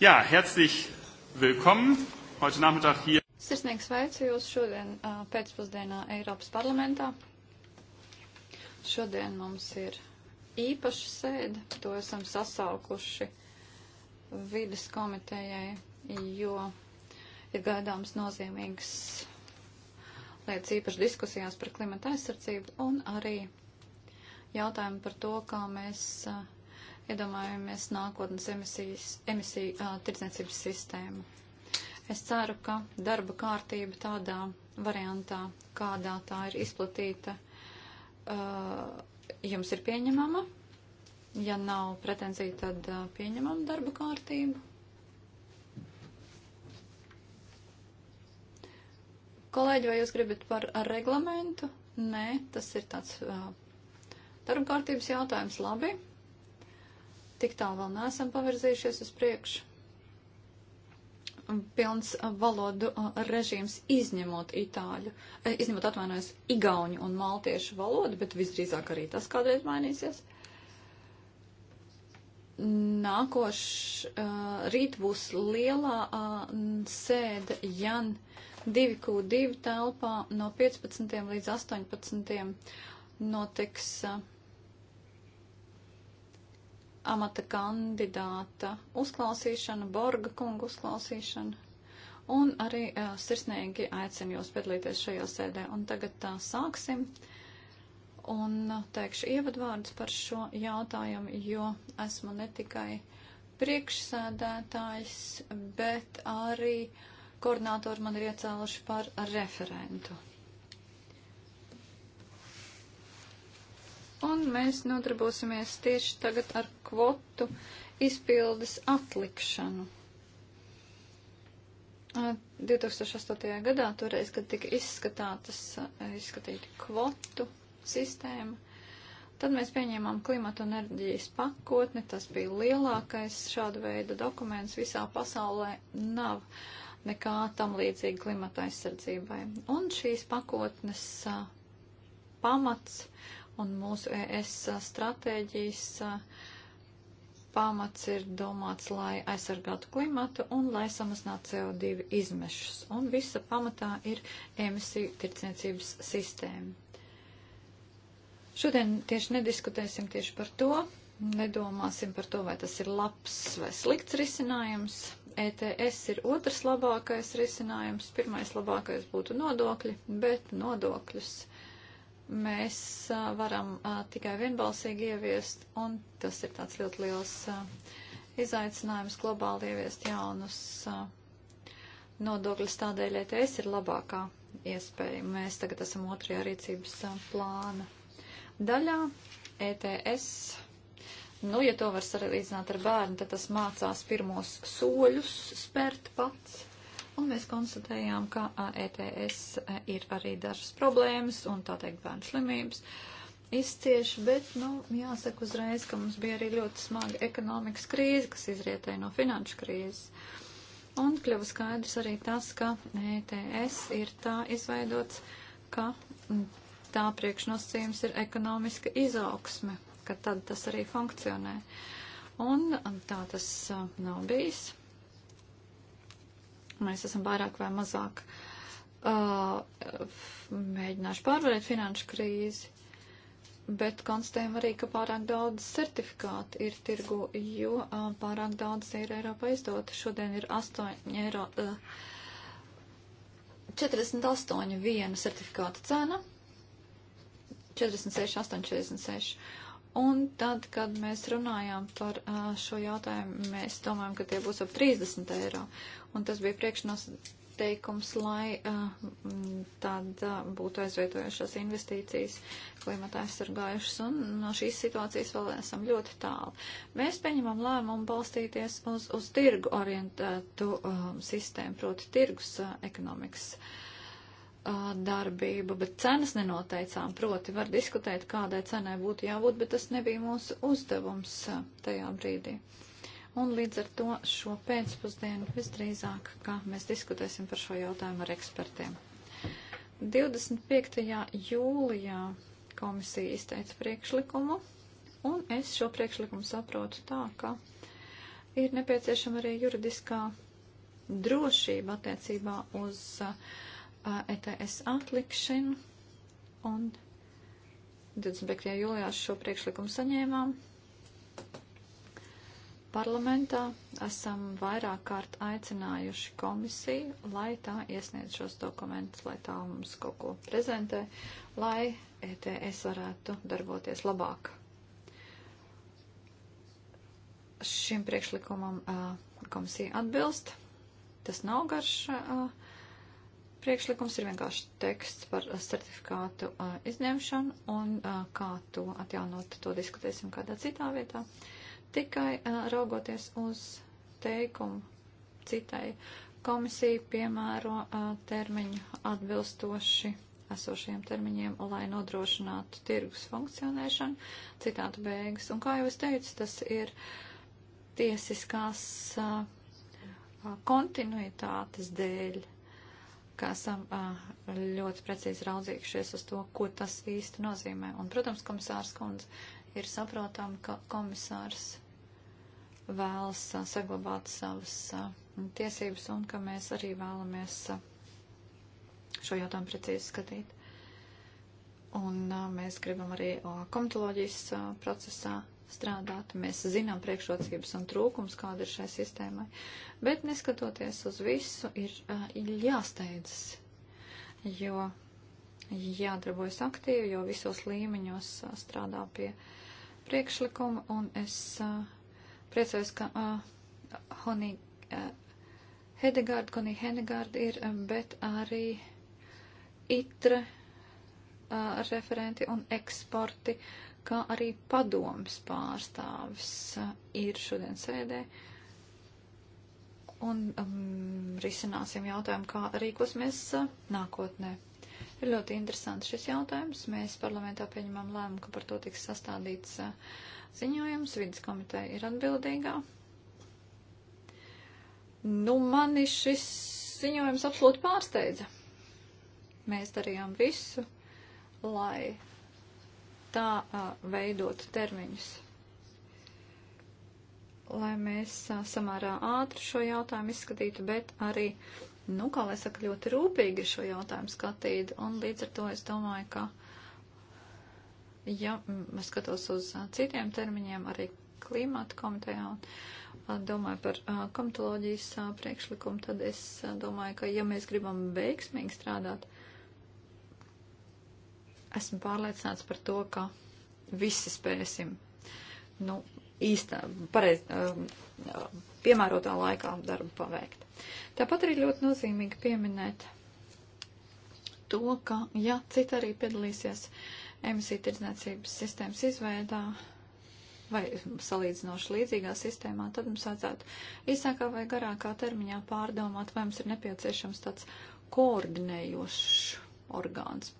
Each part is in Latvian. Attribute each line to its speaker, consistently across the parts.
Speaker 1: Jā, herzlich willkommen heute Nachmittag hier.
Speaker 2: Sirsnīgs sveicu jūs šodien pēcpusdienā Eiropas parlamentā. Šodien mums ir īpaša sēde, to esam sasaukuši vidas komitejai, jo ir gaidāms nozīmīgas lietas īpaši diskusijās par klimata aizsardzību un arī jautājumu par to, kā mēs uh, iedomājamies nākotnes emisijas, emisiju uh, tirdzniecības sistēmu. Es ceru, ka darba kārtība tādā variantā, kādā tā ir izplatīta, uh, jums ir pieņemama. Ja nav pretenzija, tad uh, pieņemam darba kārtību. Kolēģi, vai jūs gribat par reglamentu? Nē, tas ir tāds uh, darba kārtības jautājums. Labi. Tik tālu vēl neesam pavirzījušies uz priekšu. Pilns valodu režīms izņemot itāļu, izņemot atvainojas igauņu un maltiešu valodu, bet visdrīzāk arī tas kādreiz mainīsies nākošs uh, rīt būs lielā uh, sēde Jan 2Q2 telpā no 15. līdz 18. notiks. Uh, amata kandidāta uzklausīšana, Borga kunga uzklausīšana. Un arī uh, sirsnīgi aicinu jūs piedalīties šajā sēdē. Un tagad uh, sāksim. Un uh, teikšu ievadvārdus par šo jautājumu, jo esmu ne tikai priekšsēdētājs, bet arī koordinātori man ir iecēluši par referentu. un mēs nodarbosimies tieši tagad ar kvotu izpildes atlikšanu. 2008. gadā, toreiz, kad tika izskatātas, izskatīta kvotu sistēma, tad mēs pieņēmām klimatu un enerģijas pakotni, tas bija lielākais šāda veida dokuments visā pasaulē, nav nekā tam līdzīga klimata aizsardzībai. Un šīs pakotnes pamats uh, un mūsu ES stratēģijas pamats ir domāts, lai aizsargātu klimatu un lai samazinātu CO2 izmešus. Un visa pamatā ir emisiju tirdzniecības sistēma. Šodien tieši nediskutēsim tieši par to, nedomāsim par to, vai tas ir labs vai slikts risinājums. ETS ir otrs labākais risinājums. Pirmais labākais būtu nodokļi, bet nodokļus mēs a, varam a, tikai vienbalsīgi ieviest, un tas ir tāds ļoti liels a, izaicinājums globāli ieviest jaunus nodokļus. Tādēļ ETS ir labākā iespēja. Mēs tagad esam otrajā rīcības plāna daļā. ETS. Nu, ja to var sarīdzināt ar bērnu, tad tas mācās pirmos soļus spērt pats Un mēs konstatējām, ka ETS ir arī dažas problēmas un tā teikt bērnu slimības izcieš, bet, nu, jāsaka uzreiz, ka mums bija arī ļoti smaga ekonomikas krīze, kas izrietēja no finanšu krīzes. Un kļuva skaidrs arī tas, ka ETS ir tā izveidots, ka tā priekšnosacījums ir ekonomiska izaugsme, ka tad tas arī funkcionē. Un tā tas nav bijis. Mēs esam vairāk vai mazāk uh, mēģinājuši pārvarēt finanšu krīzi, bet konstatējam arī, ka pārāk daudz certifikātu ir tirgu, jo uh, pārāk daudz ir Eiropā izdota. Šodien ir 8 eiro. Uh, 48 viena certifikāta cena, 46, 8, 46. Un tad, kad mēs runājām par uh, šo jautājumu, mēs domājam, ka tie būs ap 30 eiro. Un tas bija priekšnoteikums, lai uh, tad uh, būtu aizvietojušās investīcijas klimata aizsargājušas. Un no šīs situācijas vēl esam ļoti tālu. Mēs pieņemam lēmumu balstīties uz, uz tirgu orientētu uh, sistēmu, proti tirgus uh, ekonomikas. Uh, uh, darbību, bet cenas nenoteicām. Proti, var diskutēt, kādai cenai būtu jābūt, bet tas nebija mūsu uzdevums uh, tajā brīdī. Un līdz ar to šo pēcpusdienu visdrīzāk, ka mēs diskutēsim par šo jautājumu ar ekspertiem. 25. jūlijā komisija izteica priekšlikumu, un es šo priekšlikumu saprotu tā, ka ir nepieciešama arī juridiskā drošība attiecībā uz uh, ETS atlikšanu un 25. jūlijā šo priekšlikumu saņēmām. Parlamentā esam vairāk kārt aicinājuši komisiju, lai tā iesniedz šos dokumentus, lai tā mums kaut ko prezentē, lai ETS varētu darboties labāk. Šim priekšlikumam komisija atbilst. Tas nav garš. Uh, Priekšlikums ir vienkārši teksts par uh, certifikātu uh, izņemšanu un uh, kā to atjaunot, to diskutēsim kādā citā vietā. Tikai uh, raugoties uz teikumu citai komisija piemēro uh, termiņu atbilstoši esošajiem termiņiem, lai nodrošinātu tirgus funkcionēšanu, citātu beigas. Un kā jau es teicu, tas ir tiesiskās uh, uh kontinuitātes dēļ ka esam ļoti precīzi raudzījušies uz to, ko tas īsti nozīmē. Un, protams, komisārs kundze ir saprotam, ka komisārs vēlas saglabāt savas tiesības un ka mēs arī vēlamies šo jautājumu precīzi skatīt. Un mēs gribam arī komitoloģijas procesā strādāt. Mēs zinām priekšrocības un trūkums, kāda ir šai sistēmai. Bet neskatoties uz visu, ir uh, jāsteidzas, jo jādarbojas aktīvi, jo visos līmeņos uh, strādā pie priekšlikuma. Un es uh, priecājos, ka uh, Honī uh, Hedegārda, Konī Hedegārda ir, bet arī itre uh, referenti un eksporti. Uh, kā arī padomas pārstāvis uh, ir šodien sēdē. Un um, risināsim jautājumu, kā rīkosimies uh, nākotnē. Ir ļoti interesants šis jautājums. Mēs parlamentā pieņemam lēmumu, ka par to tiks sastādīts uh, ziņojums. Vides komiteja ir atbildīgā. Nu, mani šis ziņojums absolūti pārsteidza. Mēs darījām visu, lai tā veidot termiņus, lai mēs samērā ātri šo jautājumu izskatītu, bet arī, nu, kā lai saka, ļoti rūpīgi šo jautājumu skatītu. Un līdz ar to es domāju, ka, ja es skatos uz citiem termiņiem, arī klimata komitejā un domāju par komitoloģijas priekšlikumu, tad es domāju, ka, ja mēs gribam veiksmīgi strādāt, uh, Esmu pārliecināts par to, ka visi spēsim nu, īstā, pareiz, um, piemērotā laikā darbu paveikt. Tāpat arī ļoti nozīmīgi pieminēt to, ka, ja citi arī piedalīsies emisiju tirdzniecības sistēmas izveidā vai salīdzinoši līdzīgā sistēmā, tad mums vajadzētu īsākā vai garākā termiņā pārdomāt, vai mums ir nepieciešams tāds koordinējošs orgāns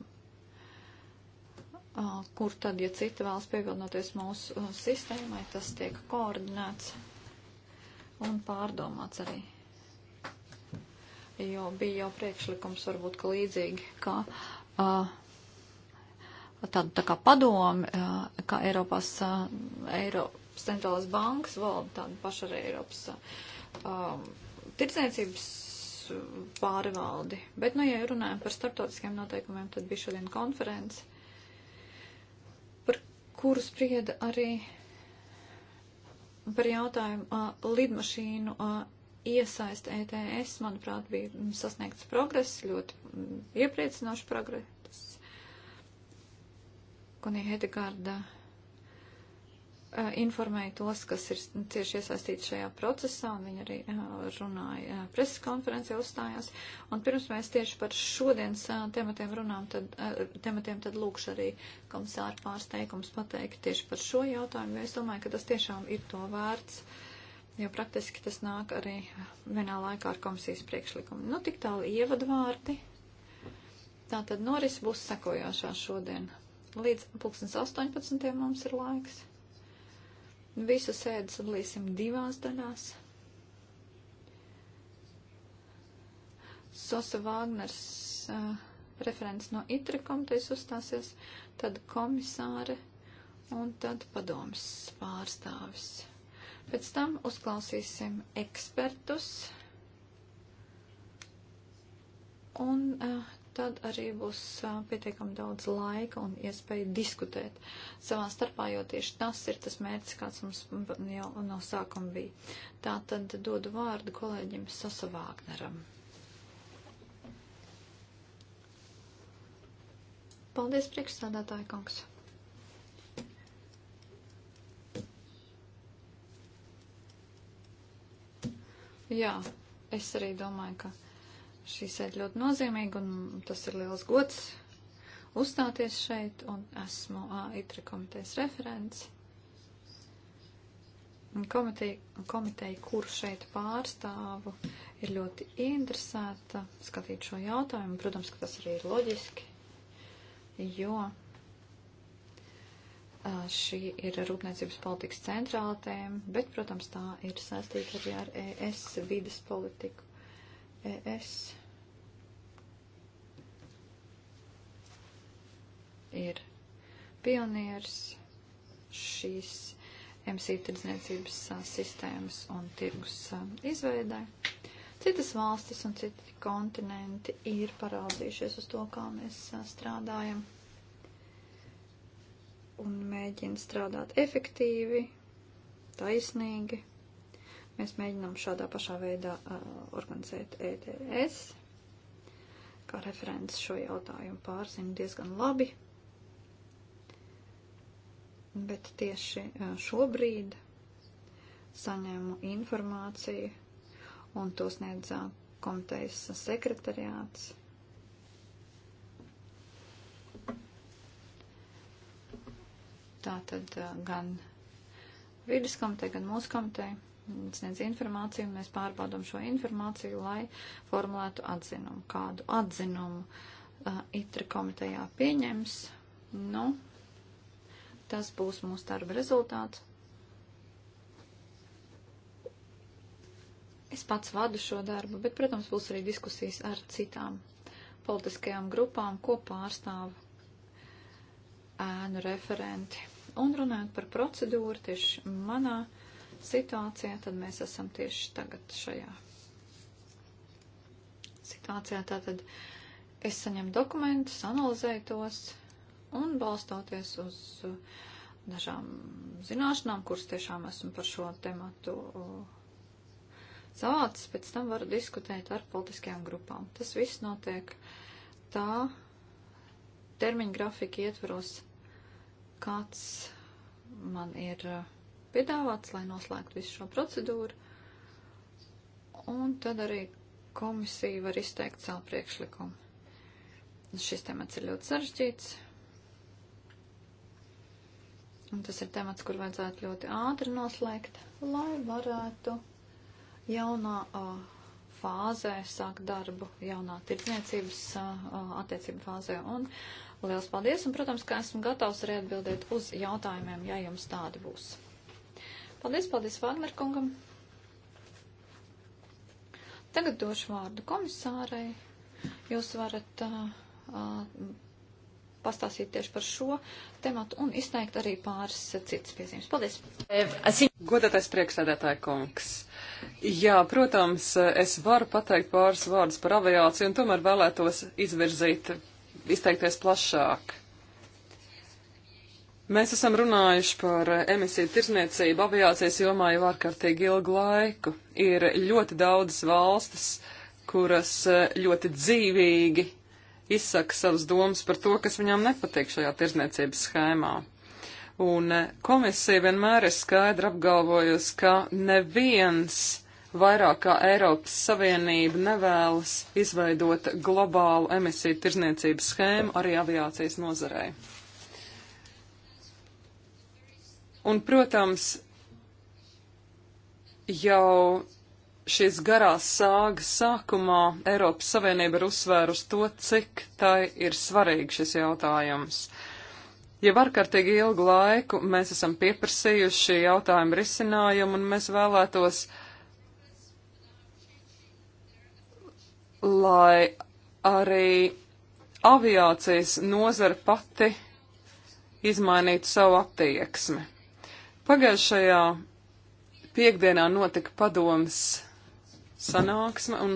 Speaker 2: kur tad, ja cita vēlas pievienoties mūsu sistēmai, tas tiek koordinēts un pārdomāts arī. Jo bija jau priekšlikums varbūt, ka līdzīgi kā uh, tāda tā kā padomi, uh, kā Eiropas, uh, Eiropas centrālās bankas valda tāda paša arī Eiropas tirdzniecības pārvaldi. Bet, nu, ja runājam par starptautiskiem noteikumiem, tad bija šodien konference kuru sprieda arī par jautājumu uh, lidmašīnu uh, iesaist ETS, manuprāt, bija sasniegts progress, ļoti iepriecinošs progress. Konija Hedegārda informēja tos, kas ir cieši iesaistīti šajā procesā, un viņi arī runāja preses konferencē, uzstājās. Un pirms mēs tieši par šodienas tematiem runām, tad, tematiem, tad lūkšu arī komisāru pārsteigums pateikt tieši par šo jautājumu, jo es domāju, ka tas tiešām ir to vērts, jo praktiski tas nāk arī vienā laikā ar komisijas priekšlikumu. Nu, tik tālu ievadvārdi. Tātad noris būs sekojošā šodien. Līdz 2018. mums ir laiks Visu sēdi sadalīsim divās daļās. Sosa Vāgners, uh, referents no ITRE komitejas uzstāsies, tad komisāre un tad padomas pārstāvis. Pēc tam uzklausīsim ekspertus un uh, tad arī būs pietiekami daudz laika un iespēja diskutēt savā starpā, jo tieši tas ir tas mērķis, kāds mums jau no sākuma bija. Tā tad dodu vārdu kolēģim Sasavāgneram. Paldies, priekšsādātāja kungs! Jā, es arī domāju, ka šī sēde ļoti nozīmīga, un tas ir liels gods uzstāties šeit, un esmu AITRE komitejas referents. Komiteja, komiteja, kuru šeit pārstāvu, ir ļoti interesēta skatīt šo jautājumu. Protams, ka tas arī ir loģiski, jo šī ir rūpniecības politikas centrāla tēma, bet, protams, tā ir saistīta arī ar ES vides politiku. ES ir pionieris šīs MC tirdzniecības sistēmas un tirgus izveidē. Citas valstis un citi kontinenti ir paraudzījušies uz to, kā mēs strādājam un mēģina strādāt efektīvi, taisnīgi Mēs mēģinām šādā pašā veidā uh, organizēt ETS. Kā referents šo jautājumu pārzina diezgan labi. Bet tieši uh, šobrīd saņēmu informāciju un to sniedz uh, komitejas sekretariāts. Tātad uh, gan vidas komiteja, gan mūsu komiteja sniedz informāciju, mēs pārbaudam šo informāciju, lai formulētu atzinumu. Kādu atzinumu uh, ITRA komitejā pieņems, nu, tas būs mūsu darba rezultāts. Es pats vadu šo darbu, bet, protams, būs arī diskusijas ar citām politiskajām grupām, ko pārstāv ēnu referenti. Un runājot par procedūru, tieši manā situācijā, tad mēs esam tieši tagad šajā situācijā. Tātad es saņemu dokumentus, analizēju tos un balstoties uz uh, dažām zināšanām, kuras tiešām esmu par šo tematu uh, savācis, pēc tam varu diskutēt ar politiskajām grupām. Tas viss notiek tā termiņa grafika ietvaros, kāds man ir uh, piedāvāts, lai noslēgtu visu šo procedūru. Un tad arī komisija var izteikt savu priekšlikumu. Šis temats ir ļoti sarežģīts. Un tas ir temats, kur vajadzētu ļoti ātri noslēgt, lai varētu jaunā uh, fāzē sākt darbu, jaunā tirdzniecības uh, attiecību fāzē. Un liels paldies, un, protams, ka esmu gatavs arī atbildēt uz jautājumiem, ja jums tādi būs. Paldies, paldies Vāgner kungam. Tagad došu vārdu komisārai. Jūs varat uh, uh, pastāstīt tieši par šo tematu un izteikt arī pāris citas piezīmes. Paldies!
Speaker 1: Godātais priekšsēdētāja kungs. Jā, protams, es varu pateikt pāris vārdus par aviāciju un tomēr vēlētos izvirzīt, izteikties plašāk. Mēs esam runājuši par emisiju tirzniecību aviācijas jomā jau ārkārtīgi ilgu laiku. Ir ļoti daudzas valstis, kuras e, ļoti dzīvīgi izsaka savas domas par to, kas viņām nepatīk šajā tirzniecības schēmā. Un e, komisija vienmēr ir skaidri apgalvojusi, ka neviens vairāk kā Eiropas Savienība nevēlas izveidot globālu emisiju tirzniecības schēmu arī aviācijas nozarei. Un, protams, jau šīs garās sāgas sākumā Eiropas Savienība ir uzsvērusi to, cik tai ir svarīgi šis jautājums. Ja varkārtīgi ilgu laiku mēs esam pieprasījuši šī jautājuma risinājumu un mēs vēlētos, lai arī aviācijas nozara pati izmainītu savu attieksmi. Pagājušajā piekdienā notika padomas sanāksme, un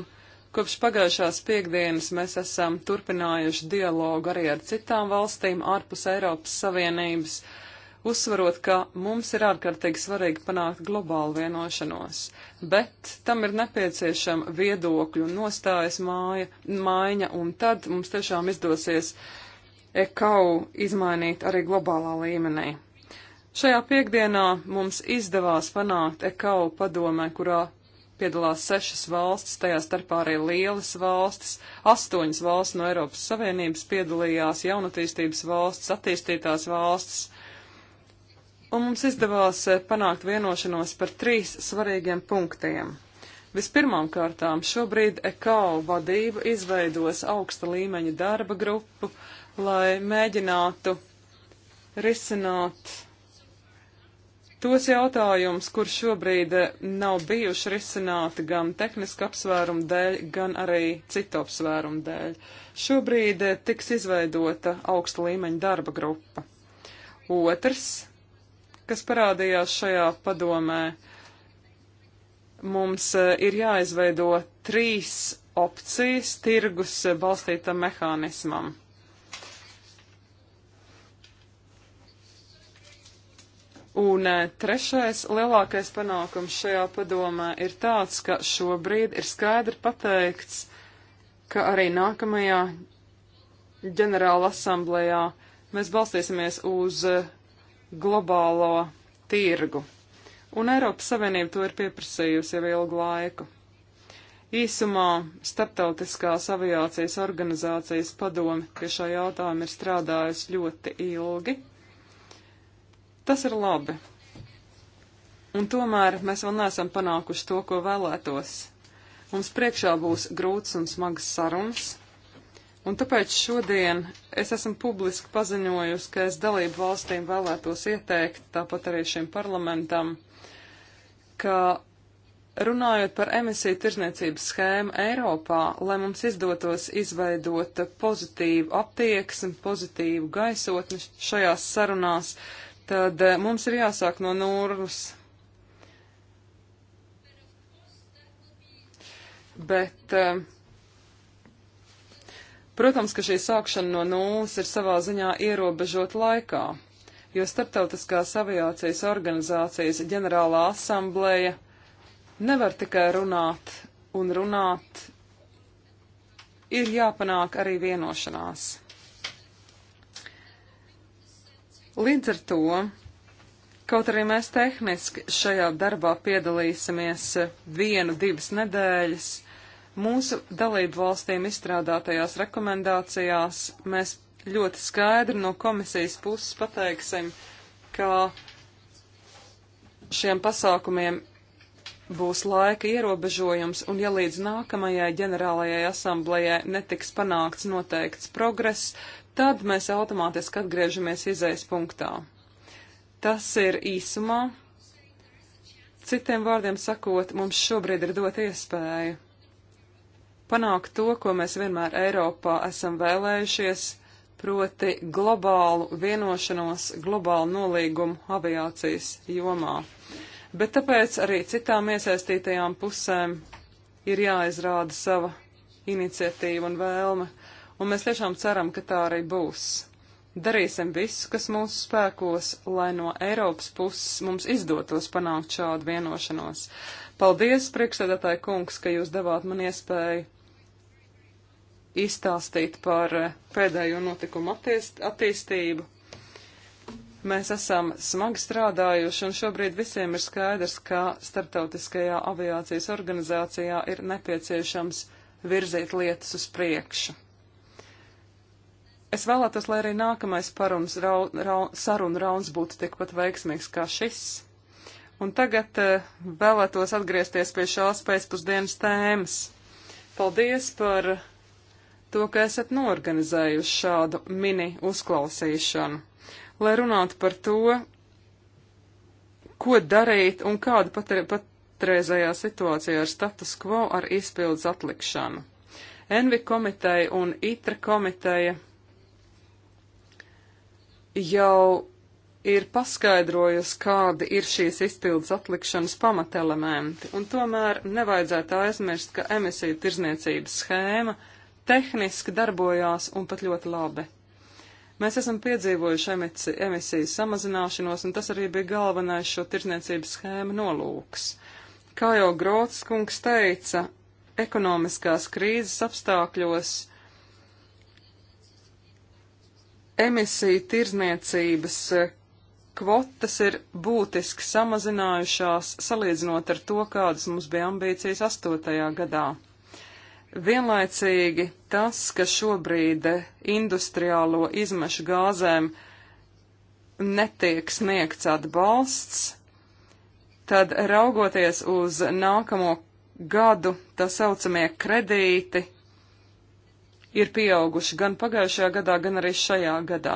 Speaker 1: kopš pagājušās piekdienas mēs esam turpinājuši dialogu arī ar citām valstīm ārpus Eiropas Savienības, uzsvarot, ka mums ir ārkārtīgi svarīgi panākt globālu vienošanos, bet tam ir nepieciešama viedokļu un nostājas māja, maiņa, un tad mums tiešām izdosies ekau izmainīt arī globālā līmenī. Šajā piekdienā mums izdevās panākt EKAU padomē, kurā piedalās sešas valstis, tajā starpā arī lielas valstis, astoņas valsts no Eiropas Savienības piedalījās, jaunatīstības valstis, attīstītās valstis. Un mums izdevās eh, panākt vienošanos par trīs svarīgiem punktiem. Vispirmām kārtām šobrīd EKAU vadība izveidos augsta līmeņa darba grupu, lai mēģinātu risināt tos jautājumus, kur šobrīd eh, nav bijuši risināti gan tehniska apsvērumu dēļ, gan arī citu apsvērumu dēļ. Šobrīd eh, tiks izveidota augsta līmeņa darba grupa. Otrs, kas parādījās šajā padomē, mums eh, ir jāizveido trīs opcijas tirgus balstītam mehānismam. Un eh, trešais lielākais panākums šajā padomē ir tāds, ka šobrīd ir skaidri pateikts, ka arī nākamajā ģenerāla asamblējā mēs balstīsimies uz eh, globālo tirgu. Un Eiropas Savienība to ir pieprasījusi jau ilgu laiku. Īsumā Startautiskās aviācijas organizācijas padome pie šā jautājuma ir strādājusi ļoti ilgi Tas ir labi. Un tomēr mēs vēl neesam panākuši to, ko vēlētos. Mums priekšā būs grūts un smags sarunas, un tāpēc šodien es esmu publiski paziņojusi, ka es dalību valstīm vēlētos ieteikt, tāpat arī šim parlamentam, ka runājot par emisiju tirzniecības schēmu Eiropā, lai mums izdotos izveidot pozitīvu attieksmi, pozitīvu gaisotni šajās sarunās, tad eh, mums ir jāsāk no nūrus. Bet, eh, protams, ka šī sākšana no nulles ir savā ziņā ierobežot laikā, jo Startautiskās aviācijas organizācijas ģenerālā asambleja nevar tikai runāt un runāt, ir jāpanāk arī vienošanās. Līdz ar to, kaut arī mēs tehniski šajā darbā piedalīsimies vienu, divas nedēļas, mūsu dalību valstīm izstrādātajās rekomendācijās mēs ļoti skaidri no komisijas puses pateiksim, ka šiem pasākumiem būs laika ierobežojums, un ja līdz nākamajai ģenerālajai asamblējai netiks panākts noteikts progress, tad mēs automātiski atgriežamies izējas punktā. Tas ir īsumā. Citiem vārdiem sakot, mums šobrīd ir dot iespēju panākt to, ko mēs vienmēr Eiropā esam vēlējušies, proti globālu vienošanos, globālu nolīgumu aviācijas jomā. Bet tāpēc arī citām iesaistītajām pusēm ir jāizrāda sava iniciatīva un vēlme un mēs tiešām ceram, ka tā arī būs. Darīsim visu, kas mūsu spēkos, lai no Eiropas puses mums izdotos panākt šādu vienošanos. Paldies, priekšsēdētāji kungs, ka jūs devāt man iespēju izstāstīt par eh, pēdējo notikumu attīst, attīstību. Mēs esam smagi strādājuši, un šobrīd visiem ir skaidrs, ka Startautiskajā aviācijas organizācijā ir nepieciešams virzīt lietas uz priekšu. Es vēlētos, lai arī nākamais parunas rau, rau, saruna rauns būtu tikpat veiksmīgs kā šis. Un tagad uh, vēlētos atgriezties pie šās pēcpusdienas tēmas. Paldies par to, ka esat norganizējuši šādu mini uzklausīšanu, lai runātu par to, ko darīt un kāda patre, patreizējā situācija ar status quo ar izpildus atlikšanu. Envi komiteja un ITRA komiteja jau ir paskaidrojusi, kādi ir šīs izpildes atlikšanas pamatelementi, un tomēr nevajadzētu aizmirst, ka emisiju tirzniecības schēma tehniski darbojās un pat ļoti labi. Mēs esam piedzīvojuši emisiju samazināšanos, un tas arī bija galvenais šo tirzniecības schēmu nolūks. Kā jau Grots kungs teica, ekonomiskās krīzes apstākļos emisiju tirzniecības eh, kvotas ir būtiski samazinājušās salīdzinot ar to, kādas mums bija ambīcijas 8. gadā. Vienlaicīgi tas, ka šobrīd eh, industriālo izmešu gāzēm netiek sniegts atbalsts, tad raugoties uz nākamo gadu, tā saucamie kredīti ir pieauguši gan pagājušajā gadā, gan arī šajā gadā.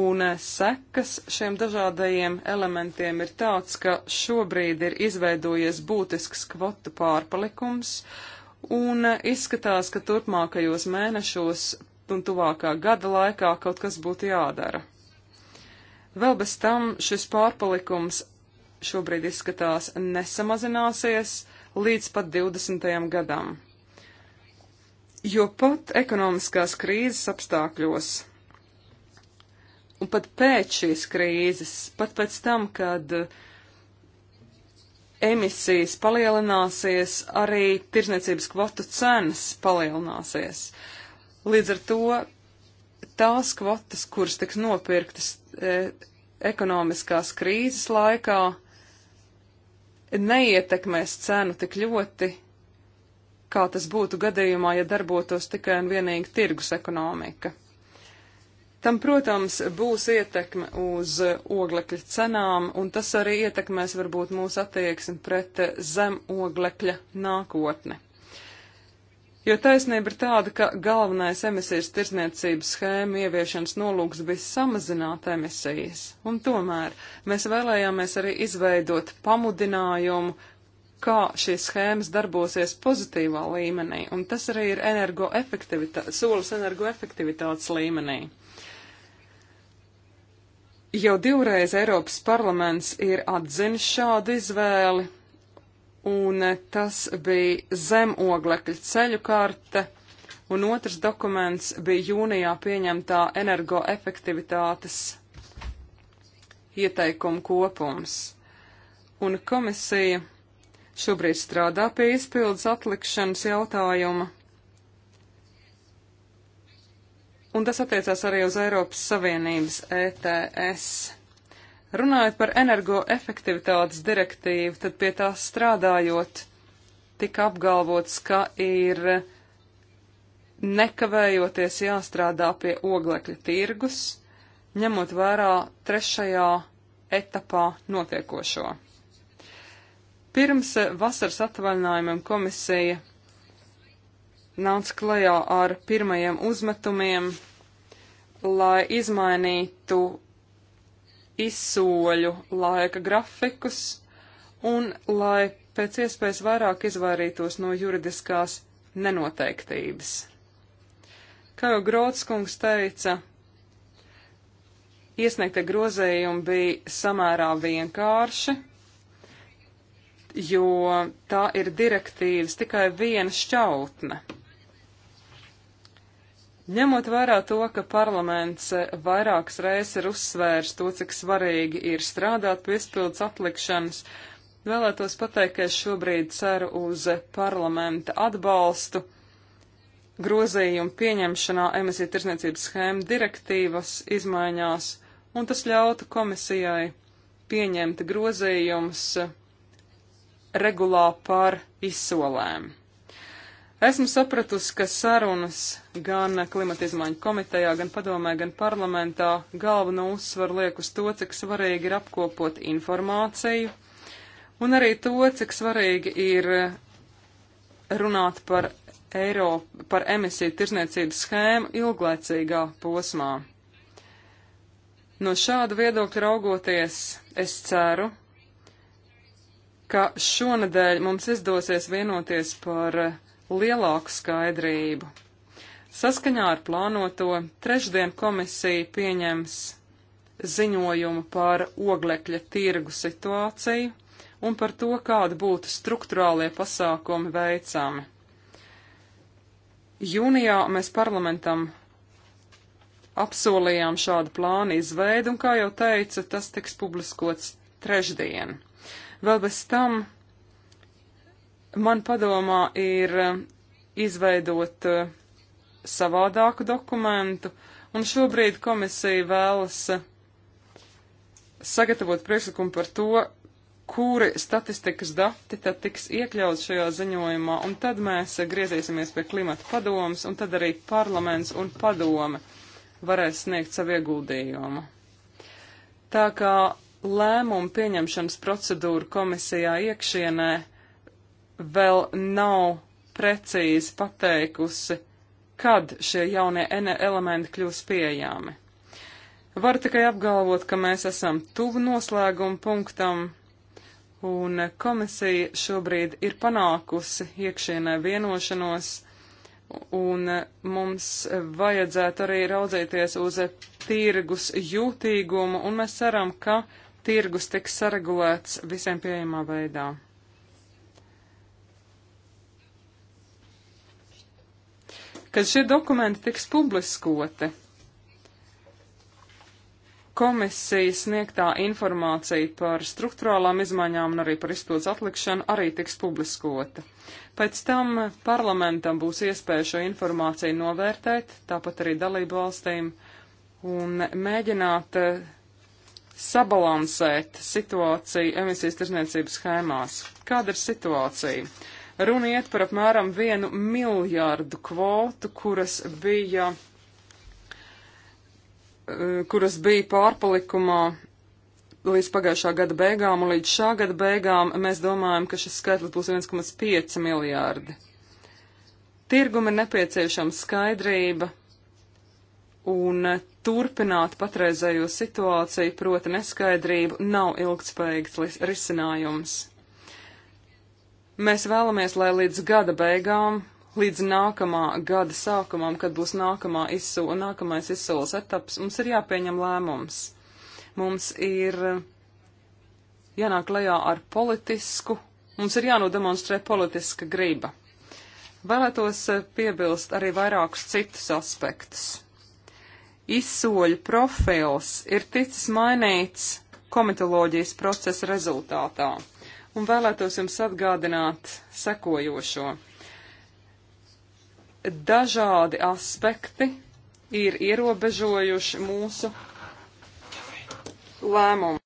Speaker 1: Un eh, sekas šiem dažādajiem elementiem ir tāds, ka šobrīd ir izveidojies būtisks kvotu pārpalikums, un eh, izskatās, ka turpmākajos mēnešos un tuvākā gada laikā kaut kas būtu jādara. Vēl bez tam šis pārpalikums šobrīd izskatās nesamazināsies līdz pat 20. gadam jo pat ekonomiskās krīzes apstākļos un pat pēc šīs krīzes, pat pēc tam, kad uh, emisijas palielināsies, arī tirzniecības kvotu cenas palielināsies. Līdz ar to tās kvotas, kuras tiks nopirktas e, ekonomiskās krīzes laikā, neietekmēs cenu tik ļoti, kā tas būtu gadījumā, ja darbotos tikai un vienīgi tirgus ekonomika. Tam, protams, būs ietekme uz oglekļa cenām, un tas arī ietekmēs varbūt mūsu attieksmi pret zem oglekļa nākotni. Jo taisnība ir tāda, ka galvenais emisijas tirsniecības schēma ieviešanas nolūks bija samazināt emisijas, un tomēr mēs vēlējāmies arī izveidot pamudinājumu, kā šīs schēmas darbosies pozitīvā līmenī, un tas arī ir energoefektivitā, solis energoefektivitātes līmenī. Jau divreiz Eiropas parlaments ir atzinis šādu izvēli, un tas bija zemoglekļa ceļu karte, un otrs dokuments bija jūnijā pieņemtā energoefektivitātes ieteikumu kopums. Un komisija šobrīd strādā pie izpildes atlikšanas jautājuma. Un tas attiecās arī uz Eiropas Savienības ETS. Runājot par energoefektivitātes direktīvu, tad pie tās strādājot tika apgalvots, ka ir nekavējoties jāstrādā pie oglekļa tirgus, ņemot vērā trešajā etapā notiekošo. Pirms eh, vasaras atvaļinājumiem komisija nāca klajā ar pirmajiem uzmetumiem, lai izmainītu izsoļu laika grafikus un lai pēc iespējas vairāk izvairītos no juridiskās nenoteiktības. Kā jau Grotskungs teica, iesniegtie grozējumi bija samērā vienkārši jo tā ir direktīvas tikai viena šķautne. Ņemot vērā to, ka parlaments vairākas reizes ir uzsvērs to, cik svarīgi ir strādāt pie izpildus atlikšanas, vēlētos pateikt, ka es šobrīd ceru uz parlamenta atbalstu grozījumu pieņemšanā emisiju tirsniecības schēma direktīvas izmaiņās, un tas ļautu komisijai pieņemt grozījumus regulā par izsolēm. Esmu sapratusi, ka sarunas gan klimata izmaiņu komitejā, gan padomē, gan parlamentā galveno uzsvaru liek uz to, cik svarīgi ir apkopot informāciju, un arī to, cik svarīgi ir runāt par eiro par emisiju tirzniecības schēmu ilglaicīgā posmā. No šāda viedokļa raugoties, es ceru, ka šonadēļ mums izdosies vienoties par eh, lielāku skaidrību. Saskaņā ar plānoto trešdien komisija pieņems ziņojumu par oglekļa tirgu situāciju un par to, kāda būtu struktūrālie pasākumi veicami. Jūnijā mēs parlamentam apsolījām šādu plānu izveidu, un, kā jau teica, tas tiks publiskots trešdien. Vēl bez tam man padomā ir eh, izveidot eh, savādāku dokumentu, un šobrīd komisija vēlas eh, sagatavot priekšlikumu par to, kuri statistikas dati tad tiks iekļauts šajā ziņojumā, un tad mēs griezīsimies pie klimata padomas, un tad arī parlaments un padome varēs sniegt savu ieguldījumu. Tā kā lēmumu pieņemšanas procedūra komisijā iekšienē vēl nav precīzi pateikusi, kad šie jaunie elementi kļūs pieejami. Var tikai apgalvot, ka mēs esam tuvu noslēguma punktam, un komisija šobrīd ir panākusi iekšienē vienošanos, un mums vajadzētu arī raudzīties uz tirgus jūtīgumu, un mēs ceram, ka tirgus tiks saregulēts visiem pieejamā veidā. Kad šie dokumenti tiks publiskoti, komisijas sniegtā informācija par struktūrālām izmaiņām un arī par izpildus atlikšanu arī tiks publiskota. Pēc tam parlamentam būs iespēja šo informāciju novērtēt, tāpat arī dalību valstīm, un mēģināt eh, sabalansēt situāciju emisijas tirzniecības schēmās. Kāda ir situācija? Runa iet par apmēram vienu miljārdu kvotu, kuras bija, eh, kuras bija pārpalikumā līdz pagājušā gada beigām, un līdz šā gada beigām mēs domājam, ka šis skaitlis būs 1,5 miljārdi. Tirgum ir nepieciešama skaidrība, un turpināt patreizējo situāciju, proti neskaidrību, nav ilgtspējīgs risinājums. Mēs vēlamies, lai līdz gada beigām, līdz nākamā gada sākumam, kad būs nākamā izsola, nākamais izsoles etaps, mums ir jāpieņem lēmums. Mums ir jānāk klajā ar politisku, mums ir jānodemonstrē politiska griba. Vēlētos piebilst arī vairākus citus aspektus izsoļu profils ir ticis mainīts komitoloģijas procesa rezultātā. Un vēlētos jums atgādināt sekojošo. Dažādi aspekti ir ierobežojuši mūsu lēmumu.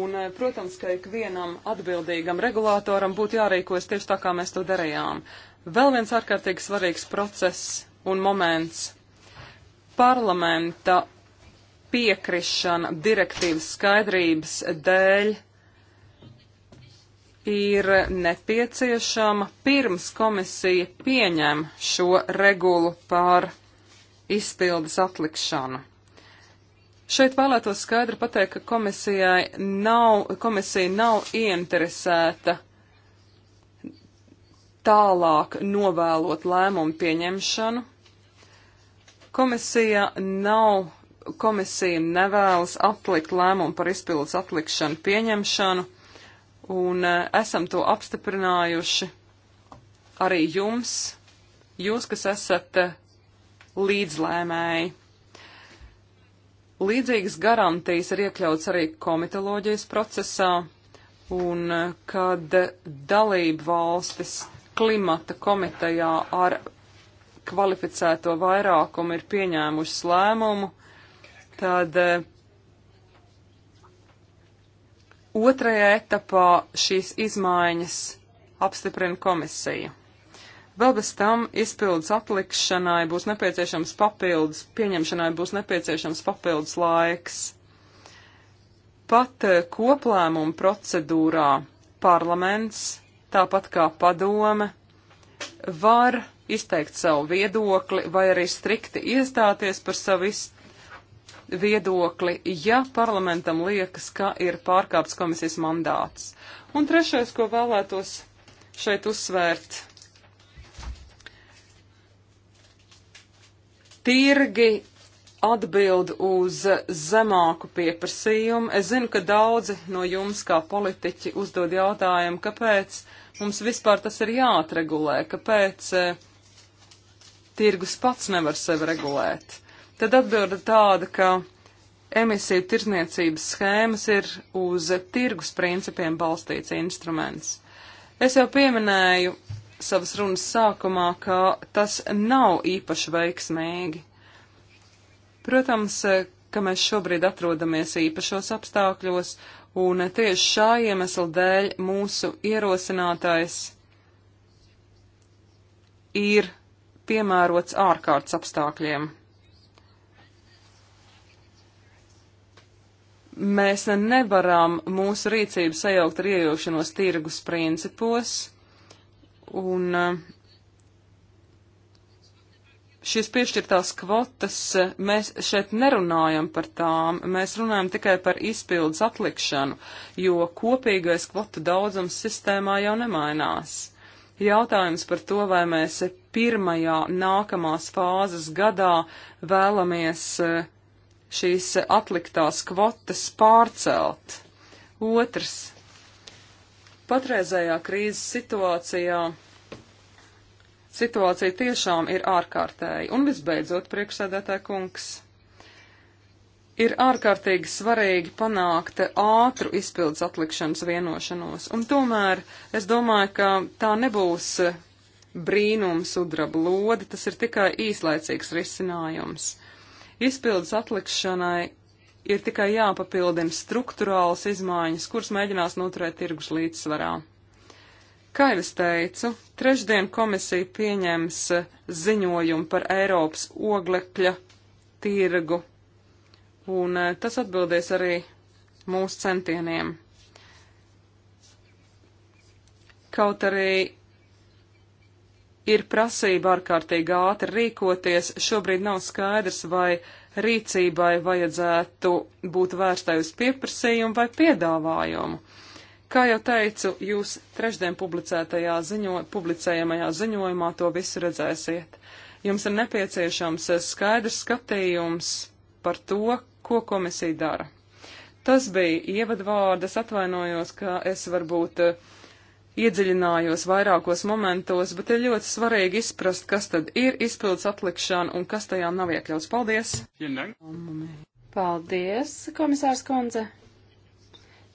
Speaker 1: Un, eh, protams, ka ikvienam atbildīgam regulātoram būtu jārīkojas tieši tā, kā mēs to darījām. Vēl viens ārkārtīgi svarīgs process un moments. Parlamenta piekrišana direktīvas skaidrības dēļ ir nepieciešama pirms komisija pieņem šo regulu par izpildes atlikšanu. Šeit vēlētos skaidri pateikt, ka komisijai nav, komisija nav ieinteresēta tālāk novēlot lēmumu pieņemšanu, Komisija nav, komisija nevēlas atlikt lēmumu par izpildus atlikšanu pieņemšanu, un e, esam to apstiprinājuši arī jums, jūs, kas esat e, līdzlēmēji. Līdzīgas garantijas ir iekļauts arī komitoloģijas procesā, un e, kad dalību valstis klimata komitejā ar kvalificēto vairākumu ir pieņēmušas lēmumu, tad eh, otrajā etapā šīs izmaiņas apstiprina komisija. Vēl bez tam izpildus atlikšanai būs nepieciešams papildus, pieņemšanai būs nepieciešams papildus laiks. Pat eh, koplēmuma procedūrā parlaments, tāpat kā padome, var izteikt savu viedokli vai arī strikti iestāties par savu viedokli, ja parlamentam liekas, ka ir pārkāpts komisijas mandāts. Un trešais, ko vēlētos šeit uzsvērt. Tirgi atbild uz zemāku pieprasījumu. Es zinu, ka daudzi no jums, kā politiķi, uzdod jautājumu, kāpēc mums vispār tas ir jāatregulē, kāpēc eh, tirgus pats nevar sevi regulēt. Tad atbilde tāda, ka emisiju tirzniecības schēmas ir uz tirgus principiem balstīts instruments. Es jau pieminēju savas runas sākumā, ka tas nav īpaši veiksmīgi. Protams, ka mēs šobrīd atrodamies īpašos apstākļos, un tieši šā iemesla dēļ mūsu ierosinātais ir piemērots ārkārtas apstākļiem. Mēs nevaram mūsu rīcību sajaukt ar iejaukšanos tirgus principos, un uh, šīs piešķirtās kvotas, uh, mēs šeit nerunājam par tām, mēs runājam tikai par izpildus atlikšanu, jo kopīgais kvotu daudzums sistēmā jau nemainās. Jautājums par to, vai mēs pirmajā nākamās fāzes gadā vēlamies eh, šīs atliktās kvotas pārcelt. Otrs. Patreizējā krīzes situācijā situācija tiešām ir ārkārtēja. Un visbeidzot, priekšsēdētāja kungs ir ārkārtīgi svarīgi panākt ātru izpildus atlikšanas vienošanos, un tomēr es domāju, ka tā nebūs brīnums sudraba lodi, tas ir tikai īslaicīgs risinājums. Izpildus atlikšanai ir tikai jāpapildina struktūrāls izmaiņas, kuras mēģinās noturēt tirgus līdzsvarā. Kā jau es teicu, trešdien komisija pieņems ziņojumu par Eiropas oglekļa tirgu un eh, tas atbildēs arī mūsu centieniem. Kaut arī ir prasība ārkārtīgi ātri rīkoties, šobrīd nav skaidrs, vai rīcībai vajadzētu būt vērstai uz pieprasījumu vai piedāvājumu. Kā jau teicu, jūs trešdien publicētajā ziņo, publicējamajā ziņojumā to visu redzēsiet. Jums ir nepieciešams skaidrs skatījums par to, ko komisija dara. Tas bija ievadvārdas, atvainojos, ka es varbūt eh, iedziļinājos vairākos momentos, bet ir ļoti svarīgi izprast, kas tad ir izpildus atlikšana un kas tajā nav iekļauts. Paldies! Paldies, komisārs Konze!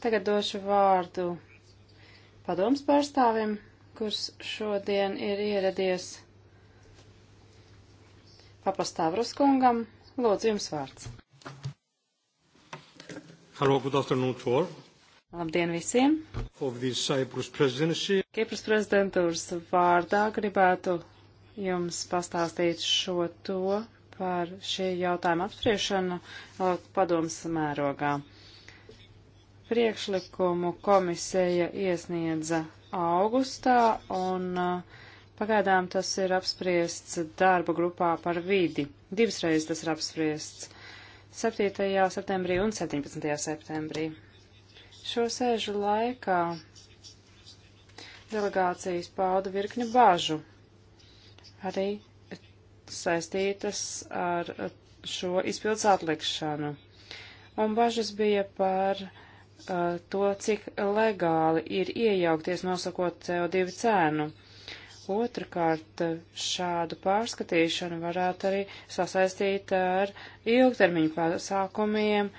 Speaker 1: Tagad došu vārdu
Speaker 3: padoms pārstāvim, kurš šodien ir ieradies papastāvrus kungam. Lūdzu, jums vārds.
Speaker 1: Hello, good afternoon to all.
Speaker 3: Labdien visiem!
Speaker 1: Kipras
Speaker 3: prezidentūras vārdā gribētu jums pastāstīt šo to par šī jautājuma apspriešanu padomas mērogā. Priekšlikumu komisija iesniedza augustā un pagaidām tas ir apspriests darba grupā par vidi. Divas reizes tas ir apspriests. 7. septembrī un 17. septembrī. Šo sēžu laikā delegācijas pauda virkni bāžu, arī saistītas ar šo izpildus atlikšanu. Un bažas bija par uh, to, cik legāli ir iejaukties nosakot CO2 cēnu. Otrakārt, šādu pārskatīšanu varētu arī sasaistīt ar ilgtermiņu pasākumiem,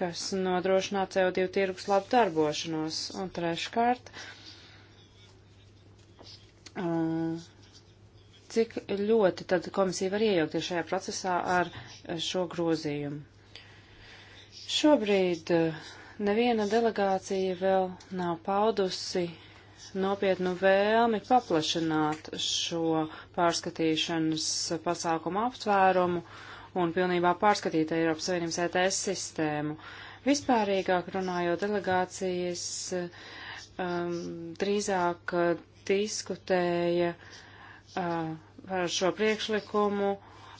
Speaker 3: kas nodrošinā CO2 tirgus labu darbošanos. Un treškārt, cik ļoti tad komisija var iejaukties šajā procesā ar šo grozījumu? Šobrīd neviena delegācija vēl nav paudusi uh, nopietnu vēlmi paplašināt šo pārskatīšanas pasākumu aptvērumu un pilnībā pārskatīt Eiropas Savienības ETS sistēmu. Vispārīgāk runājot, delegācijas um, drīzāk diskutēja uh, par šo priekšlikumu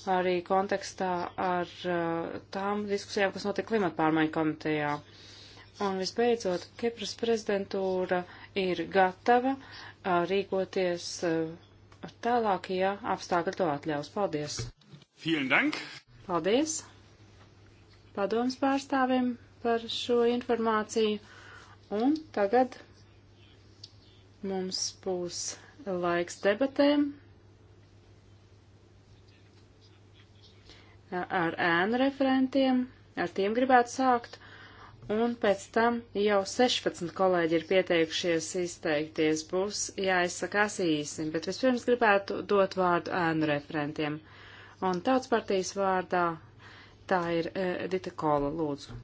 Speaker 3: arī kontekstā ar uh, tām diskusijām, kas notika klimata pārmaiņu komitejā. Un visbeidzot, Kipras prezidentūra uh, ir gatava rīkoties tālāk, ja apstākļi to atļaus. Paldies! Paldies! Padoms pārstāvim par šo informāciju. Un tagad mums būs laiks debatēm ar ēnu referentiem. Ar tiem gribētu sākt un pēc tam jau 16 kolēģi ir pieteikušies izteikties. Būs jāizsakās īsi, bet vispirms gribētu dot vārdu ēnu referentiem. Un tautas partijas vārdā tā ir e, Edita Kola, lūdzu.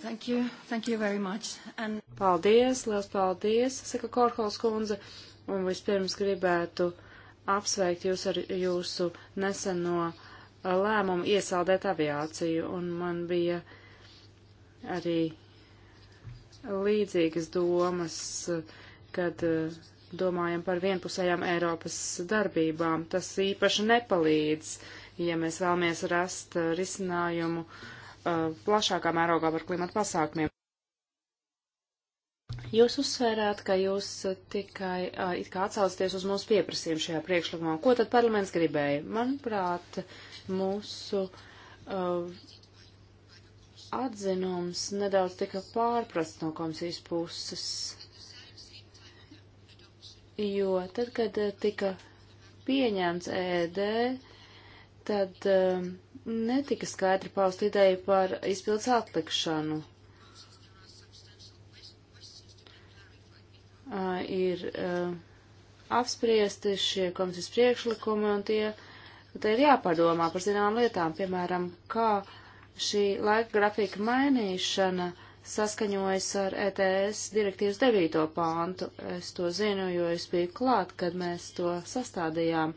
Speaker 3: Thank you. Thank you very much. And... Paldies, liels paldies, saka Korhols kundze. Un vispirms gribētu apsveikt jūs ar jūsu neseno. No lēmumu iesaldēt aviāciju, un man bija arī līdzīgas domas, kad eh, domājam par vienpusējām Eiropas darbībām. Tas īpaši nepalīdz, ja mēs vēlamies rast eh, risinājumu eh, plašākā mērogā par klimatu pasākumiem. Jūs uzsvērāt, ka jūs tikai it kā atsaucaties uz mūsu pieprasījumu šajā priekšlikumā. Ko tad parlaments gribēja? Manuprāt, uh, mūsu uh, atzinums nedaudz tika pārprasts no komisijas puses, jo tad, kad uh, tika pieņemts ED, tad uh, netika skaidri paust ideju par izpildes atlikšanu. Uh, ir uh, apspriesti šie komisijas priekšlikumi, un tie Te ir jāpadomā par zinām lietām, piemēram, kā šī laika grafika mainīšana saskaņojas ar ETS direktīvas 9. pāntu. Es to zinu, jo es biju klāt, kad mēs to sastādījām.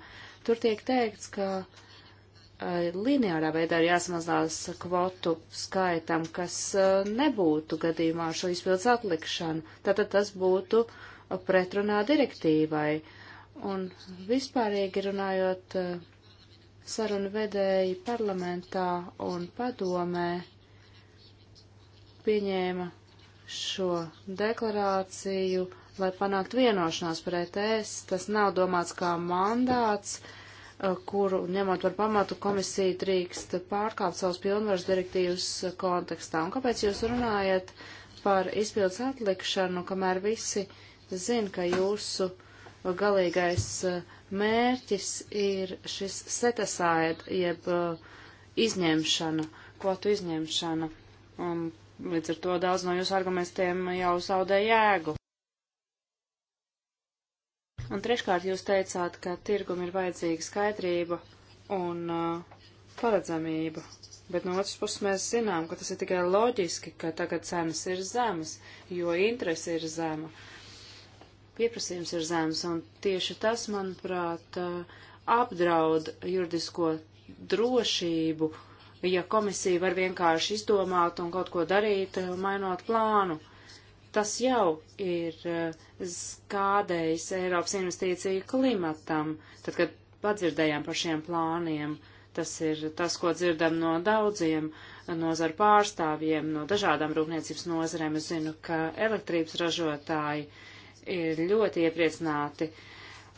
Speaker 3: Tur tiek teikts, ka eh, lineārā veidā ir jāsamazinās kvotu skaitam, kas eh, nebūtu gadījumā ar šo izpildus atlikšanu. Tātad tas būtu pretrunā direktīvai. Un vispārīgi runājot, eh, sarunu vedēji parlamentā un padomē pieņēma šo deklarāciju, lai panāktu vienošanās par ETS. Tas nav domāts kā mandāts, eh, kuru ņemot par pamatu komisija drīkst pārkāpt savus pilnvaras direktīvas kontekstā. Un kāpēc jūs runājat par izpildus atlikšanu, kamēr visi zin, ka jūsu uh, galīgais eh, mērķis ir šis setasāid, jeb eh, izņemšana, kvotu izņemšana. Un līdz ar to daudz no jūsu argumentiem jau zaudē jēgu. Un treškārt jūs teicāt, ka tirgum ir vajadzīga skaidrība un uh, paredzamība. Bet no otras puses mēs zinām, ka tas ir tikai loģiski, ka tagad cenas ir zemas, jo interese ir zema. Uh, pieprasījums ir zems, un tieši tas, manuprāt, apdraud juridisko drošību, ja komisija var vienkārši izdomāt un kaut ko darīt, mainot plānu. Tas jau ir skādējis Eiropas investīciju klimatam, tad, kad padzirdējām par šiem plāniem. Tas ir tas, ko dzirdam no daudziem nozaru pārstāvjiem, no dažādām rūpniecības nozarēm. Es zinu, ka elektrības ražotāji uh, ir ļoti iepriecināti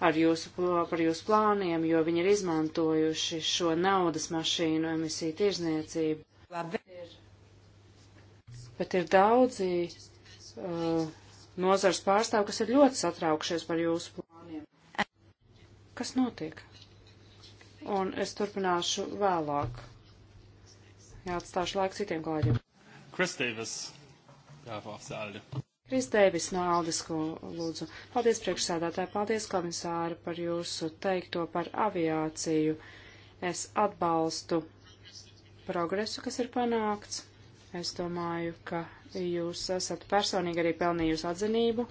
Speaker 3: ar jūsu, par jūsu plāniem, jo viņi ir izmantojuši šo naudas mašīnu emisiju tirzniecību. Labi. Bet ir daudzi uh, nozars pārstāv, kas ir ļoti satraukšies par jūsu plāniem. Kas notiek? Un es turpināšu vēlāk. Jāatstāšu laiku citiem kolēģiem.
Speaker 1: Chris Davis, Jāfa Afsāļa.
Speaker 3: Kristēvis no Aldes, ko lūdzu. Paldies priekšsādātāji, paldies komisāri par jūsu teikto par aviāciju. Es atbalstu progresu, kas ir panākts. Es domāju, ka jūs esat personīgi arī pelnījusi atzinību.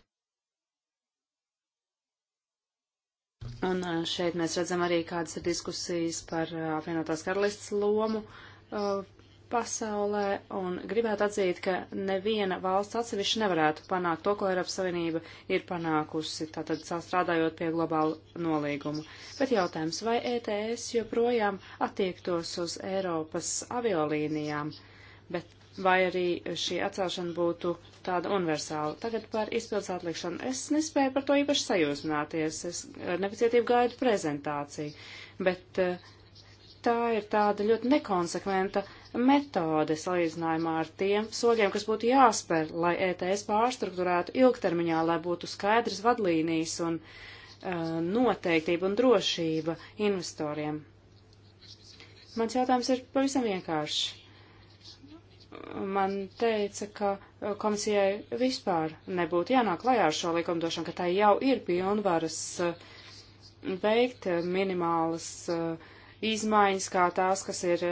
Speaker 3: Un eh, šeit mēs redzam arī, kādas ir diskusijas par eh, apvienotās karalists lomu eh, pasaulē un gribētu atzīt, ka neviena valsts atsevišķi nevarētu panākt to, ko Eiropas Savienība ir panākusi, tātad strādājot pie globālu nolīgumu. Bet jautājums, vai ETS joprojām attiektos uz Eiropas aviolīnijām, bet vai arī šī atcelšana būtu tāda universāla. Tagad par izpildus atlikšanu. Es nespēju par to īpaši sajūsmināties. Es ar eh, nepacietību gaidu prezentāciju, bet eh, tā ir tāda ļoti nekonsekventa uh, metode salīdzinājumā ar tiem soļiem, kas būtu jāspēr, lai ETS pārstruktūrētu ilgtermiņā, lai būtu skaidrs vadlīnijas un uh, noteiktība un drošība investoriem. Mans jautājums ir pavisam vienkārši. Man teica, ka uh, komisijai vispār nebūtu jānāk lajā ar šo likumdošanu, ka tai jau ir pilnvaras uh, veikt uh, minimālas uh, izmaiņas, kā tās, kas ir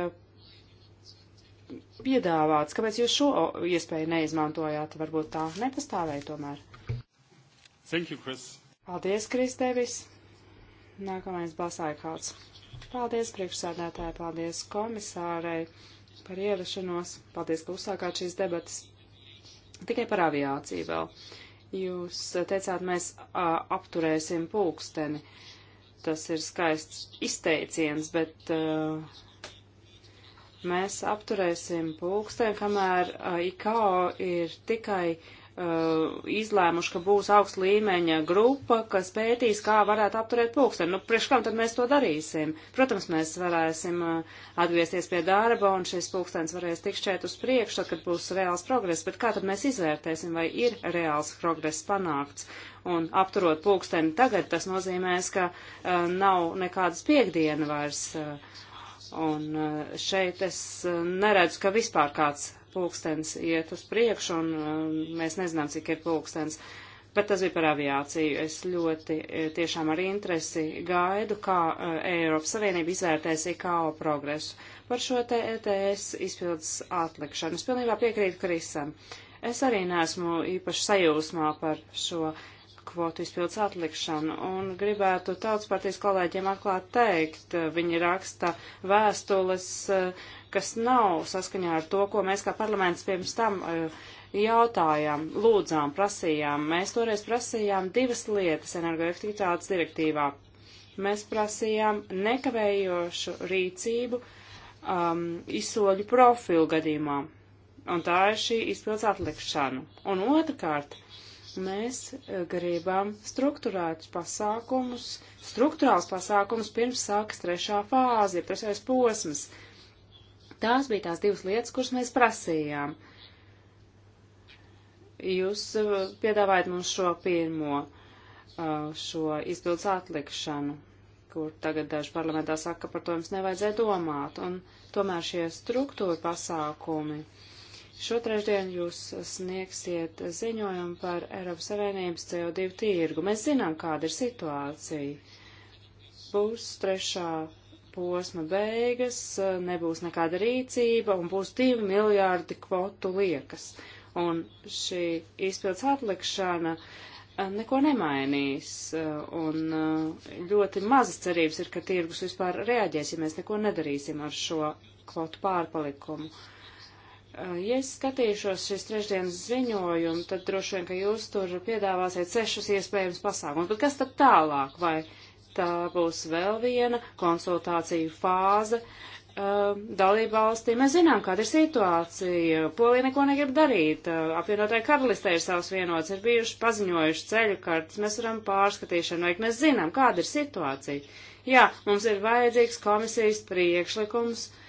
Speaker 3: piedāvāts? Kāpēc jūs šo iespēju neizmantojāt? Varbūt tā nepastāvēja tomēr. Thank you, Chris. Paldies, Kristēvis. Nākamais Basaikhauts. Paldies, priekšsādātāji, paldies komisārei par ierašanos. Paldies, ka uzsākāt šīs debatas. Tikai par aviāciju vēl. Jūs teicāt, mēs a, apturēsim pulksteni. Tas ir skaists izteiciens, bet uh, Mēs apturēsim pulksteni, kamēr IKO ir tikai uh, izlēmuši, ka būs augsta līmeņa grupa, kas pētīs, kā varētu apturēt pulksteni. Nu, priekš kam tad mēs to darīsim? Protams, mēs varēsim uh, atgriezties pie darba un šis pulkstenis varēs tikt šeit uz priekšu, tad, kad būs reāls progress, bet kā tad mēs izvērtēsim, vai ir reāls progress panākts? Un apturot pulksteni tagad, tas nozīmēs, ka uh, nav nekādas piekdiena vairs. Uh, Un eh, šeit es eh, neredzu, ka vispār kāds pulkstens iet uz priekšu, un eh, mēs nezinām, cik ir pulkstens. Bet tas bija par aviāciju. Es ļoti tiešām ar interesi gaidu, kā Eiropas Savienība izvērtēs IKO progresu par šo te ETS izpildes atlikšanu. Es pilnībā piekrītu Krisam. Es arī neesmu īpaši sajūsmā par šo kvotu izpildus atlikšanu. Un gribētu tautas partijas kolēģiem atklāt teikt, eh, viņi raksta vēstules, eh, kas nav saskaņā ar to, ko mēs kā parlaments pirms tam eh, jautājām, lūdzām, prasījām. Mēs toreiz prasījām divas lietas energoefektivitātes direktīvā. Mēs prasījām nekavējošu rīcību um, izsoļu profilu gadījumā. Un tā ir šī izpildus atlikšana. Un otrkārt, uh, Mēs eh, gribam struktūrētus pasākumus, struktūrāls pasākumus pirms sākas trešā fāze, trešais posms. Tās bija tās divas lietas, kuras mēs prasījām. Jūs eh, piedāvājat mums šo pirmo, eh, šo izpildus atlikšanu, kur tagad daži parlamentā saka, ka par to jums nevajadzēja domāt. Un tomēr šie struktūra pasākumi Šo trešdienu jūs sniegsiet ziņojumu par Eiropas Savienības CO2 tirgu. Mēs zinām, kāda ir situācija. Būs trešā posma beigas, nebūs nekāda rīcība un būs divi miljārdi kvotu liekas. Un šī izpildes atlikšana eh, neko nemainīs. Eh, un eh, ļoti mazas cerības ir, ka tirgus vispār reaģēs, ja mēs neko nedarīsim ar šo kvotu pārpalikumu. Uh, Uh, ja es skatīšos šīs trešdienas ziņojumu, tad droši vien, ka jūs tur piedāvāsiet sešus iespējams pasākumus. Bet kas tad tālāk? Vai tā būs vēl viena konsultāciju fāze uh, dalībvalstī? Mēs zinām, kāda ir situācija. Polija neko negrib darīt. Uh, Apvienotāji karalistē ir savs vienots, ir bijuši paziņojuši ceļu kartas. Mēs varam pārskatīšanu veikt. Mēs zinām, kāda ir situācija. Jā, mums ir vajadzīgs komisijas priekšlikums. Uh,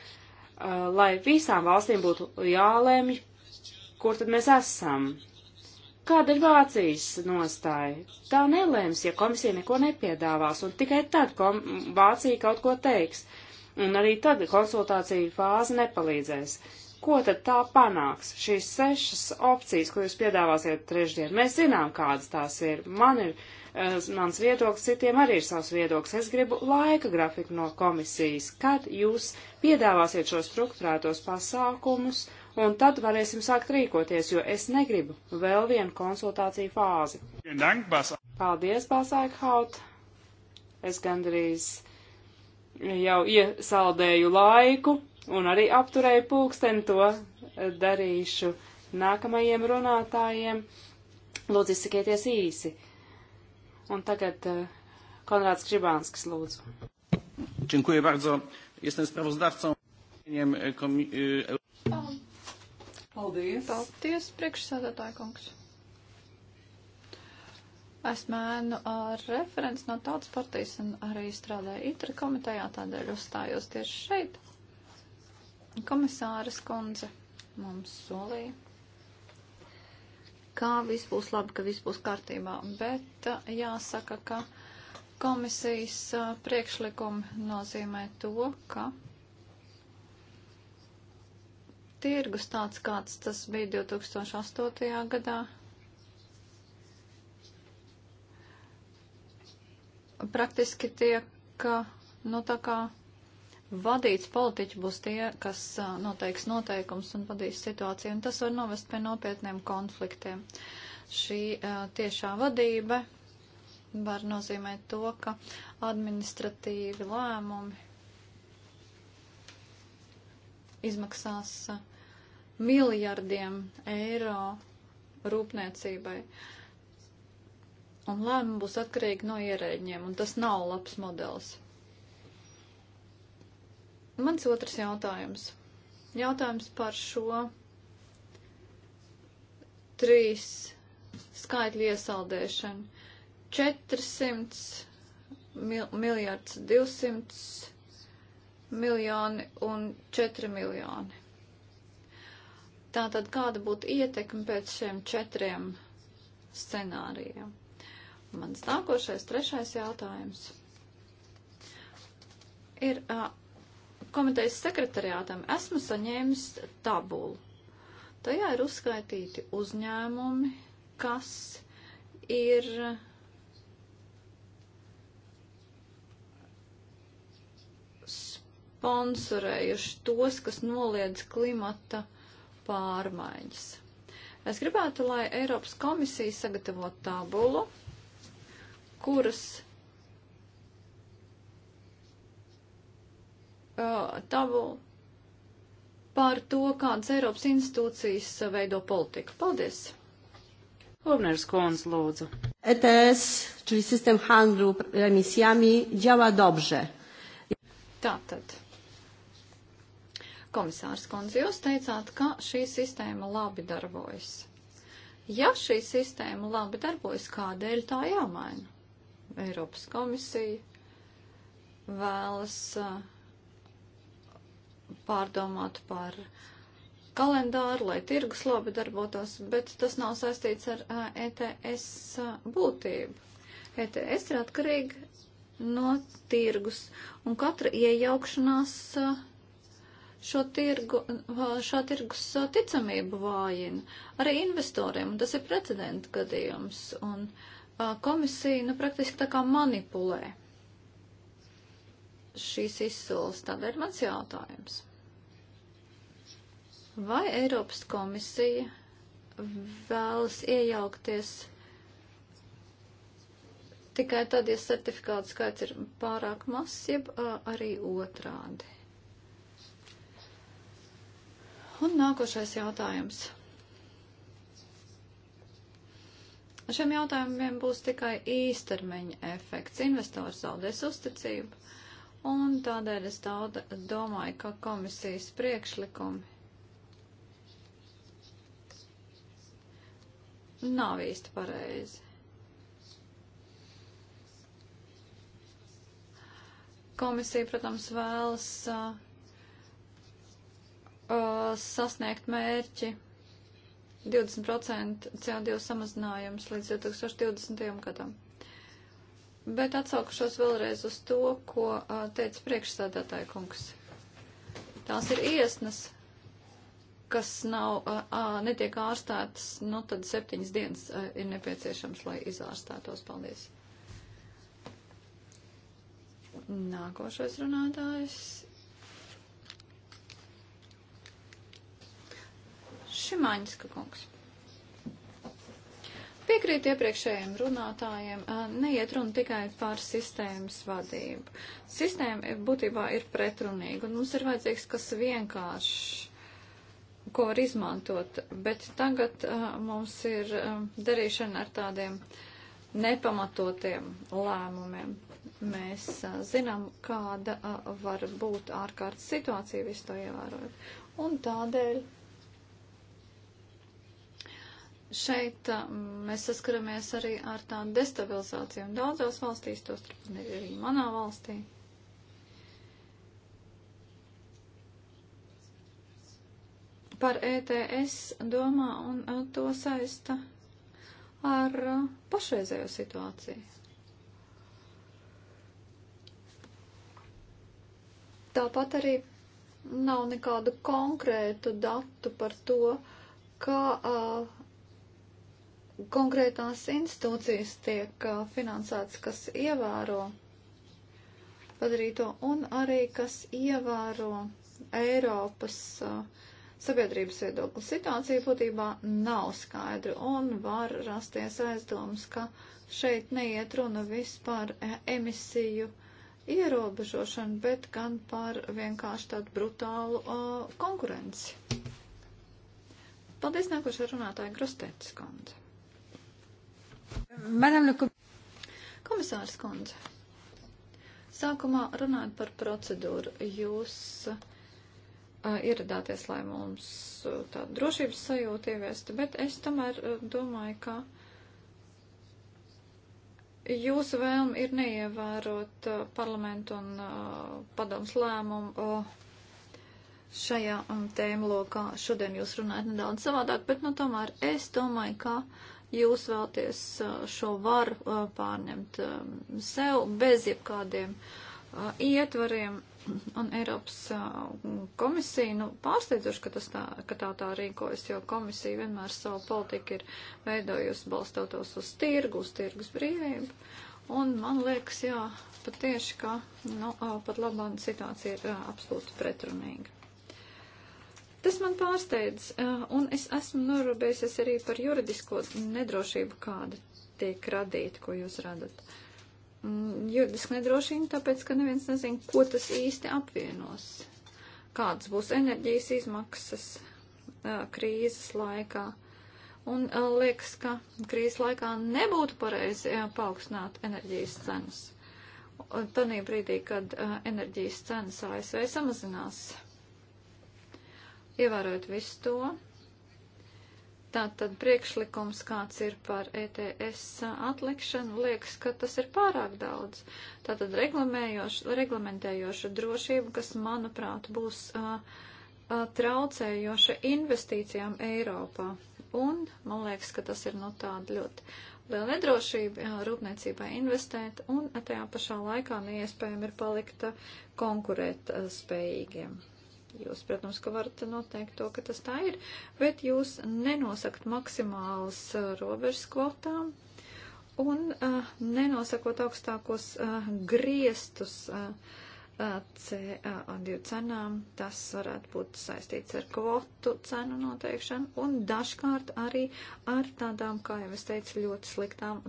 Speaker 3: Uh, lai visām valstīm būtu jālēmj, kur tad mēs esam. Kāda ir Vācijas nostāja? Tā nelēms, ja komisija neko nepiedāvās, un tikai tad kom Vācija kaut ko teiks. Un arī tad konsultācija fāze nepalīdzēs. Ko tad tā panāks? Šīs sešas opcijas, ko jūs piedāvāsiet trešdien, mēs zinām, kādas tās ir. Man ir uh, Eh, mans viedoklis, citiem arī ir savs viedoklis. Es gribu laika grafiku no komisijas, kad jūs piedāvāsiet šo struktūrētos pasākumus, un tad varēsim sākt rīkoties, jo es negribu vēl vienu konsultāciju fāzi. Paldies, Balsāka Haut! Es gandrīz jau iesaldēju laiku un arī apturēju pulksteni to darīšu nākamajiem runātājiem. Lūdzu, izsakieties īsi. Un tagad eh, Konrāds Kribānskis lūdzu.
Speaker 1: Dziękuję bardzo. Jestem sprawozdawcą. Eh, eh,
Speaker 2: Paldies. Paldies, priekšsēdētāja kungs. Esmu ēnu ar referents no tautas partijas un arī strādāju ITRA komitejā, tādēļ uzstājos tieši šeit. Komisāras kundze mums solīja ka viss būs labi, ka viss būs kārtībā, bet uh, jāsaka, ka komisijas uh, priekšlikumi nozīmē to, ka tirgus tāds, kāds tas bija 2008. gadā, praktiski tiek, uh, nu tā kā vadīts politiķi būs tie, kas noteiks noteikums un vadīs situāciju, un tas var novest pie nopietniem konfliktiem. Šī tiešā vadība var nozīmēt to, ka administratīvi lēmumi izmaksās miljardiem eiro rūpniecībai. Un lēmumi būs atkarīgi no ierēģiem, un tas nav labs modelis. Mans otrs jautājums. Jautājums par šo trīs skaitļu iesaldēšanu. 400 mil, miljards, 200 miljoni un 4 miljoni. Tātad kāda būtu ietekme pēc šiem četriem scenārijiem? Mans nākošais, trešais jautājums ir uh, komitejas sekretariātam esmu saņēmis tabulu. Tajā ir uzskaitīti uzņēmumi, kas ir sponsorējuši tos, kas noliedz klimata pārmaiņas. Es gribētu, lai Eiropas komisija sagatavo tabulu, kuras uh, tabulu par to, kādas Eiropas institūcijas uh, veido politiku. Paldies!
Speaker 3: Hubners Kons, lūdzu. ETS, czyli system handlu emisjami, działa dobrze. Tātad.
Speaker 2: Komisārs Kons, jūs teicāt, ka šī sistēma labi darbojas. Ja šī sistēma labi darbojas, kādēļ tā jāmaina? Eiropas komisija vēlas uh, pārdomāt par kalendāru, lai tirgus labi darbotos, bet tas nav saistīts ar ETS būtību. ETS ir atkarīga no tirgus, un katra iejaukšanās šo tirgu, šā tirgus ticamību vājina arī investoriem, un tas ir precedenta gadījums, un komisija, nu, praktiski tā kā manipulē šīs izsoles. Tādēļ mans jautājums. Vai Eiropas komisija vēlas iejaukties tikai tad, ja certifikāta skaits ir pārāk mazs, jeb arī otrādi? Un nākošais jautājums. Šiem jautājumiem būs tikai īstermeņa efekts. Investors zaudēs uzticību Un tādēļ es daudz domāju, ka komisijas priekšlikumi nav īsti pareizi. Komisija, protams, vēlas uh, uh sasniegt mērķi 20% CO2 samazinājums līdz 2020. gadam. Bet atsaukšos vēlreiz uz to, ko uh, teica priekšsēdētāja kungs. Tās ir iesnas, kas nav, uh, netiek ārstētas, nu tad septiņas dienas uh, ir nepieciešams, lai izārstētos. Paldies. Nākošais runātājs. Šimaņska kungs. Piekrīt iepriekšējiem runātājiem, neiet runa tikai par sistēmas vadību. Sistēma būtībā ir pretrunīga, un mums ir vajadzīgs kas vienkāršs, ko var izmantot, bet tagad uh, mums ir uh, darīšana ar tādiem nepamatotiem lēmumiem. Mēs uh, zinām, kāda uh, var būt ārkārtas situācija, visu to ievērojot. Un tādēļ Šeit mēs saskaramies arī ar tādu destabilizāciju un daudzās valstīs, tos turpat arī manā valstī. Par ETS domā un to saista ar pašreizējo situāciju. Tāpat arī nav nekādu konkrētu datu par to, kā uh, konkrētās institūcijas tiek uh, finansētas, kas ievēro padarīto un arī kas ievēro Eiropas uh, sabiedrības viedokli. Situācija būtībā nav skaidra un var rasties aizdoms, ka šeit neiet runa vispār e, emisiju ierobežošanu, bet gan par vienkārši tādu brutālu uh, konkurenci. Paldies, nākošais runātāja Grostētas kundze. Madam Lukum. Komisārs Kundze, sākumā runājot par procedūru, jūs uh, ieradāties, lai mums uh, tādu drošības sajūtu ieviestu, bet es tomēr uh, domāju, ka jūsu vēlme ir neievērot uh, parlamentu un uh, padoms lēmumu. Uh, Šajā um, tēma lokā šodien jūs runājat nedaudz savādāk, bet nu tomēr es domāju, ka uh, jūs vēlties uh, šo varu uh, pārņemt um, sev bez jebkādiem uh, ietvariem. Un Eiropas komisija, nu, pārsteidzoši, ka, tā, ka tā tā rīkojas, jo komisija vienmēr savu politiku ir veidojusi balstotos uz tirgu, uz tirgus brīvību. Un man liekas, jā, patieši, ka, nu, pat labāk situācija ir jā, absolūti pretrunīga. Tas man pārsteidz, eh, un es esmu norūpējusies arī par juridisko nedrošību, kāda tiek radīta, ko jūs radat. Mm, Juridiski nedrošība, tāpēc, ka neviens nezina, ko tas īsti apvienos, kādas būs enerģijas izmaksas eh, krīzes laikā. Un eh, liekas, ka krīzes laikā nebūtu pareizi paaugstināt enerģijas cenas. Tanī brīdī, kad enerģijas cenas ASV samazinās Ievērojot visu to, tātad priekšlikums, kāds ir par ETS atlikšanu, liekas, ka tas ir pārāk daudz. Tātad reglamentējoša drošība, kas, manuprāt, būs uh, uh, traucējoša investīcijām Eiropā. Un man liekas, ka tas ir no nu, tāda ļoti liela nedrošība jā, rūpniecībā investēt, un tajā pašā laikā neiespējami ir palikt konkurēt spējīgiem. Jūs, protams, ka varat noteikt to, ka tas tā ir, bet jūs nenosakt maksimālas uh, robežas kvotām un uh, nenosakot augstākos uh, griestus. Uh, CO2 cenām. Tas varētu būt saistīts ar kvotu cenu noteikšanu un dažkārt arī ar tādām, kā jau es teicu, ļoti sliktām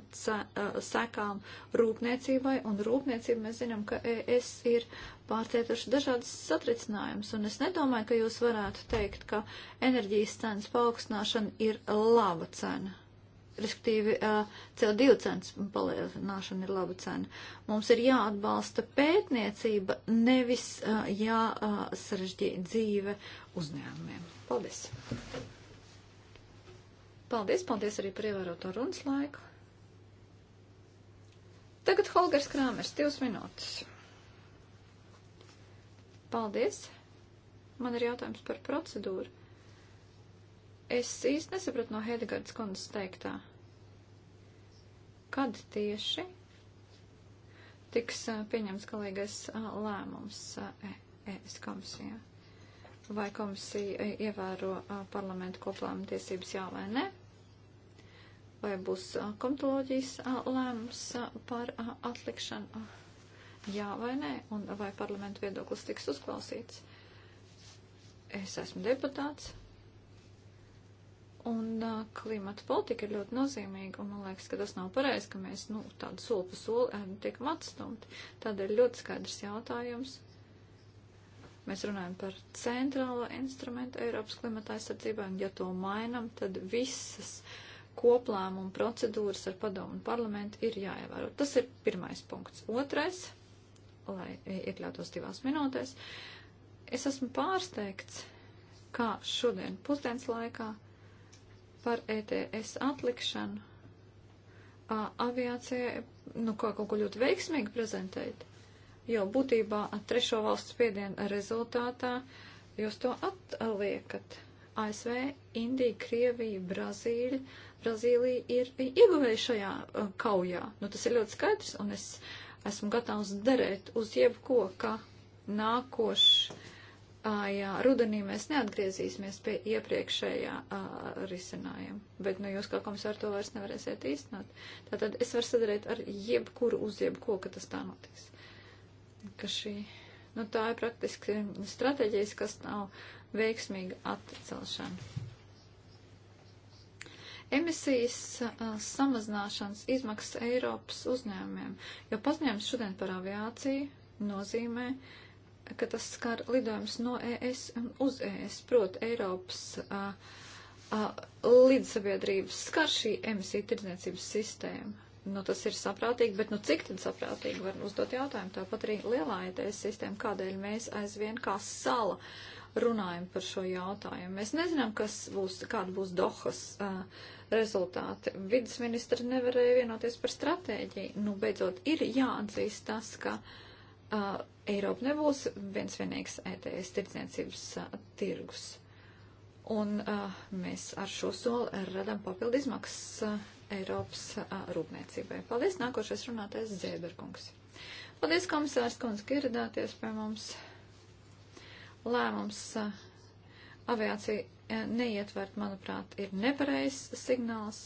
Speaker 2: sekām rūpniecībai. Un rūpniecība mēs zinām, ka es ir pārcietuši dažādas satricinājumus. Un es nedomāju, ka jūs varētu teikt, ka enerģijas cenas paaugstināšana ir laba cena respektīvi CO2 cenas palielināšana ir laba cena. Mums ir jāatbalsta pētniecība, nevis jāsarežģī dzīve uzņēmumiem. Paldies! Paldies, paldies arī par ievēroto runas laiku. Tagad Holgers Krāmers, divas minūtes. Paldies! Man ir jautājums par procedūru. Es īsti nesapratu no Hedegardas kundzes teiktā. Kad tieši tiks pieņemts galīgais lēmums e, e, ES komisijā? Vai komisija ievēro parlamentu koplēmu tiesības jā vai nē? Vai būs komitoloģijas lēmums par atlikšanu jā vai nē? Un vai parlamentu viedoklis tiks uzklausīts? Es esmu deputāts Un uh, klimata politika ir ļoti nozīmīga, un man liekas, ka tas nav pareizi, ka mēs nu, tādu soli pa soli tiekam atstumti. Tādēļ ļoti skaidrs jautājums. Mēs runājam par centrālo instrumentu Eiropas klimata aizsardzībai, un ja to mainam, tad visas koplēmuma procedūras ar padomu un parlamentu ir jāievēro. Tas ir pirmais punkts. Otrais, lai iekļautos divās minūtēs, es esmu pārsteigts, kā šodien pusdienas laikā par ETS atlikšanu aviācijai, nu, kā kaut ko ļoti veiksmīgi prezentēt, jo būtībā trešo valstu spiedienu rezultātā jūs to atliekat. ASV, Indija, Krievija, Brazīļa, Brazīlija ir ieguvēja šajā uh, kaujā. Nu, tas ir ļoti skaidrs, un es esmu gatavs derēt uz jebko, ka nākošais jā, rudenī mēs neatgriezīsimies pie iepriekšējā uh, risinājuma, bet nu, jūs kā komisāri to vairs nevarēsiet īstenot. Tātad es varu sadarīt ar jebkuru uz jebko, ka tas tā notiks. Ka šī, nu, tā ir praktiski stratēģijas, kas nav veiksmīga atcelšana. Emisijas uh, samazināšanas izmaksas Eiropas uzņēmumiem, jo paziņojums šodien par aviāciju nozīmē, uh, ka tas skar lidojums no ES uz ES, proti Eiropas a, a, līdzsabiedrības skar šī emisija tirdzniecības sistēma. Nu, tas ir saprātīgi, bet nu, cik tad saprātīgi var uzdot jautājumu? Tāpat arī lielā ETS sistēma, kādēļ mēs aizvien kā sala runājam par šo jautājumu. Mēs nezinām, kas būs, kāda būs Dohas uh, rezultāti. Vides ministri nevarēja vienoties par stratēģiju. Nu, beidzot, ir jāatzīst tas, ka uh, uh, Eiropa nebūs viens vienīgs ETS tirdzniecības uh, tirgus. Un uh, mēs ar šo soli radām papildu izmaksas uh, Eiropas uh, rūpniecībai. Paldies, nākošais runātais Zēberkungs. Paldies, komisārs Kunds, ka ieradāties pie mums. Lēmums uh, aviācija uh, neietvert, manuprāt, ir nepareizs signāls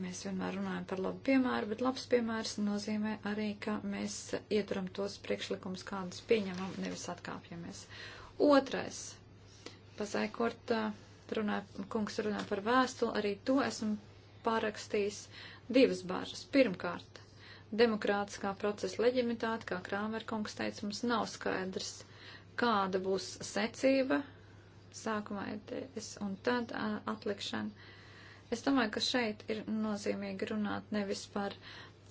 Speaker 2: Mēs vienmēr runājam par labu piemēru, bet labs piemērs nozīmē arī, ka mēs ieturam tos priekšlikumus, kādus pieņemam, nevis atkāpjamies. Otrais. Pasaikort runā, kungs runā par vēstuli, arī to esmu pārakstījis divas bāžas. Pirmkārt, demokrātiskā procesa leģimitāte, kā Krāmerkungs teica, mums nav skaidrs, kāda būs secība, sākumā ETS un tad a, atlikšana. Es domāju, ka šeit ir nozīmīgi runāt nevis par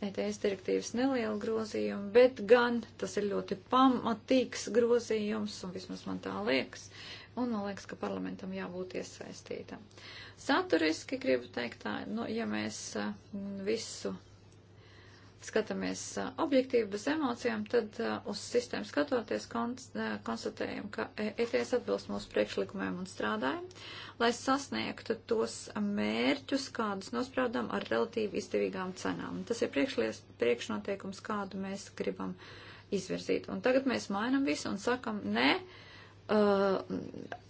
Speaker 2: ETS direktīvas nelielu grozījumu, bet gan tas ir ļoti pamatīgs grozījums, un vismaz man tā liekas, un man liekas, ka parlamentam jābūt iesaistītam. Saturiski gribu teikt tā, nu, ja mēs eh, visu skatāmies objektīvi bez emocijām, tad uz sistēmu skatoties konstatējam, ka ETS e atbilst mūsu priekšlikumiem un strādājam, lai sasniegtu tos mērķus, kādus nospraudām ar relatīvi izdevīgām cenām. Tas ir priekšnoteikums, kādu mēs gribam izvirzīt. Un tagad mēs mainam visu un sakam, nē, uh,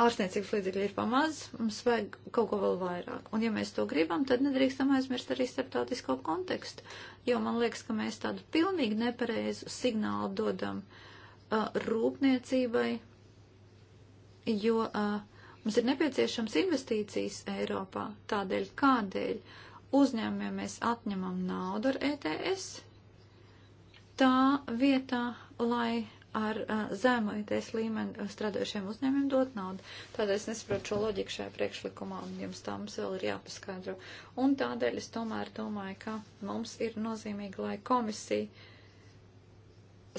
Speaker 2: ārstniecības līdzekļi ir pamaz, mums vajag kaut ko vēl vairāk. Un ja mēs to gribam, tad nedrīkstam aizmirst arī starptautisko kontekstu, jo man liekas, ka mēs tādu pilnīgi nepareizu signālu dodam uh, rūpniecībai, jo uh, mums ir nepieciešams investīcijas Eiropā. Tādēļ kādēļ uzņēmumiem mēs atņemam naudu ar ETS, tā vietā, lai ar uh, zemu ITS līmeni strādājušiem uzņēmumiem dot naudu. Tādēļ es nesaprotu šo loģiku šajā priekšlikumā, un jums tā mums vēl ir jāpaskaidro. Un tādēļ es tomēr domāju, ka mums ir nozīmīgi, lai komisija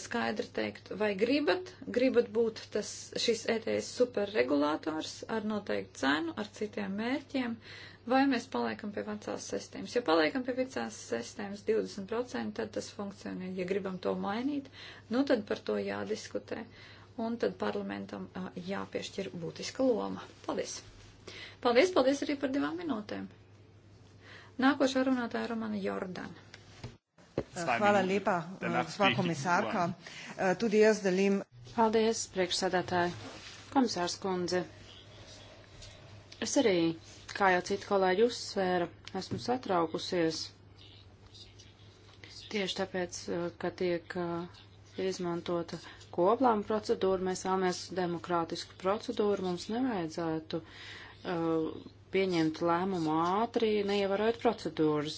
Speaker 2: skaidri teikt, vai gribat, gribat būt tas, šis ETS superregulātors ar noteiktu cenu, ar citiem mērķiem, uh, vai mēs paliekam pie vecās sistēmas. Ja paliekam pie vecās sistēmas 20%, tad tas funkcionē. Ja gribam to mainīt, nu tad par to jādiskutē. Un tad parlamentam a, jāpiešķir būtiska loma. Paldies! Paldies, paldies arī par divām minūtēm. Nākošā runātāja Romana Jordana.
Speaker 1: Hvala lepa, gospa
Speaker 3: komisārka. Tudi jaz delim. Paldies, priekšsēdētāji. Komisārs kundze. Es arī kā jau citi kolēģi uzsvēra, esmu satraukusies tieši tāpēc, uh, ka tiek uh, izmantota koplāma procedūra. Mēs vēlamies demokrātisku procedūru. Mums nevajadzētu uh, pieņemt lēmumu ātri, neievarot procedūras.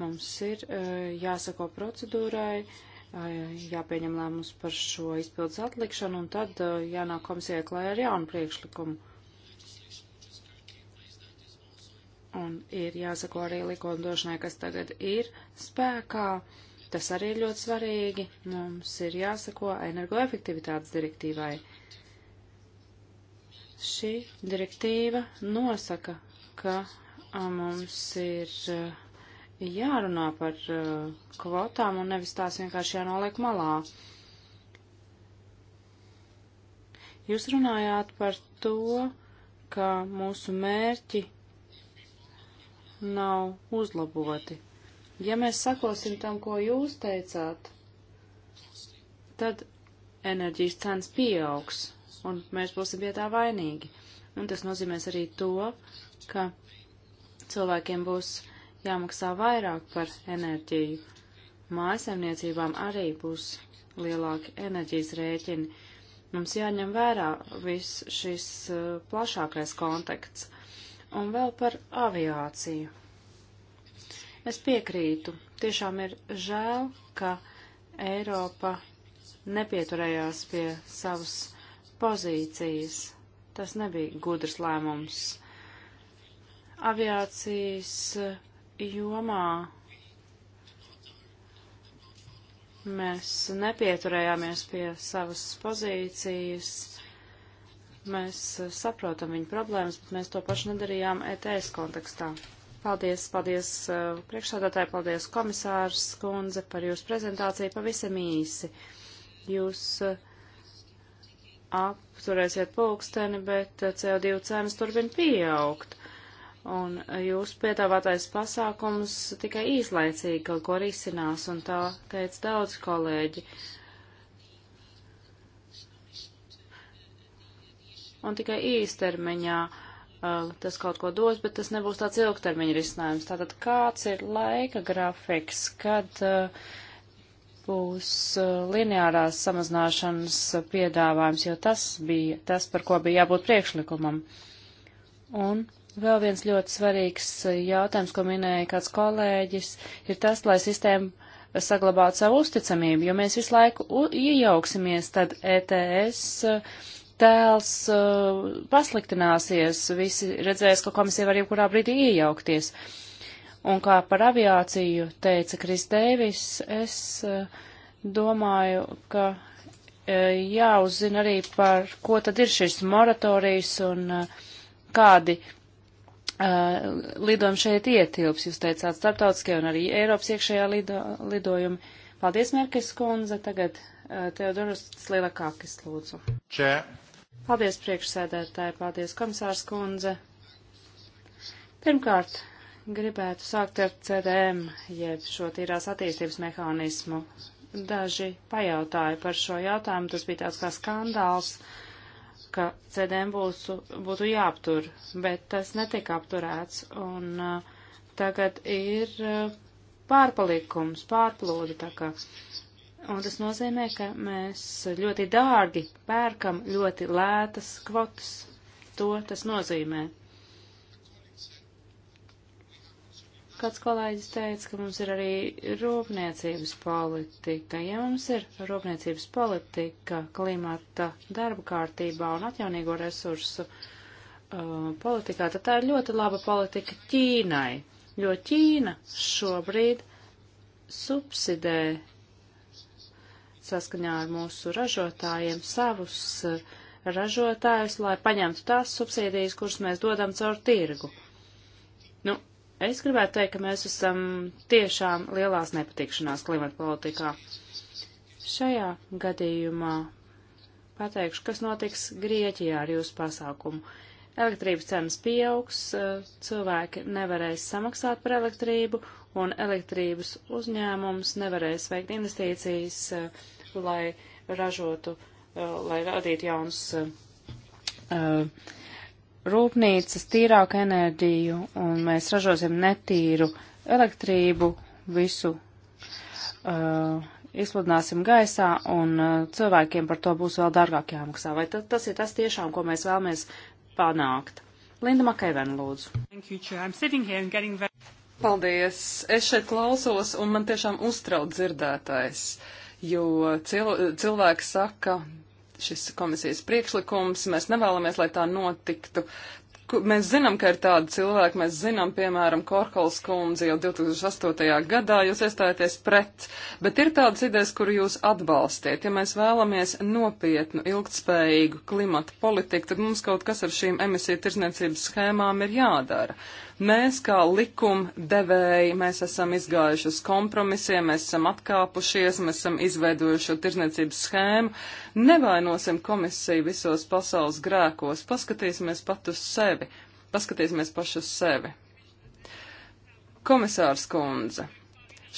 Speaker 3: Mums ir uh, jāsako procedūrai, uh, jāpieņem lēmums par šo izpildus atlikšanu un tad uh, jānāk komisijai klājā ar jaunu priekšlikumu. un ir jāsako arī likumdošanai, kas tagad ir spēkā. Tas arī ir ļoti svarīgi. Mums ir jāsako energoefektivitātes direktīvai. Šī direktīva nosaka, ka mums ir jārunā par kvotām un nevis tās vienkārši jānoliek malā. Jūs runājāt par to, ka mūsu mērķi nav uzlaboti. Ja mēs sakosim tam, ko jūs teicāt, tad enerģijas cenas pieaugs, un mēs būsim pie tā vainīgi. Un tas nozīmēs arī to, ka cilvēkiem būs jāmaksā vairāk par enerģiju. Mājasemniecībām arī būs lielāki enerģijas rēķini. Mums jāņem vērā viss šis eh, plašākais konteksts. Un vēl par aviāciju. Es piekrītu, tiešām ir žēl, ka Eiropa nepieturējās pie savas pozīcijas. Tas nebija gudrs lēmums. Aviācijas eh, jomā mēs nepieturējāmies pie savas pozīcijas Mēs eh, saprotam viņu problēmas, bet mēs to pašu nedarījām ETS kontekstā. Paldies, paldies eh, priekšsādātāji, paldies komisārs Kundze par jūsu prezentāciju pavisam īsi. Jūs eh, apturēsiet pulksteni, bet CO2 cenas turpin pieaugt. Un jūsu piedāvātais pasākums tikai īslaicīgi kaut ko risinās, un tā teica daudz kolēģi. Uh, un tikai īstermiņā uh, tas kaut ko dos, bet tas nebūs tāds ilgtermiņa risinājums. Tātad kāds ir laika grafiks, kad uh, būs uh, lineārās samazināšanas piedāvājums, jo tas bija tas, par ko bija jābūt priekšlikumam. Un vēl viens ļoti svarīgs uh, jautājums, ko minēja kāds kolēģis, ir tas, lai sistēma saglabāt savu uzticamību, jo mēs visu laiku iejauksimies, tad ETS uh, tēls uh, pasliktināsies, visi redzēs, ka komisija var jebkurā brīdī iejaukties. Un kā par aviāciju teica Kris Dēvis, es uh, domāju, ka uh, jāuzzina arī par, ko tad ir šis moratorijas un uh, kādi uh, lidojumi šeit ietilps. Jūs teicāt starptautiskie un arī Eiropas iekšējā lido, lidojumi. Paldies, Merkis kundze. Tagad uh, Teodoros Slilakakis, lūdzu. Čē. Paldies, priekšsēdētāji, paldies, komisārs kundze. Pirmkārt, gribētu sākt ar CDM, jeb šo tīrās attīstības mehānismu. Daži pajautāja par šo jautājumu, tas bija tāds kā skandāls, ka CDM būtu, būtu jāaptur, bet tas netika apturēts, un uh, tagad ir uh, pārpalikums, pārplūda, tā kā Un tas nozīmē, ka mēs ļoti dārgi pērkam ļoti lētas kvotas. To tas nozīmē. Kāds kolēģis teica, ka mums ir arī rūpniecības politika. Ja mums ir rūpniecības politika klimata darba kārtībā un atjaunīgo resursu uh, politikā, tad tā ir ļoti laba politika Ķīnai, jo Ķīna šobrīd subsidē saskaņā ar mūsu ražotājiem savus eh, ražotājus, lai paņemtu tās subsīdijas, kuras mēs dodam caur tirgu. Nu, es gribētu teikt, ka mēs esam tiešām lielās nepatikšanās klimata politikā. Šajā gadījumā pateikšu, kas notiks Grieķijā ar jūsu pasākumu. Elektrības cenas pieaugs, eh, cilvēki nevarēs samaksāt par elektrību, un elektrības uzņēmums nevarēs veikt investīcijas eh, lai ražotu, eh, lai radītu jaunas eh, eh, rūpnīcas, tīrāku enerģiju, un mēs ražosim netīru elektrību, visu izsludināsim gaisā, un cilvēkiem par to būs vēl dārgāk jāmaksā. Vai tas ir tas tiešām, ko mēs
Speaker 1: vēlamies panākt? Linda Makaivena, lūdzu. Paldies! Es šeit klausos, un man tiešām uztrauc dzirdētais. Uh, jo cil, cilvēki saka, šis komisijas priekšlikums, mēs nevēlamies, lai tā notiktu. Mēs zinām, ka ir tādi cilvēki, mēs zinām, piemēram, Korkols kundze jau 2008. gadā jūs iestājāties pret, bet ir tādas idejas, kuru jūs atbalstiet. Ja mēs vēlamies nopietnu, ilgtspējīgu klimata politiku, tad mums kaut kas ar šīm emisiju tirzniecības schēmām ir jādara. Mēs, kā likumdevēji, mēs esam izgājuši uz kompromisiem, mēs esam atkāpušies, mēs esam izveidojuši šo tirzniecības schēmu. Nevainosim komisiju visos pasaules grēkos, paskatīsimies pat uz sevi, paskatīsimies paši uz sevi. Komisārs Kundze.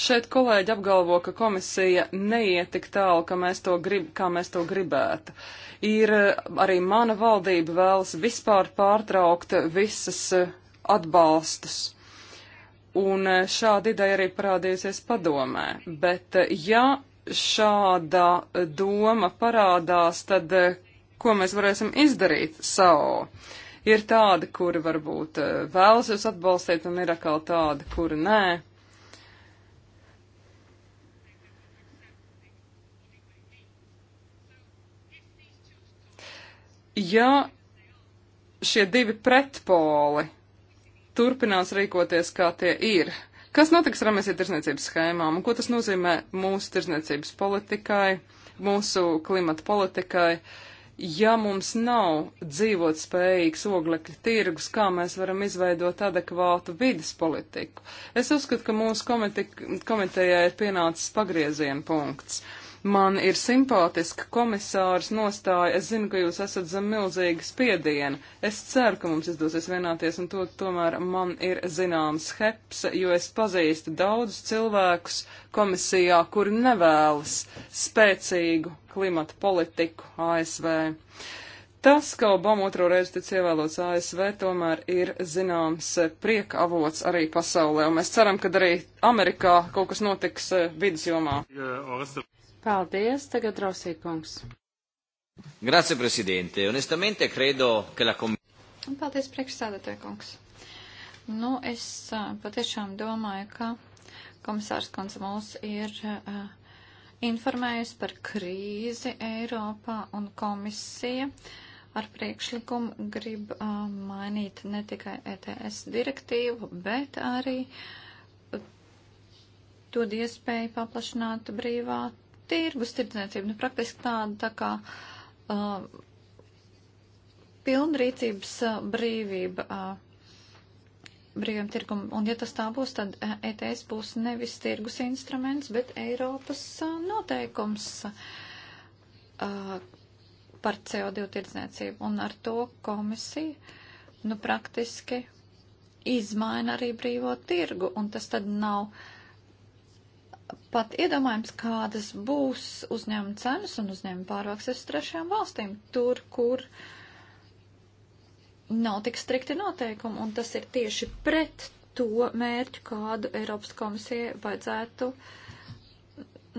Speaker 1: Šeit kolēģi apgalvo, ka komisija neiet tik tālu, ka mēs to grib, kā mēs to gribētu. Ir eh, arī mana valdība vēlas vispār pārtraukt visas eh, atbalstus. Un e, šāda ideja arī parādījusies padomē. Bet e, ja šāda doma parādās, tad e, ko mēs varēsim izdarīt savu? Ir tādi, kuri varbūt vēlas jūs atbalstīt, un ir atkal tādi, kuri nē. Ja šie divi pretpoli turpinās rīkoties, kā tie ir. Kas notiks ar emisiju tirsniecības schēmām un ko tas nozīmē mūsu tirsniecības politikai, mūsu klimata politikai? Ja mums nav dzīvot spējīgs oglekļa tirgus, kā mēs varam izveidot adekvātu vidas politiku? Es uzskatu, ka mūsu komite komitejai ir pienācis pagrieziena punkts. Uh, Man ir simpātiska komisāras nostāja. Es zinu, ka jūs esat zem milzīga spiediena. Es ceru, ka mums izdosies vienāties, un to tomēr man ir zināms heps, jo es pazīstu daudzus cilvēkus komisijā, kuri nevēlas spēcīgu klimata politiku ASV. Tas, ka Obama otro reizi tic ievēlots ASV, tomēr ir zināms prieka avots arī pasaulē, un mēs ceram, ka arī Amerikā kaut kas notiks eh, vidusjomā. Yeah,
Speaker 3: Paldies, tagad Rosīkungs.
Speaker 2: Grazie, prezidente. Onestamente, credo,
Speaker 3: ka la komisija.
Speaker 2: Paldies, priekšsādātāja kungs. Nu, es patiešām domāju, ka komisārs Konca mūs ir uh, informējusi par krīzi Eiropā un komisija ar priekšlikumu grib uh, mainīt ne tikai ETS direktīvu, bet arī dod iespēju paplašināt brīvā tirgus tirdzniecība, nu praktiski tāda tā kā uh, pilnrīcības uh, brīvība uh, brīviem tirgumam. Un ja tas tā būs, tad uh, ETS būs nevis tirgus instruments, bet Eiropas uh, noteikums. Uh, par CO2 tirdzniecību. Un ar to komisija, nu, praktiski izmaina arī brīvo tirgu, un tas tad nav uh, pat iedomājams, kādas būs uzņēmuma cenas un uzņēmuma pārvāks uz trešajām valstīm, tur, kur nav tik strikti noteikumi, un tas ir tieši pret to mērķu, kādu Eiropas komisija vajadzētu,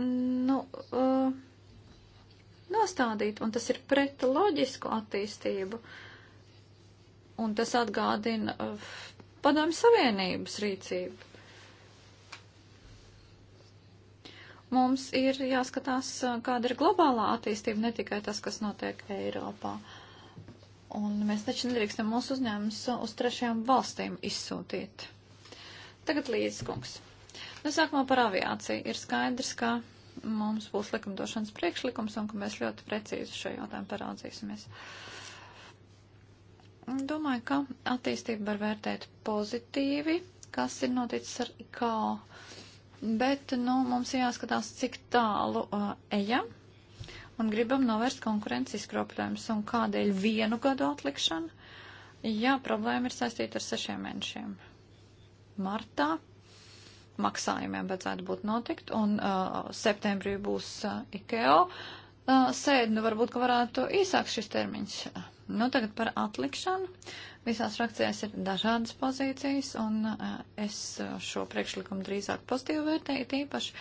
Speaker 2: nu, uh, nostādīt, un tas ir pret loģisku attīstību, un tas atgādina uh, padomju savienības rīcību Mums ir jāskatās, kāda ir globālā attīstība, ne tikai tas, kas notiek Eiropā. Un mēs taču nedrīkstam mūsu uzņēmumus uz trešajām valstīm izsūtīt. Tagad līdz kungs. Nu, sākumā par aviāciju. Ir skaidrs, ka mums būs likumdošanas priekšlikums un ka mēs ļoti precīzi šo jautājumu paraudzīsimies. Domāju, ka attīstību var vērtēt pozitīvi, kas ir noticis ar IKO Bet, nu, mums jāskatās, cik tālu uh, ejam un gribam novērst konkurences izkropļojumus un kādēļ vienu gadu atlikšana. Jā, problēma ir saistīta ar sešiem mēnešiem. Martā maksājumiem vajadzētu būt notikt, un uh, septembrī būs uh, IKEO uh, sēde, nu varbūt, ka varētu īsāks šis termiņš. Nu, tagad par atlikšanu. Visās frakcijās ir dažādas pozīcijas, un e, es šo priekšlikumu drīzāk pozitīvi vērtēju, tīpaši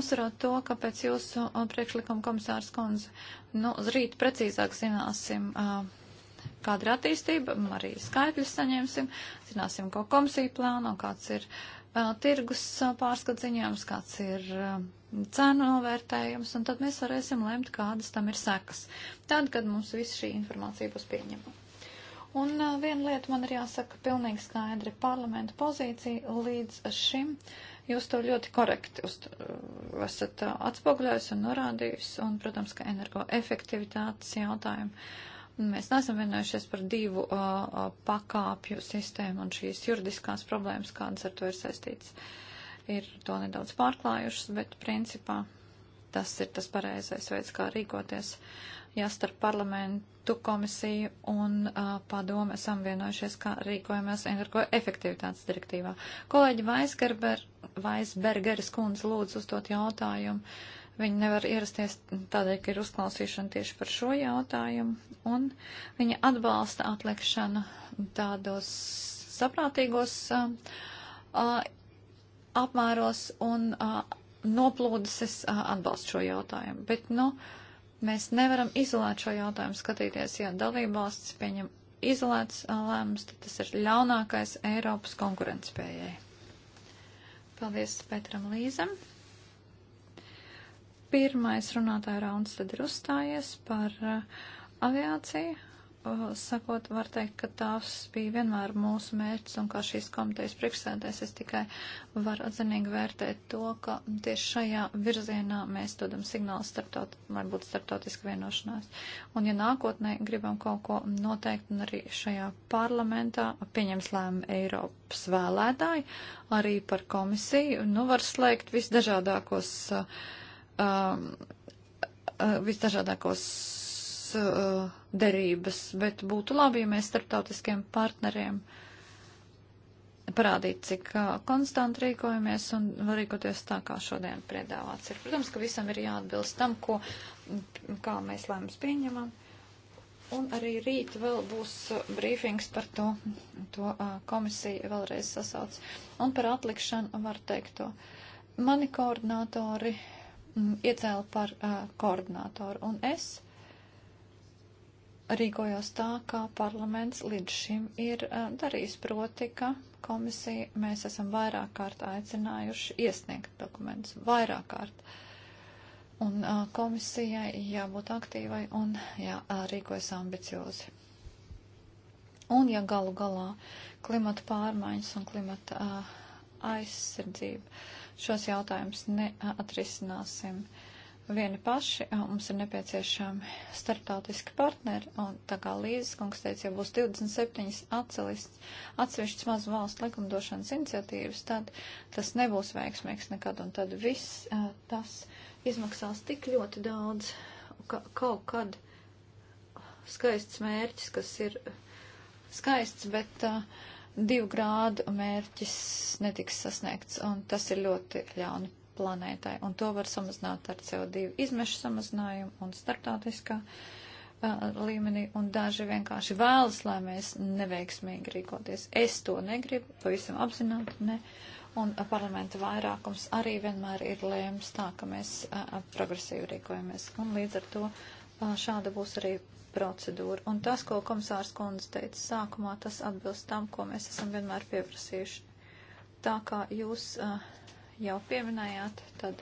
Speaker 2: uzsverot to, ka pēc jūsu e, priekšlikuma komisārs kundze, nu, uz rīt precīzāk zināsim, e, kāda ir attīstība, arī skaitļus saņemsim, zināsim, ko komisija plāno, kāds ir tirgus pārskats ziņojums, kāds ir cenu novērtējums, un tad mēs varēsim lemt, kādas tam ir sekas. Tad, kad mums viss šī informācija būs pieņemama. Un viena lieta man ir jāsaka pilnīgi skaidri. Parlamenta pozīcija līdz šim, jūs to ļoti korekti uzt, esat atspoguļojis un norādījis, un, protams, ka energoefektivitātes jautājumi. Mēs neesam vienojušies par divu uh, pakāpju sistēmu un šīs juridiskās problēmas, kādas ar to ir saistītas, ir to nedaudz pārklājušas, bet principā tas ir tas pareizais veids, kā rīkoties. Uh, ja starp parlamentu komisiju un uh, padomu esam vienojušies, kā rīkojamies energoefektivitātes direktīvā. Kolēģi Vaisgerber, Vaisbergeris kundze lūdzu uzdot jautājumu. Viņa nevar ierasties tādēļ, ka ir uzklausīšana tieši par šo jautājumu, un viņa atbalsta atlikšanu tādos saprātīgos uh, uh, apmēros un uh, noplūdes es atbalstu šo jautājumu. Bet, nu, no, Mēs nevaram izolēt šo jautājumu, skatīties, ja dalībvalsts pieņem izolēts uh, lēmums, tad tas ir ļaunākais Eiropas konkurentspējai. Paldies Petram Līzam. Pirmais runātāja rauns tad ir uzstājies par uh, aviāciju. Uh, sakot, var teikt, ka tās bija vienmēr mūsu mērķis un kā šīs komitejas priekšsēdēs es tikai varu atzinīgi vērtēt to, ka tieši šajā virzienā mēs dodam signālu starptaut, lai būtu starptautiska vienošanās. Un ja nākotnē gribam kaut ko noteikt un arī šajā parlamentā pieņems lēmumu Eiropas vēlētāji, arī par komisiju, nu var slēgt visdažādākos. Uh, um, uh, visdažādākos uh, derības, bet būtu labi, ja mēs starptautiskiem partneriem parādītu, cik uh, konstanti rīkojamies un rīkoties tā, kā šodien piedāvāts ir. Protams, ka visam ir jāatbilst tam, ko, kā mēs lēmums pieņemam. Un arī rīt vēl būs uh, brīfings par to, to uh, komisija vēlreiz sasauc. Un par atlikšanu var teikt to. Mani koordinātori mm, iecēla par uh, koordinātoru. Un es rīkojos tā, kā parlaments līdz šim ir uh, darījis, proti, ka komisija mēs esam vairāk kārt aicinājuši iesniegt dokumentus, vairāk kārt. Un uh, komisijai jābūt aktīvai un jārīkojas ambiciozi. Un ja galu galā klimata pārmaiņas un klimata uh, aizsardzība šos jautājumus neatrisināsim. Uh, vieni paši, mums ir nepieciešami startautiski partneri, un tā kā Līzes kungs teica, ja būs 27 atsevišķas mazu valstu likumdošanas iniciatīvas, tad tas nebūs veiksmīgs nekad, un tad viss tas izmaksās tik ļoti daudz, ka kaut kad skaists mērķis, kas ir skaists, bet uh, divu grādu mērķis netiks sasniegts, un tas ir ļoti ļauni planētai, un to var samazināt ar CO2 izmešu samazinājumu un starptautiskā uh, līmenī, un daži vienkārši vēlas, lai mēs neveiksmīgi rīkoties. Es to negribu, pavisam apzināti ne, un uh, parlamenta vairākums arī vienmēr ir lēms tā, ka mēs uh, progresīvi rīkojamies, un līdz ar to šāda būs arī procedūra. Un tas, ko komisārs kundze teica sākumā, tas atbilst tam, ko mēs esam vienmēr pieprasījuši. Tā kā jūs uh, jau pieminējāt, tad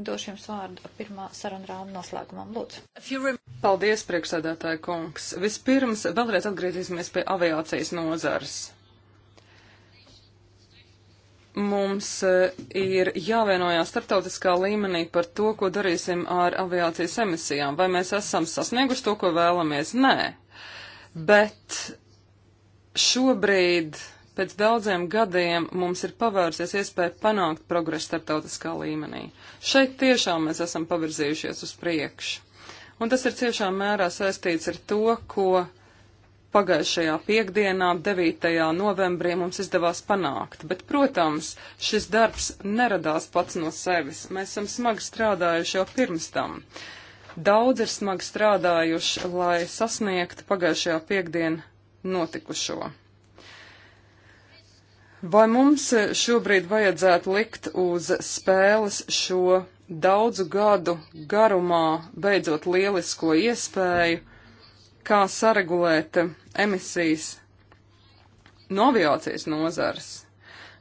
Speaker 2: došu jums vārdu pirmā saruna raunda noslēgumam.
Speaker 1: Lūdzu. Paldies, priekšsēdētāja kungs. Vispirms vēlreiz atgriezīsimies pie aviācijas nozars. Mums eh, ir jāvienojās starptautiskā līmenī par to, ko darīsim ar aviācijas emisijām. Vai mēs esam sasnieguši to, ko vēlamies? Nē. Bet šobrīd Pēc daudziem gadiem mums ir pavērsies iespēja panākt progresu starptautiskā līmenī. Šeit tiešām mēs esam pavirzījušies uz priekšu. Un tas ir ciešām mērā saistīts ar to, ko pagājušajā piekdienā, 9. novembrī, mums izdevās panākt. Bet, protams, šis darbs neradās pats no sevis. Mēs esam smagi strādājuši jau pirms tam. Daudz ir smagi strādājuši, lai sasniegtu pagājušajā piekdienu notikušo. Vai mums eh, šobrīd vajadzētu likt uz spēles šo daudzu gadu garumā beidzot lielisko iespēju, kā saregulēt eh, emisijas no aviācijas nozares?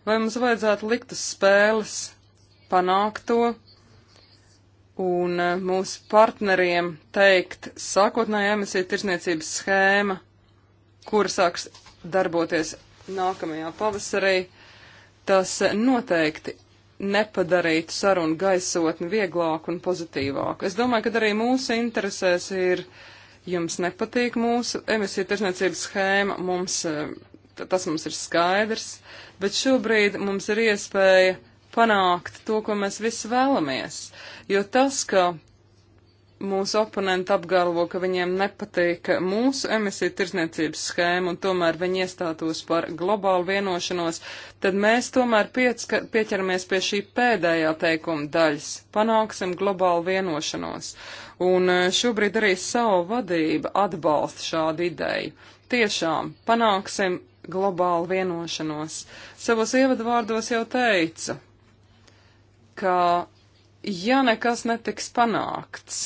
Speaker 1: Vai mums vajadzētu likt uz spēles panākt to un eh, mūsu partneriem teikt sākotnēja emisija tirsniecības schēma, kura sāks darboties nākamajā pavasarī, tas noteikti nepadarītu sarunu gaisotni vieglāku un pozitīvāku. Es domāju, ka arī mūsu interesēs ir, jums nepatīk mūsu emisiju tirsniecības schēma, mums, e, tas mums ir skaidrs, bet šobrīd mums ir iespēja panākt to, ko mēs visi vēlamies. Jo tas, ka mūsu oponenti apgalvo, ka viņiem nepatīk mūsu emisiju tirzniecības schēma un tomēr viņi iestātos par globālu vienošanos, tad mēs tomēr piecka, pieķeramies pie šī pēdējā teikuma daļas - panāksim globālu vienošanos. Un e, šobrīd arī savu vadība atbalsta šādu ideju. Tiešām, panāksim globālu vienošanos. Savos ievadvārdos jau teicu, ka ja nekas netiks panākts,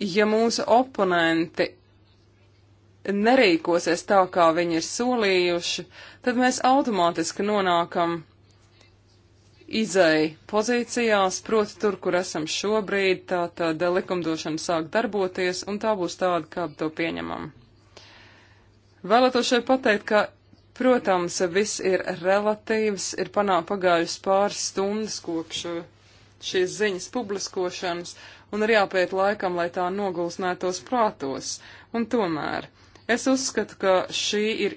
Speaker 1: ja mūsu oponenti nerīkosies tā, kā viņi ir solījuši, tad mēs automātiski nonākam izēja pozīcijās, proti tur, kur esam šobrīd, tā tad likumdošana sāk darboties, un tā būs tāda, kā to pieņemam. Vēlētos šeit pateikt, ka, protams, viss ir relatīvs, ir panāk pagājusi pāris stundas kopš šīs ziņas publiskošanas, uh, un ir jāpēt laikam, lai tā nogulsnētos prātos. Un tomēr es uzskatu, ka šī ir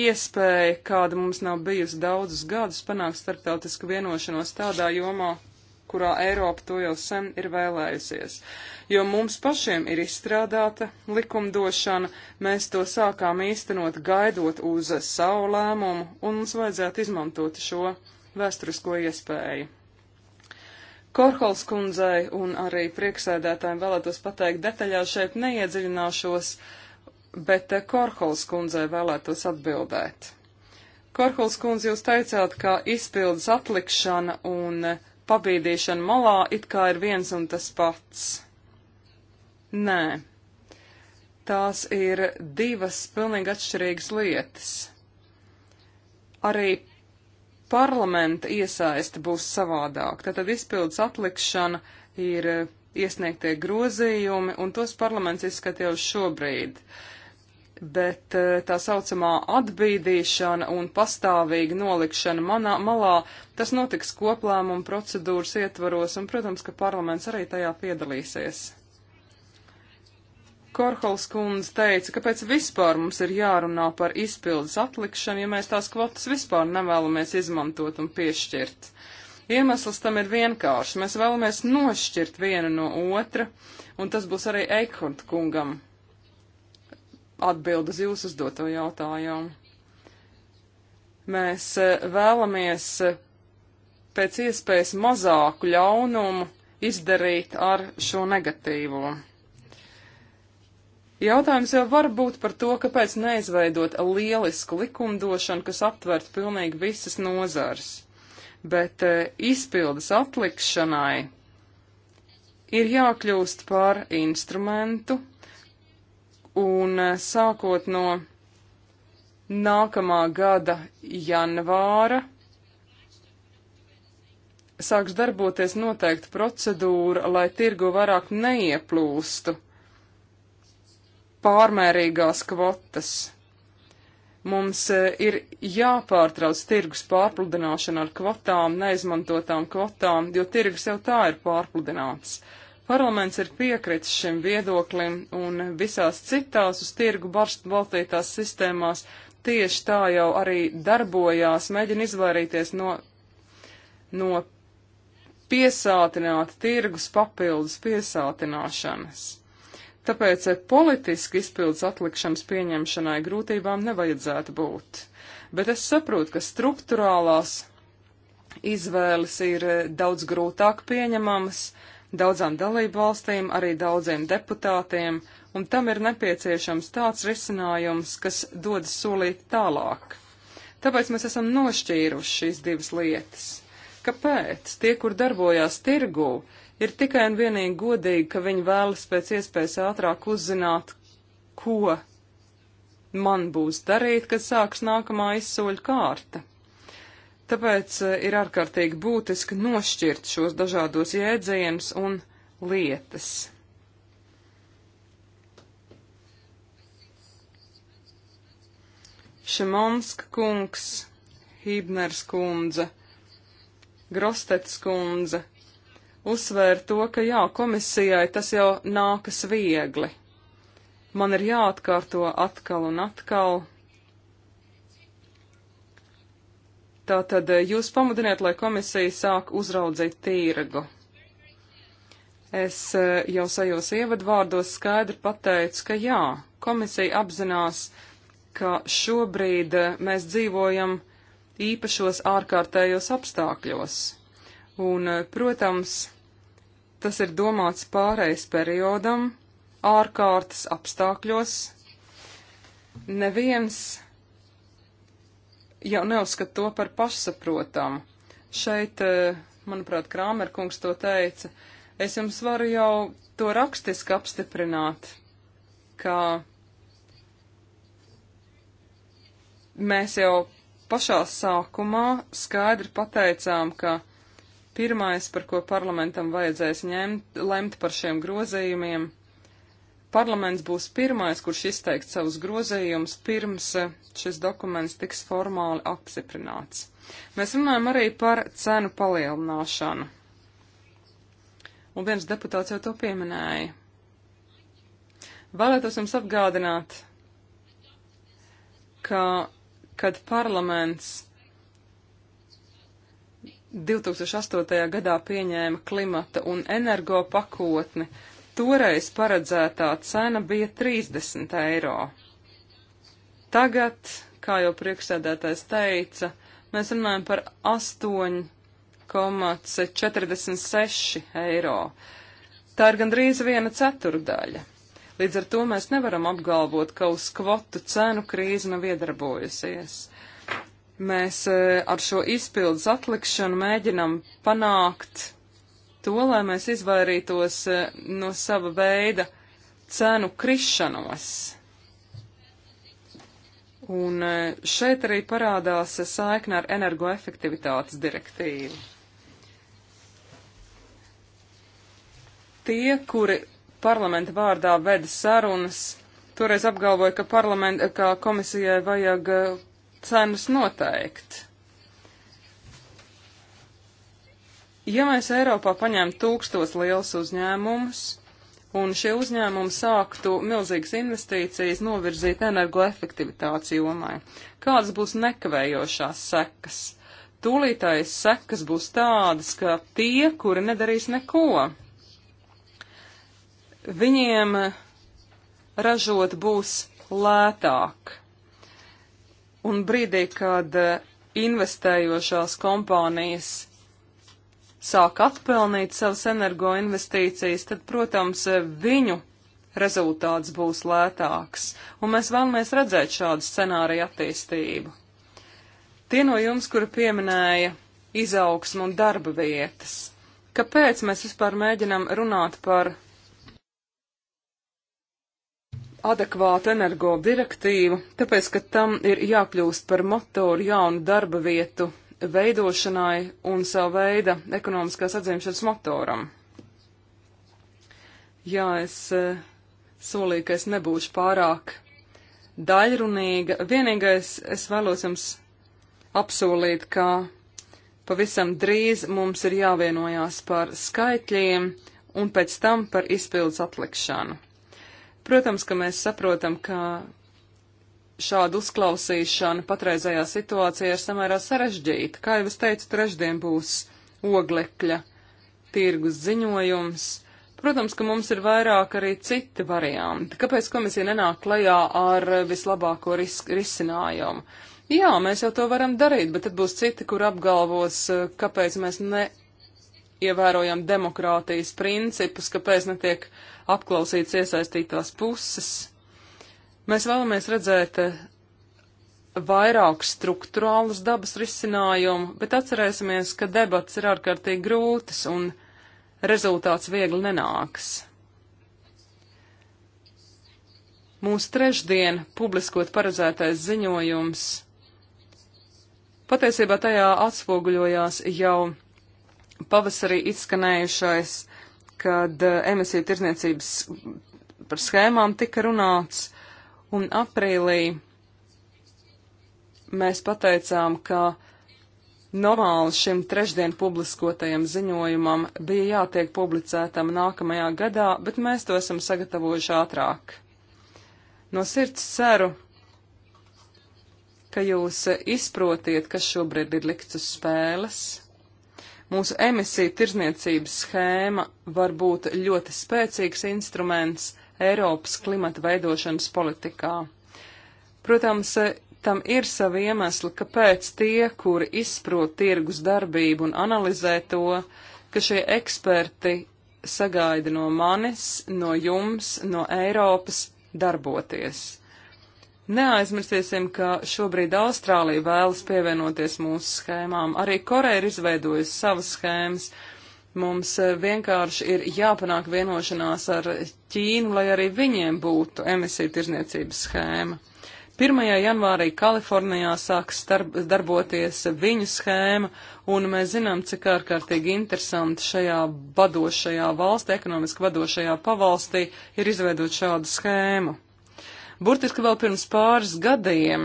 Speaker 1: iespēja, kāda mums nav bijusi daudzus gadus, panākt starptautisku vienošanos tādā jomā, kurā Eiropa to jau sen ir vēlējusies. Jo mums pašiem ir izstrādāta likumdošana, mēs to sākām īstenot gaidot uz savu lēmumu, un mums vajadzētu izmantot šo vēsturisko iespēju. Korhols kundzei un arī prieksēdētājiem vēlētos pateikt detaļās šeit neiedziļināšos, bet eh, Korhols kundzei vēlētos atbildēt. Korhols kundze, jūs teicāt, ka izpildes atlikšana un eh, pabīdīšana malā it kā ir viens un tas pats. Nē, tās ir divas pilnīgi atšķirīgas lietas. Arī parlamenta iesaista būs savādāk. Tātad izpildus atlikšana ir eh, iesniegtie grozījumi, un tos parlaments izskata jau šobrīd. Bet eh, tā saucamā atbīdīšana un pastāvīga nolikšana manā malā, tas notiks koplēmuma procedūras ietvaros, un, protams, ka parlaments arī tajā piedalīsies. Korhols kundze teica, kāpēc vispār mums ir jārunā par izpildes atlikšanu, ja mēs tās kvotas vispār nevēlamies izmantot un piešķirt. Iemesls tam ir vienkārši. Mēs vēlamies nošķirt vienu no otra, un tas būs arī Eikhorta kungam atbildes jūs uzdoto jautājumu. Mēs eh, vēlamies eh, pēc iespējas mazāku ļaunumu izdarīt ar šo negatīvo. Jautājums jau var būt par to, kāpēc neizveidot lielisku likumdošanu, kas aptvertu pilnīgi visas nozars. Bet e, izpildes atlikšanai ir jākļūst par instrumentu, un e, sākot no nākamā gada janvāra sāks darboties noteikta procedūra, lai tirgu vairāk neieplūstu pārmērīgās kvotas. Mums e, ir jāpārtrauc tirgus pārpludināšana ar kvotām, neizmantotām kvotām, jo tirgus jau tā ir pārpludināts. Parlaments ir piekritis šim viedoklim, un visās citās uz tirgu balstītās sistēmās tieši tā jau arī darbojās, mēģina izvairīties no, no piesātināta tirgus papildus piesātināšanas. Tāpēc e, politiski izpildus atlikšanas pieņemšanai grūtībām nevajadzētu būt. Bet es saprotu, ka struktūrālās izvēles ir e, daudz grūtāk pieņemamas daudzām dalību valstīm, arī daudziem deputātiem, un tam ir nepieciešams tāds risinājums, kas dodas solīt tālāk. Tāpēc mēs esam nošķīruši šīs divas lietas. Kāpēc? Tie, kur darbojās tirgū, Ir tikai un vienīgi godīgi, ka viņi vēlas pēc iespējas ātrāk uzzināt, ko man būs darīt, kad sāks nākamā izsoļu kārta. Tāpēc eh, ir ārkārtīgi būtiski nošķirt šos dažādos jēdzienus un lietas. Šemanska kungs, Hībners kundze, Grostets kundze, uzsvēra to, ka jā, komisijai tas jau nākas viegli. Man ir jāatkārto atkal un atkal. Tātad eh, jūs pamudiniet, lai komisija sāk uzraudzīt tīrgu. Es eh, jau sajos ievadvārdos skaidri pateicu, ka jā, komisija apzinās, ka šobrīd eh, mēs dzīvojam īpašos ārkārtējos apstākļos. Un, protams, Tas ir domāts pārejas periodam, ārkārtas apstākļos. Neviens jau neuzskat to par pašsaprotamu. Šeit, eh, manuprāt, Krāmerkungs to teica, es jums varu jau to rakstiski apstiprināt, ka mēs jau pašā sākumā skaidri pateicām, ka Pirmais, par ko parlamentam vajadzēs ņemt, lemt par šiem grozījumiem. Parlaments būs pirmais, kurš izteikt savus grozījumus pirms eh, šis dokuments tiks formāli apsiprināts. Mēs runājam arī par cenu palielināšanu. Un viens deputāts jau to pieminēja. Vēlētos jums atgādināt, ka, kad parlaments 2008. gadā pieņēma klimata un energo pakotni. Toreiz paredzētā cena bija 30 eiro. Tagad, kā jau priekšsēdētājs teica, mēs runājam par 8,46 eiro. Tā ir gandrīz viena ceturdaļa. Līdz ar to mēs nevaram apgalvot, ka uz kvotu cenu krīze nav iedarbojusies. Mēs e, ar šo izpildus atlikšanu mēģinam panākt to, lai mēs izvairītos e, no sava veida cenu krišanos. Un e, šeit arī parādās saikne ar energoefektivitātes direktīvu. Tie, kuri parlamenta vārdā veda sarunas, toreiz apgalvoja, ka, ka komisijai vajag cenas noteikt. Ja mēs Eiropā paņemtu tūkstos liels uzņēmumus, un šie uzņēmumi sāktu milzīgas investīcijas novirzīt energoefektivitātes jomai. Kādas būs nekavējošās sekas? Tūlītājas sekas būs tādas, ka tie, kuri nedarīs neko, viņiem ražot būs lētāk. Un brīdī, kad eh, investējošās kompānijas sāk atpelnīt savas energoinvestīcijas, tad, protams, eh, viņu rezultāts būs lētāks, un mēs vēlamies redzēt šādu scenāriju attīstību. Tie no jums, kuri pieminēja izaugsmu un darba vietas, kāpēc mēs vispār mēģinam runāt par adekvātu energo direktīvu, tāpēc, ka tam ir jākļūst par motoru jaunu darba vietu veidošanai un savu veidu ekonomiskās atzīmšanas motoram. Jā, es eh, solīju, ka es nebūšu pārāk daļrunīga. Vienīgais es vēlos jums apsolīt, ka pavisam drīz mums ir jāvienojās par skaitļiem un pēc tam par izpildus atlikšanu. Protams, ka mēs saprotam, ka šāda uzklausīšana patreizajā situācijā ir samērā sarežģīta. Kā jau es teicu, trešdien būs oglekļa tirgus ziņojums. Protams, ka mums ir vairāk arī citi varianti. Kāpēc komisija nenāk klajā ar vislabāko ris risinājumu? Jā, mēs jau to varam darīt, bet tad būs citi, kur apgalvos, eh, kāpēc mēs ne ievērojam demokrātijas principus, kāpēc netiek apklausīts iesaistītās puses. Mēs vēlamies redzēt eh, vairāk struktūrālus dabas risinājumu, bet atcerēsimies, ka debats ir ārkārtīgi grūtas un rezultāts viegli nenāks. Mūsu trešdien publiskot paredzētais ziņojums patiesībā tajā atspoguļojās jau pavasarī izskanējušais, kad eh, emisiju tirzniecības par schēmām tika runāts, un aprīlī mēs pateicām, ka normāli šim trešdien publiskotajam ziņojumam bija jātiek publicētam nākamajā gadā, bet mēs to esam sagatavojuši ātrāk. No sirds ceru, ka jūs izprotiet, kas šobrīd ir likts uz spēles Mūsu emisiju tirzniecības schēma var būt ļoti spēcīgs instruments Eiropas klimata veidošanas politikā. Protams, tam ir savi iemesli, kāpēc tie, kuri izprot tirgus darbību un analizē to, ka šie eksperti sagaida no manis, no jums, no Eiropas darboties. Neaizmirsīsim, ka šobrīd Austrālija vēlas pievienoties mūsu schēmām. Arī Koreja ir izveidojusi savas schēmas. Mums eh, vienkārši ir jāpanāk vienošanās ar Ķīnu, lai arī viņiem būtu emisiju tirzniecības schēma. 1. janvārī Kalifornijā sāks starp, darboties viņu schēma, un mēs zinām, cik ārkārtīgi interesanti šajā vadošajā valstī, ekonomiski vadošajā pavalstī ir izveidot šādu schēmu. Burtiski vēl pirms pāris gadiem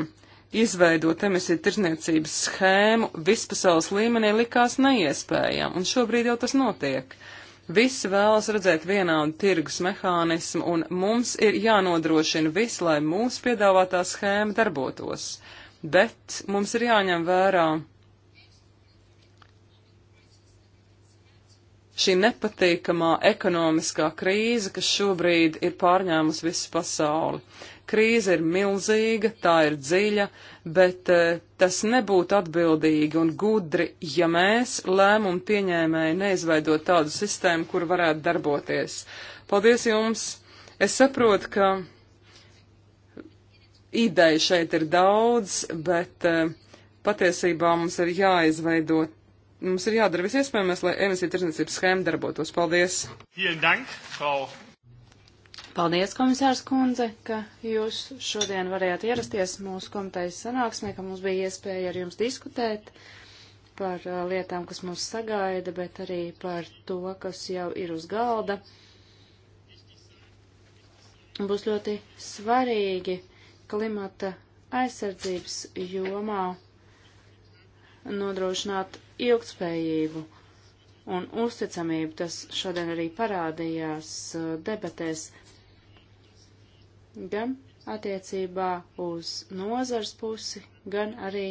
Speaker 1: izveidot emisiju tirzniecības schēmu vispasaules līmenī likās neiespējami, un šobrīd jau tas notiek. Visi vēlas redzēt vienādu tirgus mehānismu, un mums ir jānodrošina viss, lai mūsu piedāvātā schēma darbotos. Bet mums ir jāņem vērā šī nepatīkamā ekonomiskā krīze, kas šobrīd ir pārņēmusi visu pasauli krīze ir milzīga, tā ir dziļa, bet eh, tas nebūtu atbildīgi un gudri, ja mēs lēmumu pieņēmēji neizveidot tādu sistēmu, kur varētu darboties. Paldies jums! Es saprotu, ka ideja šeit ir daudz, bet eh, patiesībā mums ir jāizveido, mums ir jādara viss iespējamais, lai emisiju tirdzniecības schēma darbotos. Paldies!
Speaker 3: Vielen Dank, Frau
Speaker 1: Paldies, komisārs Kundze, ka
Speaker 3: jūs šodien varējāt ierasties mūsu komitejas sanāksmē, ka mums bija iespēja ar jums diskutēt par uh, lietām, kas mūs sagaida, bet arī par to, kas jau ir uz galda. Būs ļoti svarīgi klimata aizsardzības jomā nodrošināt ilgtspējību un uzticamību. Tas šodien arī parādījās uh, debatēs gan attiecībā uz nozars pusi, gan arī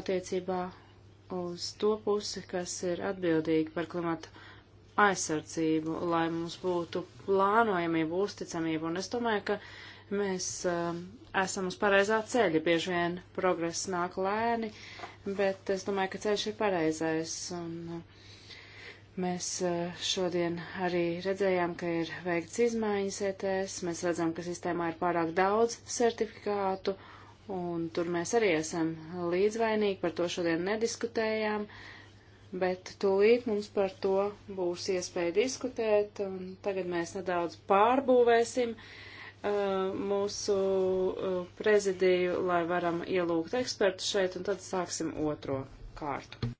Speaker 3: attiecībā uz to pusi, kas ir atbildīga par klimatu aizsardzību, lai mums būtu plānojamība, uzticamība. Un es domāju, ka mēs uh, esam uz pareizā ceļa. Bieži vien progress nāk lēni, bet es domāju, ka ceļš ir pareizais. Un, uh, Mēs eh, šodien arī redzējām, ka ir veikts izmaiņas ETS, mēs redzam, ka sistēmā ir pārāk daudz certifikātu, un tur mēs arī esam līdzvainīgi, par to šodien nediskutējām, bet tūlīt mums par to būs iespēja diskutēt, un tagad mēs nedaudz pārbūvēsim eh, mūsu eh, prezidiju, lai varam ielūgt ekspertus šeit, un tad sāksim otro kārtu.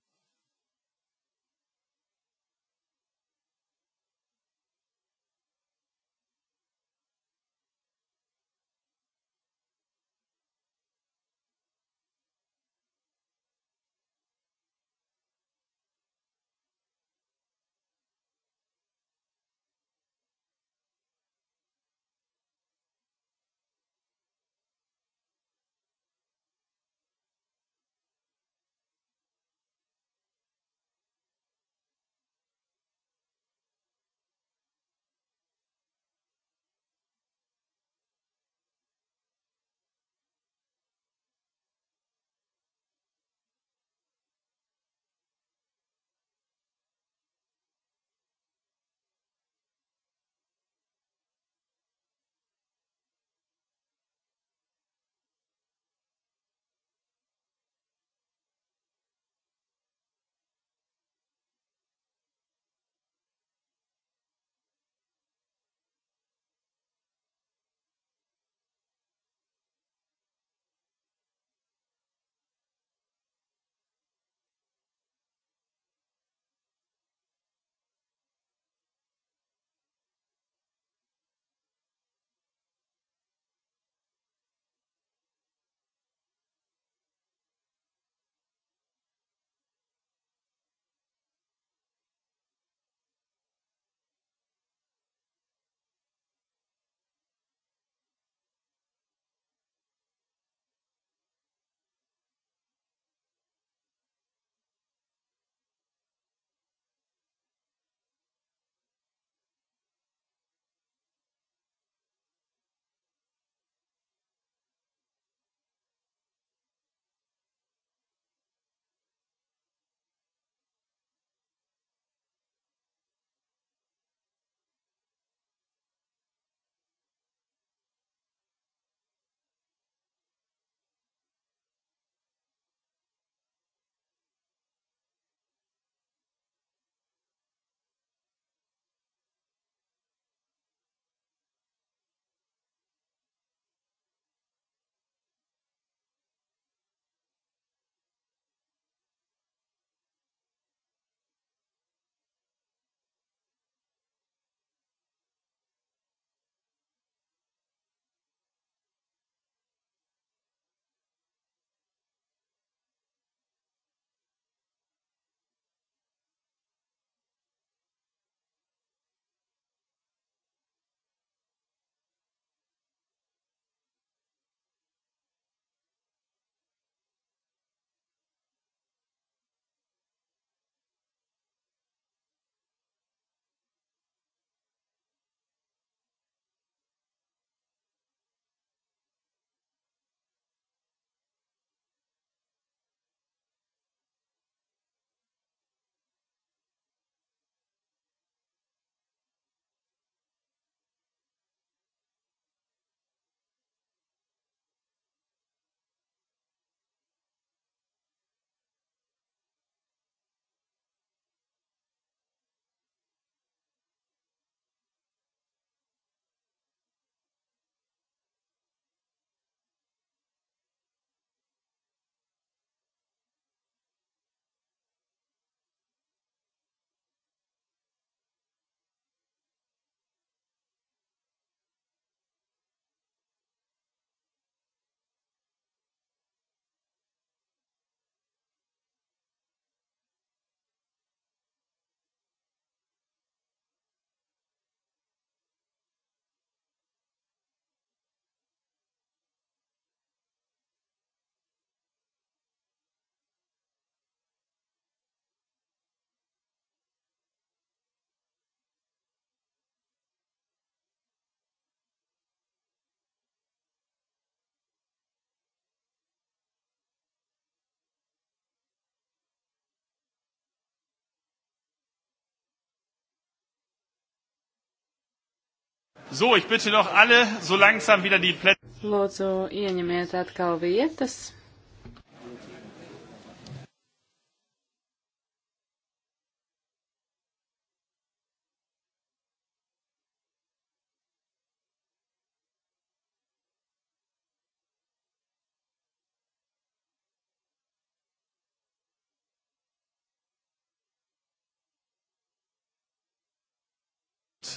Speaker 1: So, ich bitte doch alle so langsam wieder die Plätze. Lūdzu,
Speaker 3: ieņemiet atkal vietas.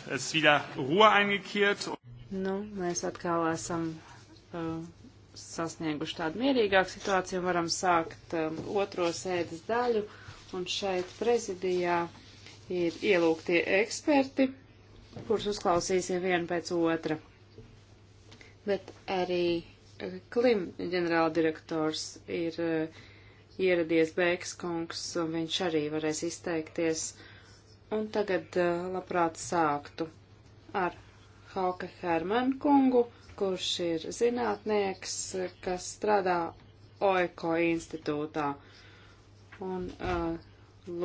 Speaker 1: Es wieder Ruhe eingekehrt.
Speaker 3: Nu, mēs atkal esam uh, sasnieguši tādu mierīgāku situāciju un varam sākt um, otro sēdes daļu. Un šeit prezidijā ir ielūgtie eksperti, kurus uzklausīsim vienu pēc otra. Bet arī uh, Klim ģenerāldirektors ir uh, ieradies Bēks kungs, un viņš arī varēs izteikties. Uh, Un tagad uh, labprāt sāktu ar Hauke Hermanu kungu, kurš ir zinātnieks, kas strādā OECO institūtā. Un uh,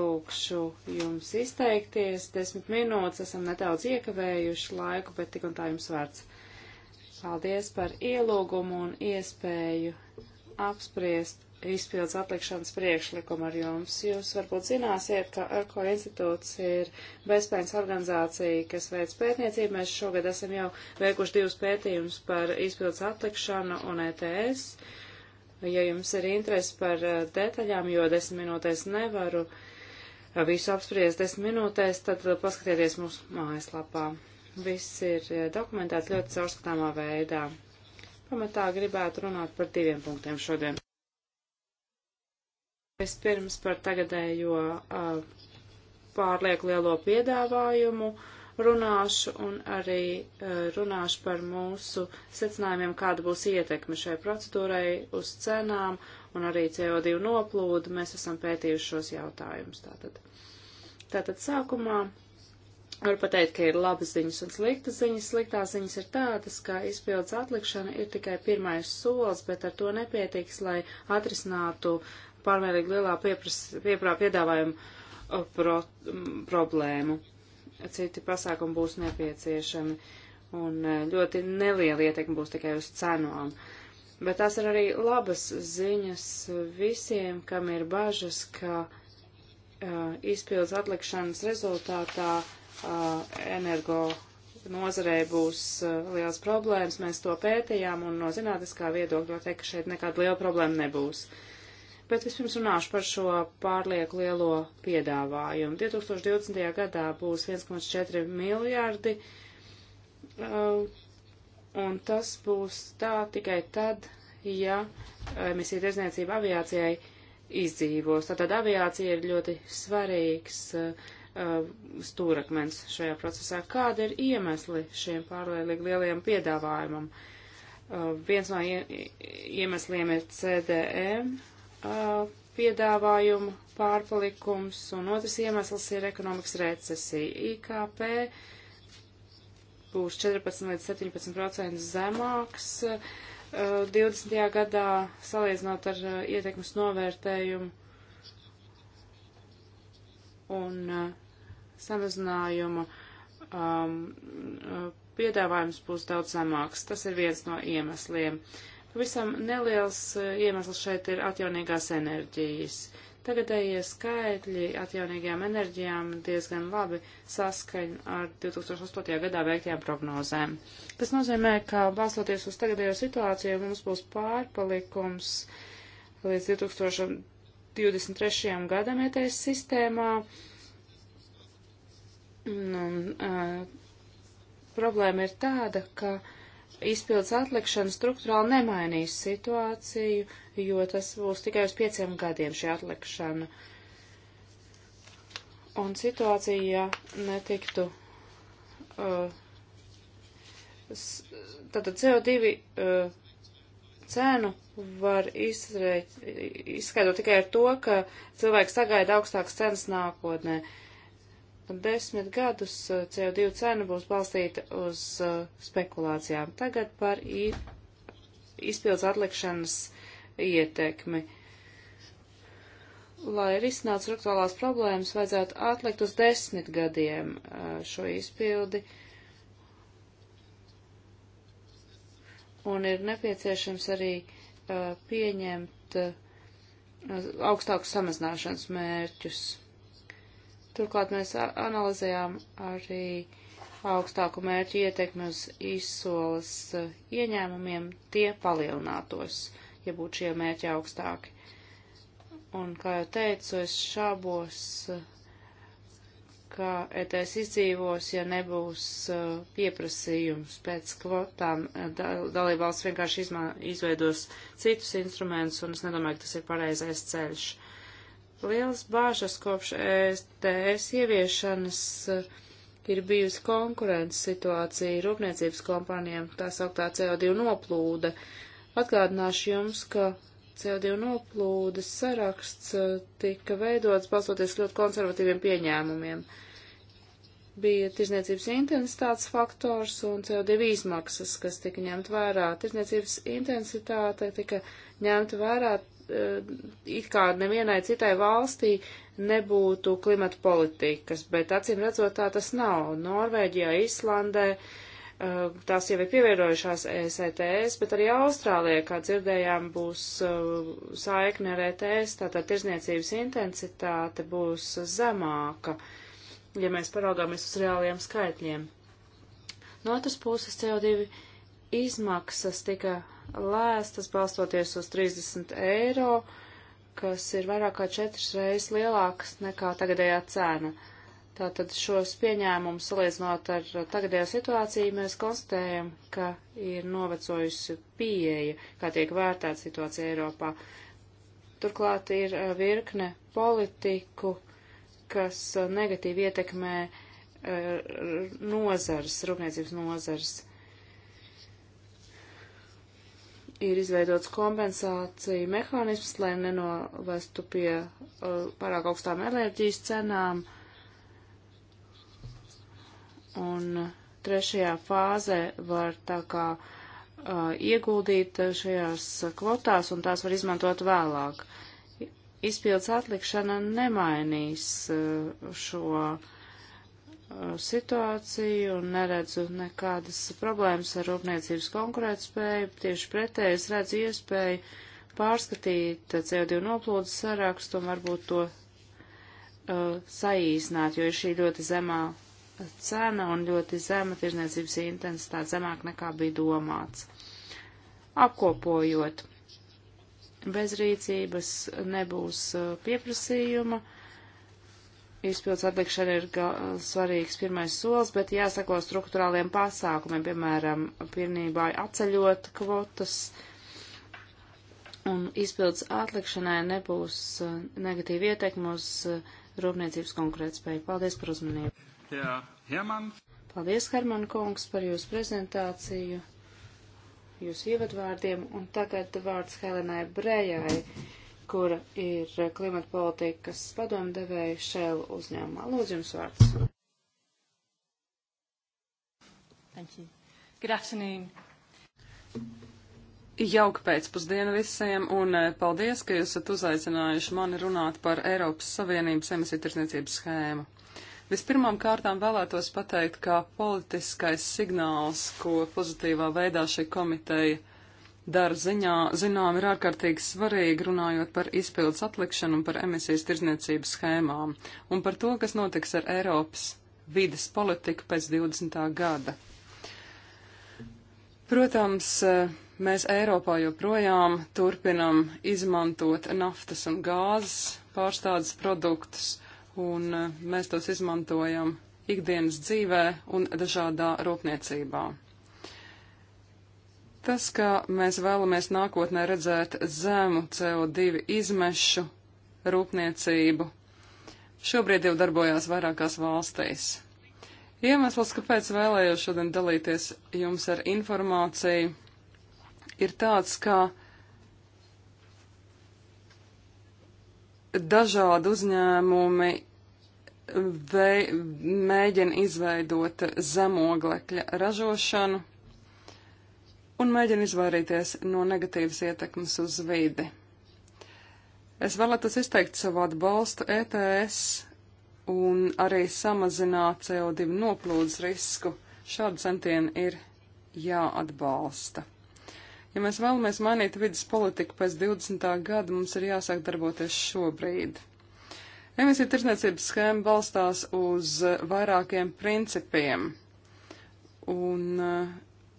Speaker 3: lūkšu jums izteikties. Desmit minūtes esam nedaudz iekavējuši laiku, bet tik un tā jums vārds. Paldies par ielūgumu un iespēju apspriest izpildus atlikšanas priekšlikumu ar jums. Jūs varbūt zināsiet, ka ERCO institūts ir bezpējas organizācija, kas veic pētniecību. Mēs šogad esam jau veikuši divus pētījumus par izpildus atlikšanu un ETS. Ja jums ir interesi par eh, detaļām, jo desmit minūtēs nevaru eh, visu apspriest desmit minūtēs, tad eh, paskatieties mūsu mājaslapā. Viss ir dokumentēts ļoti caurskatāmā veidā. Pamatā gribētu runāt par diviem punktiem šodien. Vispirms par tagadējo uh, pārlieku lielo piedāvājumu runāšu un arī uh, runāšu par mūsu secinājumiem, kāda būs ietekme šai procedūrai uz cenām un arī CO2 noplūdu. Mēs esam pētījuši šos jautājumus. Tātad, tātad sākumā var pateikt, ka ir labas ziņas un sliktas ziņas. Sliktās ziņas ir tādas, ka izpildes atlikšana ir tikai pirmais solis, bet ar to nepietiks, lai atrisinātu uh, pārmērīgi lielā pieprasa, pieprā piedāvājuma pro, problēmu. Citi pasākumi būs nepieciešami un e, ļoti neliela ietekme būs tikai uz cenām. Bet tās ir arī labas ziņas visiem, kam ir bažas, ka uh, e, izpildus atlikšanas rezultātā uh, energo nozarei būs uh, liels problēmas. Mēs to pētījām un no zinātniskā viedokļa teikt, ka šeit nekāda liela problēma nebūs. Uh, bet vispirms runāšu par šo pārlieku lielo piedāvājumu. 2020. gadā būs 1,4 miljārdi, uh, un tas būs tā tikai tad, ja emisija tirzniecība aviācijai izdzīvos. Tātad aviācija ir ļoti svarīgs uh, stūrakmens šajā procesā. Kāda ir iemesli šiem pārlieku lielajiem piedāvājumam? Uh, viens no iemesliem ir CDM, uh, piedāvājumu pārpalikums, un otrs iemesls ir ekonomikas recesija. IKP būs 14 līdz 17% zemāks uh, 20. gadā, salīdzinot ar uh, ietekmes novērtējumu un samazinājuma um, piedāvājums būs daudz zemāks. Tas ir viens no iemesliem. Uh, Pavisam neliels e, iemesls šeit ir atjaunīgās enerģijas. Tagadējie skaitļi atjaunīgajām enerģijām diezgan labi saskaņ ar 2008. gadā veiktajām prognozēm. Tas nozīmē, ka balstoties uz tagadējo situāciju, mums būs pārpalikums līdz 2023. gadam ETS sistēmā. Un, uh, problēma ir tāda, ka uh, izpildes atlikšana struktūrāli nemainīs situāciju, jo tas būs tikai uz pieciem gadiem šī atlikšana. Un situācija, ja netiktu, uh, tad CO2 uh, cenu var izskaidrot tikai ar to, ka cilvēks sagaida augstākas cenas nākotnē. Uh, desmit gadus eh, CO2 cena būs balstīta uz eh, spekulācijām. Tagad par izpildus atlikšanas ietekmi. Lai risinātu struktūrālās problēmas, vajadzētu atlikt uz desmit gadiem eh, šo izpildi. Un ir nepieciešams arī pieņemt augstākus samazināšanas mērķus. Turklāt mēs analizējām arī augstāku mērķu ietekmi uz izsoles e, ieņēmumiem, tie palielinātos, ja būtu šie mērķi augstāki. Un, kā jau teicu, es šābos, e, ka ETS izdzīvos, ja nebūs e, pieprasījums pēc kvotām. Dalībvalsts vienkārši izmā, izveidos citus instrumentus, un es nedomāju, ka tas ir pareizais ceļš. Uh, Liels bāžas kopš ESTS ieviešanas eh, ir bijusi konkurences situācija rūpniecības kompānijām, tā sauktā CO2 noplūde. Atgādināšu jums, ka CO2 noplūdes saraksts eh, tika veidots balstoties ļoti konservatīviem pieņēmumiem. Bija tirzniecības intensitātes faktors un CO2 izmaksas, kas tika ņemt vērā. Tirzniecības intensitāte tika ņemta vērā Eh, it kā nevienai citai valstī nebūtu klimata politikas, bet acīm redzot tā tas nav. Norvēģijā, Islandē eh, tās jau ir pievienojušās ESETS, bet arī Austrālijā, kā dzirdējām, būs eh, saikne ar ETS, tātad tirzniecības intensitāte būs zemāka, ja mēs paraugāmies uz reāliem skaitļiem. No otras puses CO2 izmaksas tika lēstas balstoties uz 30 eiro, kas ir vairāk kā četras reizes lielākas nekā tagadējā cena. Tātad šos pieņēmumus salīdzinot ar tagadējo situāciju, mēs konstatējam, ka ir novecojusi pieeja, kā tiek vērtēta situācija Eiropā. Turklāt ir eh, virkne politiku, kas eh, negatīvi ietekmē eh, nozars, rūpniecības nozars. ir izveidots kompensācija mehānisms, lai nenovestu pie uh, pārāk augstām enerģijas cenām. Un trešajā fāzē var tā kā uh, ieguldīt šajās kvotās un tās var izmantot vēlāk. Izpildes atlikšana nemainīs uh, šo uh, Uh, situāciju un neredzu nekādas problēmas ar rūpniecības konkurētspēju. Tieši pretēji es redzu iespēju pārskatīt CO2 noplūdes sarakstu un varbūt to uh, saīsināt, jo ir šī ļoti zemā cena un ļoti zema tirzniecības intensitāte, zemāk nekā bija domāts. Apkopojot, bezrīcības nebūs uh, pieprasījuma. Uh, izpildus atlikšana ir ga, svarīgs pirmais solis, bet jāsako struktūrāliem pasākumiem, piemēram, pilnībā atceļot kvotas. Un izpildus atlikšanai nebūs uh, negatīva ietekme uz uh, rūpniecības konkurētspēju. Paldies par uzmanību.
Speaker 1: Jā, Herman.
Speaker 3: Paldies, Herman kungs, par jūsu prezentāciju, jūsu ievadvārdiem. Un tagad vārds Helenai Brējai kura ir klimata politikas padomdevēja Šēlu uzņēmumā. Lūdzu, jums vārds. Thank you. Good afternoon.
Speaker 1: Jauka pēcpusdiena visiem, un eh, paldies, ka jūs esat uzaicinājuši mani runāt par Eiropas Savienības emisiju tirsniecības schēmu. Vispirmām kārtām vēlētos pateikt, ka politiskais signāls, ko pozitīvā veidā šī komiteja dara ziņā, zinām, ir ārkārtīgi svarīgi runājot par izpildus atlikšanu un par emisijas tirzniecības schēmām un par to, kas notiks ar Eiropas vides politiku pēc 20. gada. Protams, e, mēs Eiropā joprojām turpinam izmantot naftas un gāzes pārstādes produktus, un e, mēs tos izmantojam ikdienas dzīvē un dažādā rūpniecībā. Tas, ka mēs vēlamies nākotnē redzēt zemu CO2 izmešu rūpniecību, šobrīd jau darbojās vairākās valstīs. Iemesls, kāpēc vēlējos šodien dalīties jums ar informāciju, ir tāds, ka dažādi uzņēmumi vei, mēģina izveidot zemoglekļa ražošanu un mēģina izvairīties no negatīvas ietekmes uz vidi. Es vēlētos izteikt savu atbalstu ETS un arī samazināt CO2 noplūdes risku. Šādi centieni ir jāatbalsta. Ja mēs vēlamies mainīt vidas politiku pēc 20. gada, mums ir jāsāk darboties šobrīd. Emisiju tirsniecības schēma balstās uz vairākiem principiem, un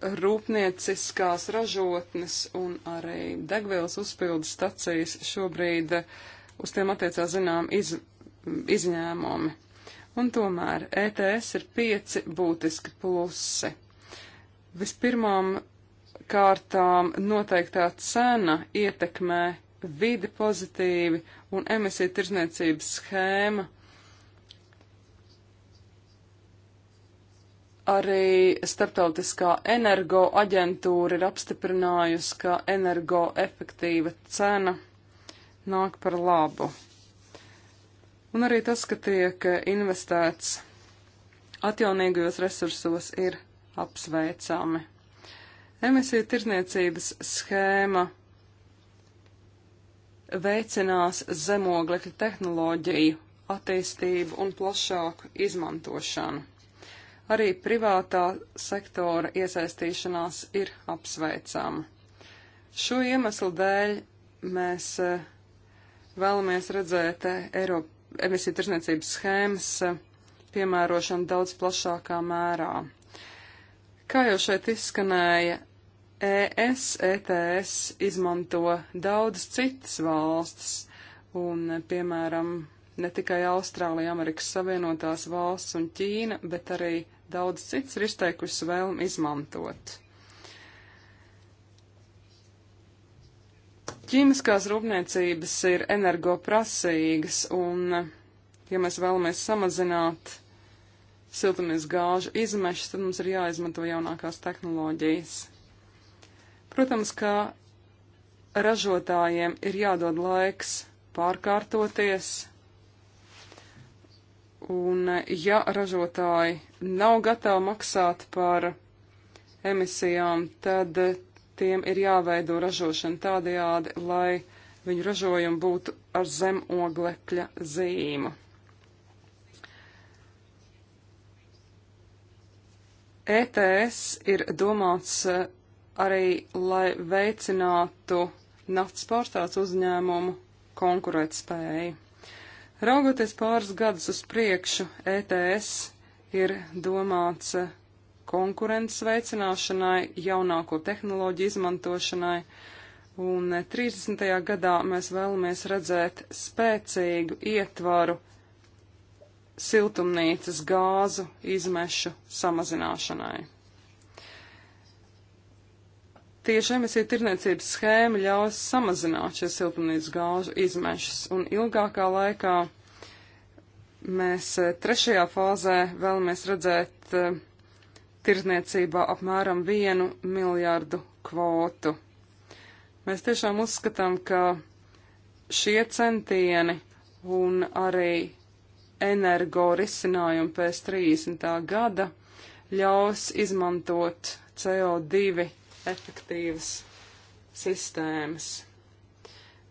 Speaker 1: rūpnieciskās ražotnes un arī degvielas uzpildes stacijas šobrīd eh, uz tiem attiecās zinām iz, izņēmumi. Un tomēr ETS ir pieci būtiski plusi. Vispirmām kārtām noteiktā cena ietekmē vidi pozitīvi un emisiju tirzniecības schēma Arī Startautiskā energo aģentūra ir apstiprinājusi, ka energoefektīva cena nāk par labu. Un arī tas, ka tiek investēts atjaunīgajos resursos, ir apsveicami. Emisiju tirzniecības schēma veicinās zemoglekļa tehnoloģiju attīstību un plašāku izmantošanu. Arī privātā sektora iesaistīšanās ir apsveicama. Šo iemeslu dēļ mēs eh, vēlamies redzēt eh, Eiropa emisiju tirsniecības schēmas eh, piemērošanu daudz plašākā mērā. Kā jau šeit izskanēja, ES, ETS izmanto daudz citas valstis, un, piemēram, ne tikai Austrālija, Amerikas Savienotās valsts un Ķīna, bet arī daudz cits ir izteikusi vēlmi izmantot. Ķīmiskās rūpniecības ir energoprasīgas, un, ja mēs vēlamies samazināt siltumies gāžu izmešas, tad mums ir jāizmanto jaunākās tehnoloģijas. Protams, ka ražotājiem ir jādod laiks pārkārtoties, Un ja ražotāji nav gatavi maksāt par emisijām, tad tiem ir jāveido ražošana tādajādi, lai viņu ražojumi būtu ar zem oglekļa zīmu. ETS ir domāts eh, arī, lai veicinātu naftas pārstāts uzņēmumu konkurētspēju. Raugoties pāris gadus uz priekšu, ETS ir domāts konkurences veicināšanai, jaunāko tehnoloģiju izmantošanai, un 30. gadā mēs vēlamies redzēt spēcīgu ietvaru siltumnīcas gāzu izmešu samazināšanai. Tieši emisiju tirniecības schēma ļaus samazināt šie siltumnīcas gāžu izmešas, un ilgākā laikā mēs eh, trešajā fāzē vēlamies redzēt eh, tirniecībā apmēram vienu miljārdu kvotu. Mēs tiešām uzskatām, ka šie centieni un arī energo risinājumi pēc 30. gada ļaus izmantot CO2 efektīvas sistēmas.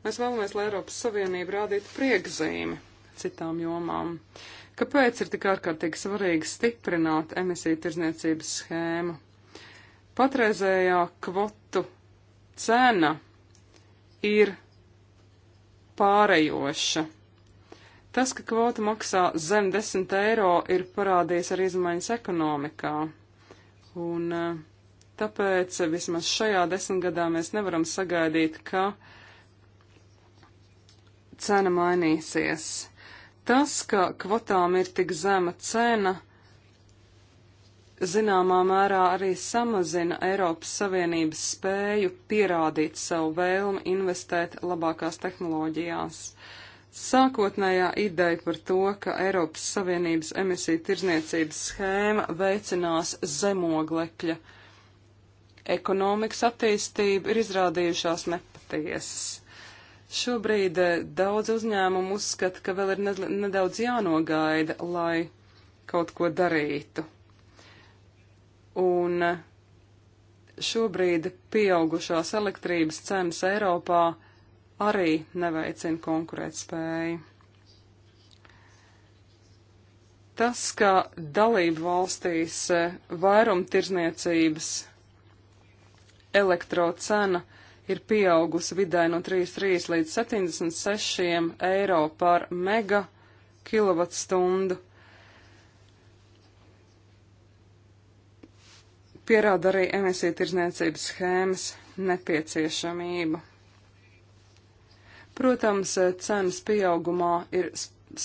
Speaker 1: Mēs vēlamies, lai Eiropas Savienība rādītu priekzīmi citām jomām. Kāpēc ir tik ārkārtīgi svarīgi stiprināt emisiju tirzniecības schēmu? Patreizējā kvotu cena ir pārējoša. Tas, ka kvota maksā zem 10 eiro, ir parādījis arī izmaiņas ekonomikā. Un uh, Tāpēc vismaz šajā desmitgadā mēs nevaram sagaidīt, ka cena mainīsies. Tas, ka kvotām ir tik zema cena, zināmā mērā arī samazina Eiropas Savienības spēju pierādīt savu vēlmi investēt labākās tehnoloģijās. Sākotnējā ideja par to, ka Eiropas Savienības emisiju tirzniecības schēma veicinās zemoglekļa ekonomikas attīstība ir izrādījušās nepatiesas. Šobrīd eh, daudz uzņēmumu uzskata, ka vēl ir nedaudz jānogaida, lai kaut ko darītu. Un eh, šobrīd pieaugušās elektrības cenas Eiropā arī neveicina konkurētspēju. Tas, ka dalību valstīs eh, vairumtirzniecības elektrocena ir pieaugusi vidē no 33 līdz 76 eiro par mega kilovatstundu. Pierāda arī emisiju tirzniecības schēmas nepieciešamību. Protams, cenas pieaugumā ir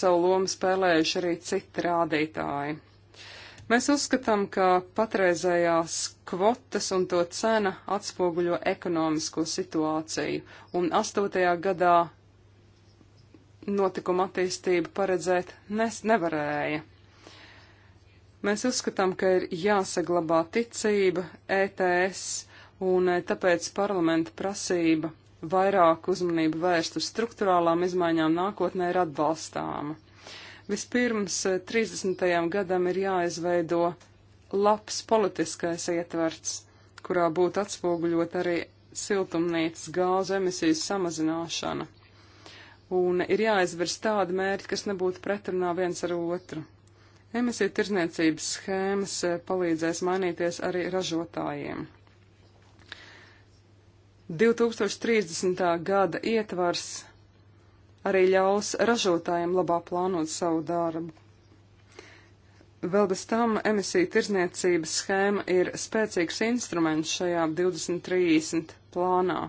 Speaker 1: savu lomu spēlējuši arī citi rādītāji. Mēs uzskatām, ka patreizējās kvotas un to cena atspoguļo ekonomisko situāciju, un astotajā gadā notikuma attīstību paredzēt nes nevarēja. Mēs uzskatām, ka ir jāsaglabā ticība ETS, un e, tāpēc parlamenta prasība vairāk uzmanību vērst uz struktūrālām izmaiņām nākotnē ir atbalstāma. Vispirms 30. Eh, gadam ir jāizveido labs politiskais ietverts, kurā būtu atspoguļot arī siltumnīcas gāzu emisijas samazināšana. Un ir jāizvirs tādi mērķi, kas nebūtu pretrunā viens ar otru. Emisiju tirzniecības schēmas eh, palīdzēs mainīties arī ražotājiem. 2030. gada ietvars arī ļaus ražotājiem labāk plānot savu darbu. Vēl bez tam emisiju tirzniecības schēma ir spēcīgs instruments šajā 2030 plānā.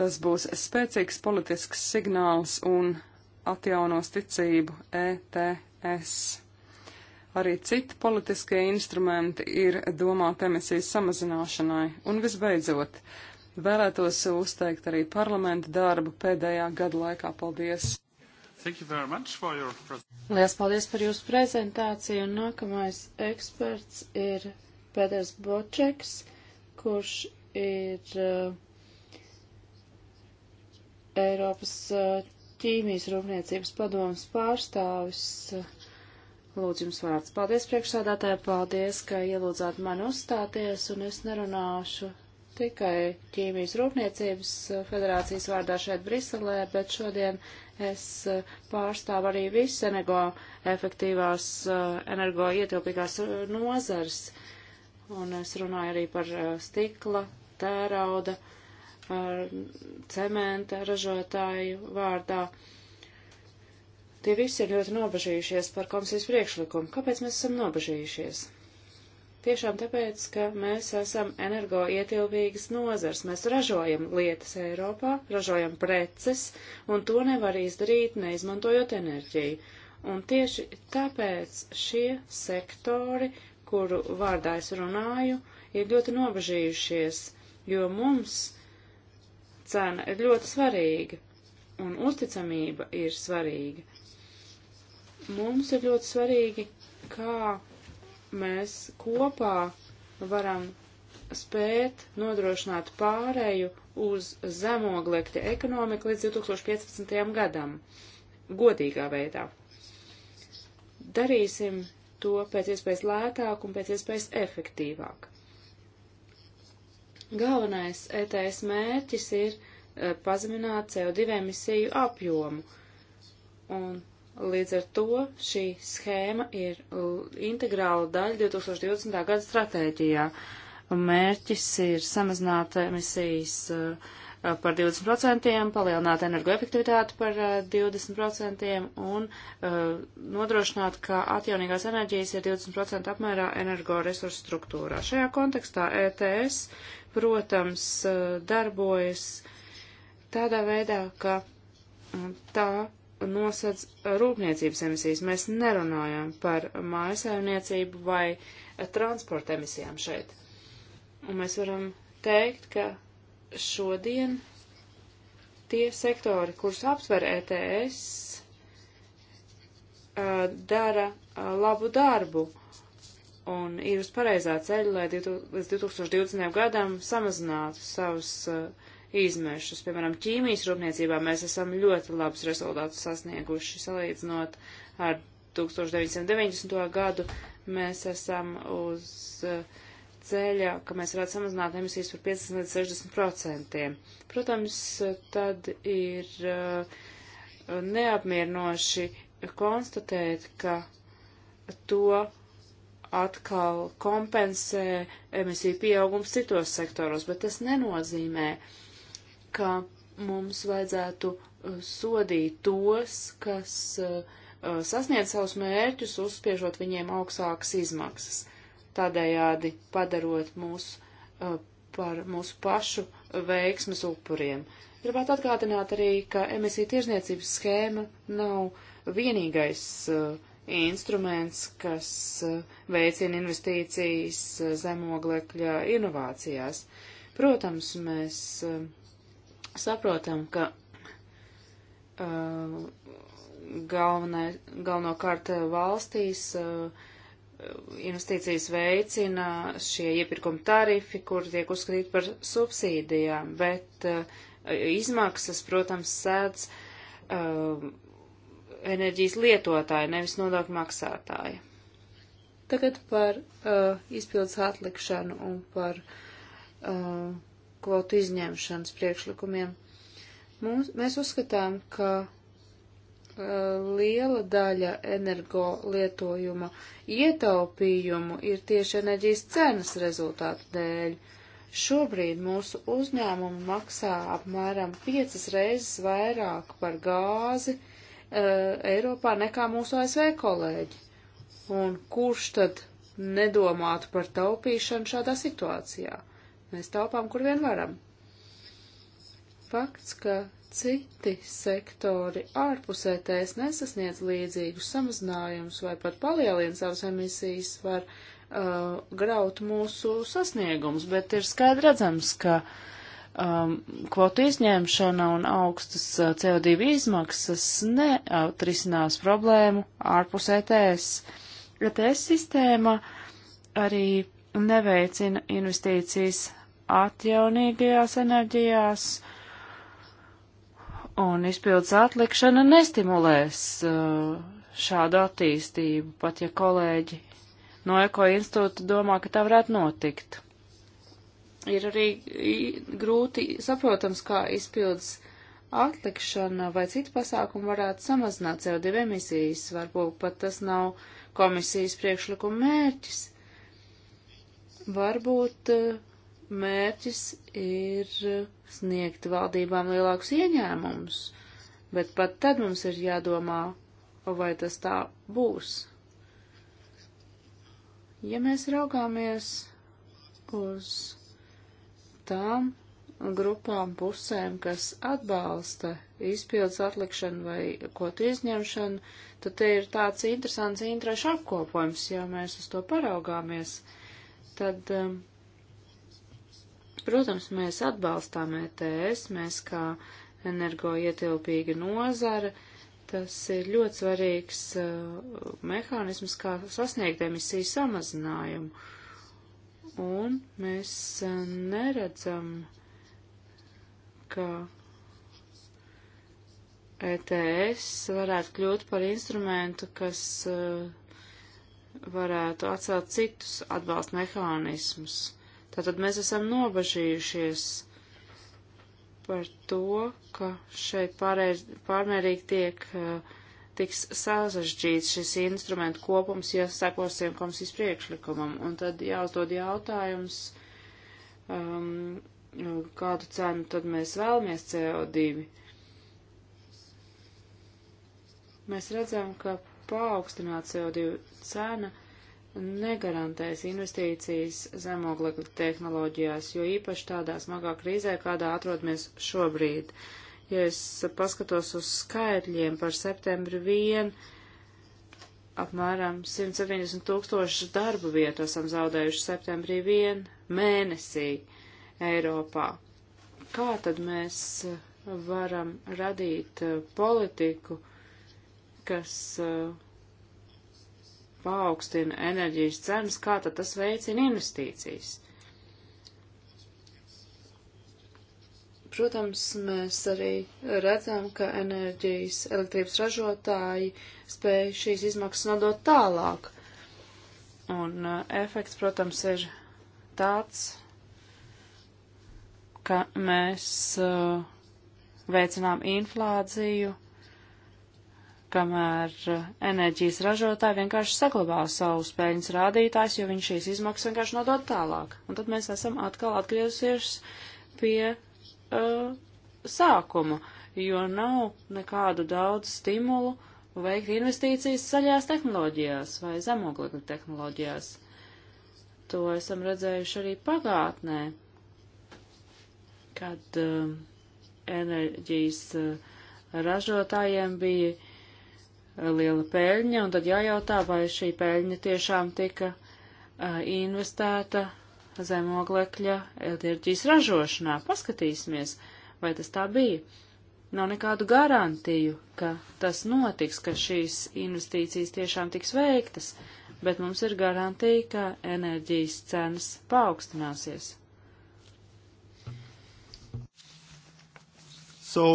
Speaker 1: Tas būs spēcīgs politisks signāls un atjaunos ticību ETS. Arī citi politiskie instrumenti ir domāti emisijas samazināšanai. Un visbeidzot, Vēlētos uzteikt arī parlamenta darbu pēdējā gada laikā. Paldies! Your... Lielas paldies par jūsu
Speaker 3: prezentāciju. Un nākamais eksperts ir Pēters Bočeks, kurš ir uh, Eiropas uh, ķīmijas rūpniecības padomas pārstāvis. Uh, Lūdzu, jums vārds. Paldies, priekšsādātāji, paldies, ka ielūdzāt man uzstāties, un es nerunāšu tikai ķīmijas rūpniecības eh, federācijas vārdā šeit Briselē, bet šodien es eh, pārstāvu arī visu energo efektīvās, eh, energo ietilpīgās nozars. Un es runāju arī par stikla, tērauda, cementa ražotāju vārdā. Tie visi ir ļoti nobežījušies par komisijas priekšlikumu. Kāpēc mēs esam nobežījušies? Tiešām tāpēc, ka mēs esam energoietilpīgas nozars. Mēs ražojam lietas Eiropā, ražojam preces, un to nevar izdarīt, neizmantojot enerģiju. Un tieši tāpēc šie sektori, kuru vārdā es runāju, ir ļoti nobežījušies, jo mums cena ir ļoti svarīga, un uzticamība ir svarīga. Mums ir ļoti svarīgi, kā mēs kopā varam spēt nodrošināt pārēju uz zemogliekta ekonomiku līdz 2015. gadam, godīgā veidā. Darīsim to pēc iespējas lētāk un pēc iespējas efektīvāk. Galvenais ETS mērķis ir eh, pazemināt CO2 emisiju apjomu, un Līdz ar to šī schēma ir integrāla daļa 2020. gada stratēģijā. Mērķis ir samazināt emisijas e, par 20%, palielināt energoefektivitāti par 20% e, un e, nodrošināt, ka atjaunīgās enerģijas ir 20% apmērā energoresursu struktūrā. Šajā kontekstā ETS, protams, darbojas tādā veidā, ka tā nosedz rūpniecības emisijas. Mēs nerunājam par mājasaimniecību vai transporta emisijām šeit. Un mēs varam teikt, ka šodien tie sektori, kurus aptver ETS, dara labu darbu un ir uz pareizā ceļa, lai līdz 2020. gadam samazinātu savus uh, izmešus. Piemēram, ķīmijas rūpniecībā mēs esam ļoti labus rezultātus sasnieguši. Salīdzinot ar 1990. gadu, mēs esam uz eh, ceļa, ka mēs varētu samazināt emisijas par 50 līdz 60 procentiem. Protams, tad ir eh, neapmierinoši konstatēt, ka to atkal kompensē emisiju pieaugums citos sektoros, bet tas nenozīmē, uh, ka mums vajadzētu uh, sodīt tos, kas uh, uh, sasniedz savus mērķus, uzspiežot viņiem augstākas izmaksas, tādējādi padarot mūs par mūsu pašu veiksmes upuriem. Gribētu atgādināt arī, ka emisija tirzniecības schēma nav vienīgais instruments, kas veicina investīcijas zemoglekļa inovācijās. Protams, mēs saprotam, ka uh, galvenai, galvenokārt uh, valstīs uh, investīcijas veicina šie iepirkuma tarifi, kur tiek uzskatīti par subsīdijām, bet uh, izmaksas, protams, sēdz uh, enerģijas lietotāji, nevis nodokļu maksātāji. Tagad par uh, izpildus atlikšanu un par uh, kvotu izņemšanas priekšlikumiem. Mums, mēs uzskatām, ka uh, liela daļa energo lietojuma ietaupījumu ir tieši enerģijas cenas rezultātu dēļ. Šobrīd mūsu uzņēmumi maksā apmēram piecas reizes vairāk par gāzi uh, Eiropā nekā mūsu ASV kolēģi. Un kurš tad nedomātu par taupīšanu šādā situācijā? Mēs taupām, kur vien varam. Fakts, ka citi sektori ārpus ETS nesasniedz līdzīgus samazinājumus vai pat palielina savas emisijas, var uh, graut mūsu sasniegumus, bet ir skaidrs redzams, ka um, kvotu izņemšana un augstas uh, CO2 izmaksas neatrisinās problēmu ārpus ETS. ETS sistēma arī neveicina investīcijas atjaunīgajās enerģijās, un izpildus atlikšana nestimulēs uh, šādu attīstību, pat ja kolēģi no Eko institūta domā, ka tā varētu notikt. Ir arī grūti saprotams, kā izpildus atlikšana vai citi pasākumi varētu samazināt CO2 emisijas, varbūt pat tas nav komisijas priekšlikuma mērķis. Varbūt uh, mērķis ir sniegt valdībām lielākus ieņēmumus, bet pat tad mums ir jādomā, vai tas tā būs. Ja mēs raugāmies uz tām grupām pusēm, kas atbalsta izpildus atlikšanu vai ko tu izņemšanu, tad te ir tāds interesants interešu apkopojums, ja mēs uz to paraugāmies, tad um, Protams, mēs atbalstām ETS, mēs kā energoietilpīga nozara, tas ir ļoti svarīgs uh, mehānisms, kā sasniegt emisiju samazinājumu. Un mēs uh, neredzam, ka ETS varētu kļūt par instrumentu, kas uh, varētu atcelt citus atbalsta mehānismus Tātad mēs esam nobažījušies par to, ka šeit pārreiz, pārmērīgi tiek uh, tiks sasažģīts šis instrumentu kopums, ja sekosim komisijas priekšlikumam. Un tad jāuzdod jautājums, um, kādu cenu tad mēs vēlamies CO2. Mēs redzam, ka paaugstināt CO2 cena negarantēs investīcijas zemoglekļa tehnoloģijās, jo īpaši tādā smagā krīzē, kādā atrodamies šobrīd. Ja es paskatos uz skaitļiem par septembri vien, apmēram 170 tūkstoši darba vietu esam zaudējuši septembrī vien mēnesī Eiropā. Kā tad mēs varam radīt eh, politiku, kas uh, paaugstina enerģijas cenas, kā tad tas veicina investīcijas? Protams, mēs arī redzam, ka enerģijas elektrības ražotāji spēj šīs izmaksas nodot tālāk. Un uh, efekts, protams, ir tāds, ka mēs uh, veicinām inflāciju kamēr eh, enerģijas ražotāji vienkārši saglabā savu spēļņas rādītājs, jo viņš šīs izmaksas vienkārši nodod tālāk. Un tad mēs esam atkal atgriezusies pie uh, sākuma, jo nav nekādu daudz stimulu veikt investīcijas zaļās tehnoloģijās vai zemoglekļa tehnoloģijās. To esam redzējuši arī pagātnē, kad uh, enerģijas uh, ražotājiem bija uh, liela pēļņa, un tad jājautā, vai šī pēļņa tiešām tika investēta zemoglekļa enerģijas ražošanā. Paskatīsimies, vai tas tā bija. Nav nekādu garantiju, ka tas notiks, ka šīs investīcijas tiešām tiks veiktas, bet mums ir garantija, ka enerģijas cenas paaugstināsies.
Speaker 1: So,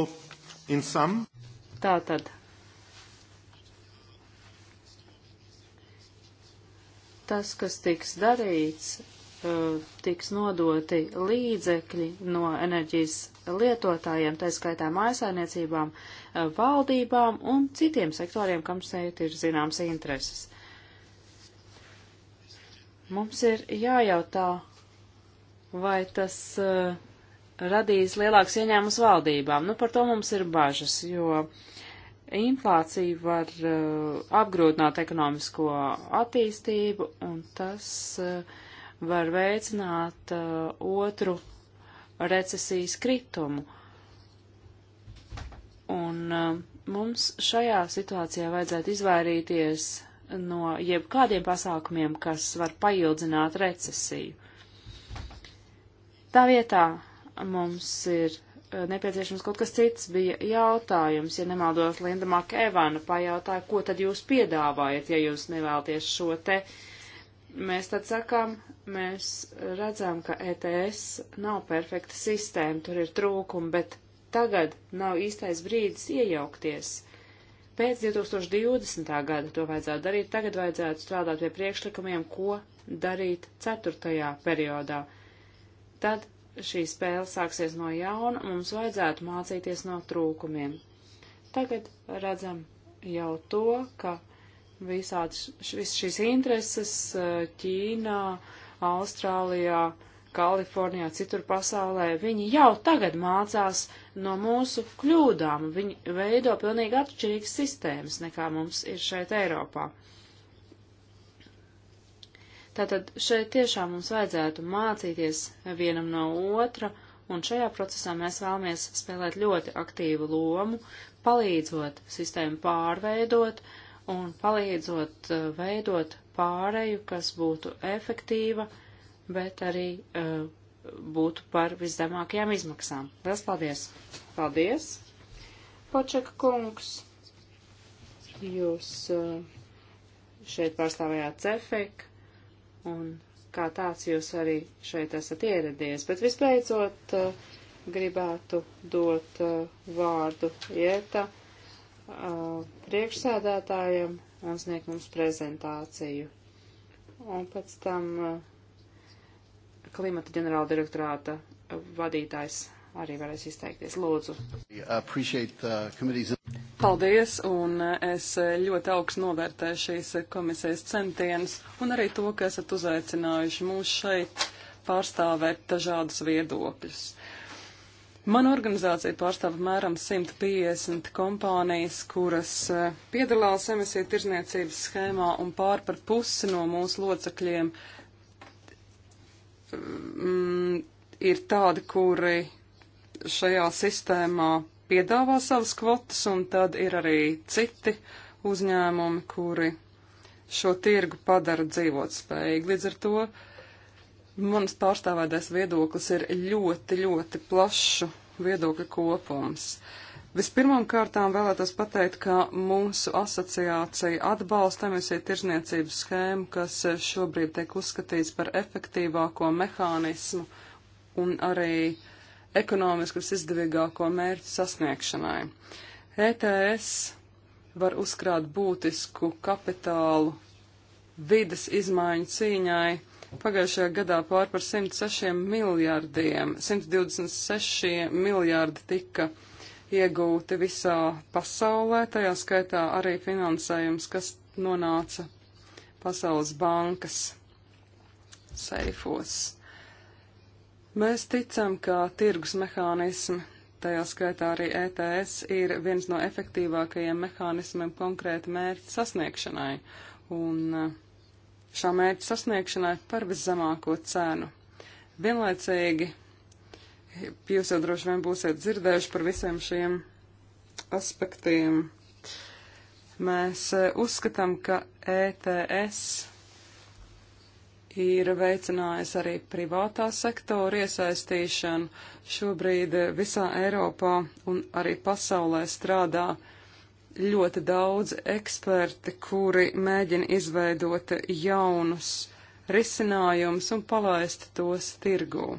Speaker 1: in sum...
Speaker 3: Tātad, tas, kas tiks darīts, uh, tiks nodoti līdzekļi no enerģijas lietotājiem, tā skaitā mājasainiecībām, uh, valdībām un citiem sektoriem, kam šeit ir zināms intereses. Mums ir jājautā, vai tas uh, radīs lielāks ieņēmums valdībām. Nu, par to mums ir bažas, jo uh, inflācija var uh, apgrūtināt ekonomisko attīstību, un tas uh, var veicināt uh, otru recesijas kritumu. Un mums šajā situācijā vajadzētu izvairīties no jebkādiem pasākumiem, kas var paildzināt recesiju. Tā vietā mums ir Eh, nepieciešams kaut kas cits, bija jautājums, ja nemaldos, Linda Makēvana pajautāja, ko tad jūs piedāvājat, ja jūs nevēlties šo te. Mēs tad sakām, mēs redzam, ka ETS nav perfekta sistēma, tur ir trūkumi, bet tagad nav īstais brīdis iejaukties. Pēc 2020. gada to vajadzētu darīt, tagad vajadzētu strādāt pie priekšlikumiem, ko darīt ceturtajā periodā. Tad šī spēle sāksies no jauna, mums vajadzētu mācīties no trūkumiem. Tagad redzam jau to, ka visāds, vis šīs intereses Ķīnā, Austrālijā, Kalifornijā, citur pasaulē, viņi jau tagad mācās no mūsu kļūdām, viņi veido pilnīgi atšķirīgas sistēmas nekā mums ir šeit Eiropā. Uh, Tātad šeit tiešām mums vajadzētu mācīties vienam no otra, un šajā procesā mēs vēlamies spēlēt ļoti aktīvu lomu, palīdzot sistēmu pārveidot un palīdzot eh, veidot pāreju, kas būtu efektīva, bet arī uh, būtu par visdemākajām izmaksām. Lielas paldies! Paldies! Počeka kungs, jūs uh, šeit pārstāvējāt CEFEK un kā tāds jūs arī šeit esat ieradies. Bet visbeidzot, eh, gribētu dot eh, vārdu ieta eh, priekšsēdētājiem un sniegt mums prezentāciju. Un pēc tam klimata ģenerāla direktorāta
Speaker 1: vadītājs arī varēs izteikties. Lūdzu. Paldies, un es ļoti augstu novērtēju šīs komisijas centienus un arī to, ka esat uzaicinājuši mūs šeit pārstāvēt dažādus viedokļus. Mana organizācija pārstāv apmēram 150 kompānijas, kuras eh, piedalās emisiju tirzniecības schēmā un pār par pusi no mūsu locekļiem mm, ir tādi, kuri šajā sistēmā piedāvā savas kvotas, un tad ir arī citi uzņēmumi, kuri šo tirgu padara dzīvot spējīgi. Līdz ar to manas pārstāvētais viedoklis ir ļoti, ļoti plašu viedokļu kopums. Vispirmām kārtām vēlētos pateikt, ka mūsu asociācija atbalsta emisiju tirzniecības schēmu, kas šobrīd tiek uzskatīts par efektīvāko mehānismu un arī uh, ekonomiski visizdevīgāko mērķu sasniegšanai. ETS var uzkrāt būtisku kapitālu vidas izmaiņu cīņai. Pagājušajā gadā pār par 106 miljārdiem, 126 miljārdi tika iegūti visā pasaulē, tajā skaitā arī finansējums, kas nonāca Pasaules bankas seifos. Mēs ticam, ka tirgus mehānismi, tajā skaitā arī ETS, ir viens no efektīvākajiem mehānismiem konkrēta mērķa sasniegšanai un eh, šā mērķa sasniegšanai par viszemāko cenu. Vienlaicīgi jūs jau droši vien būsiet dzirdējuši par visiem šiem aspektiem. Mēs eh, uzskatām, ka ETS ir veicinājis arī privātā sektora iesaistīšanu. Šobrīd visā Eiropā un arī pasaulē strādā ļoti daudz eksperti, kuri mēģina izveidot jaunus risinājumus un palaist tos tirgū.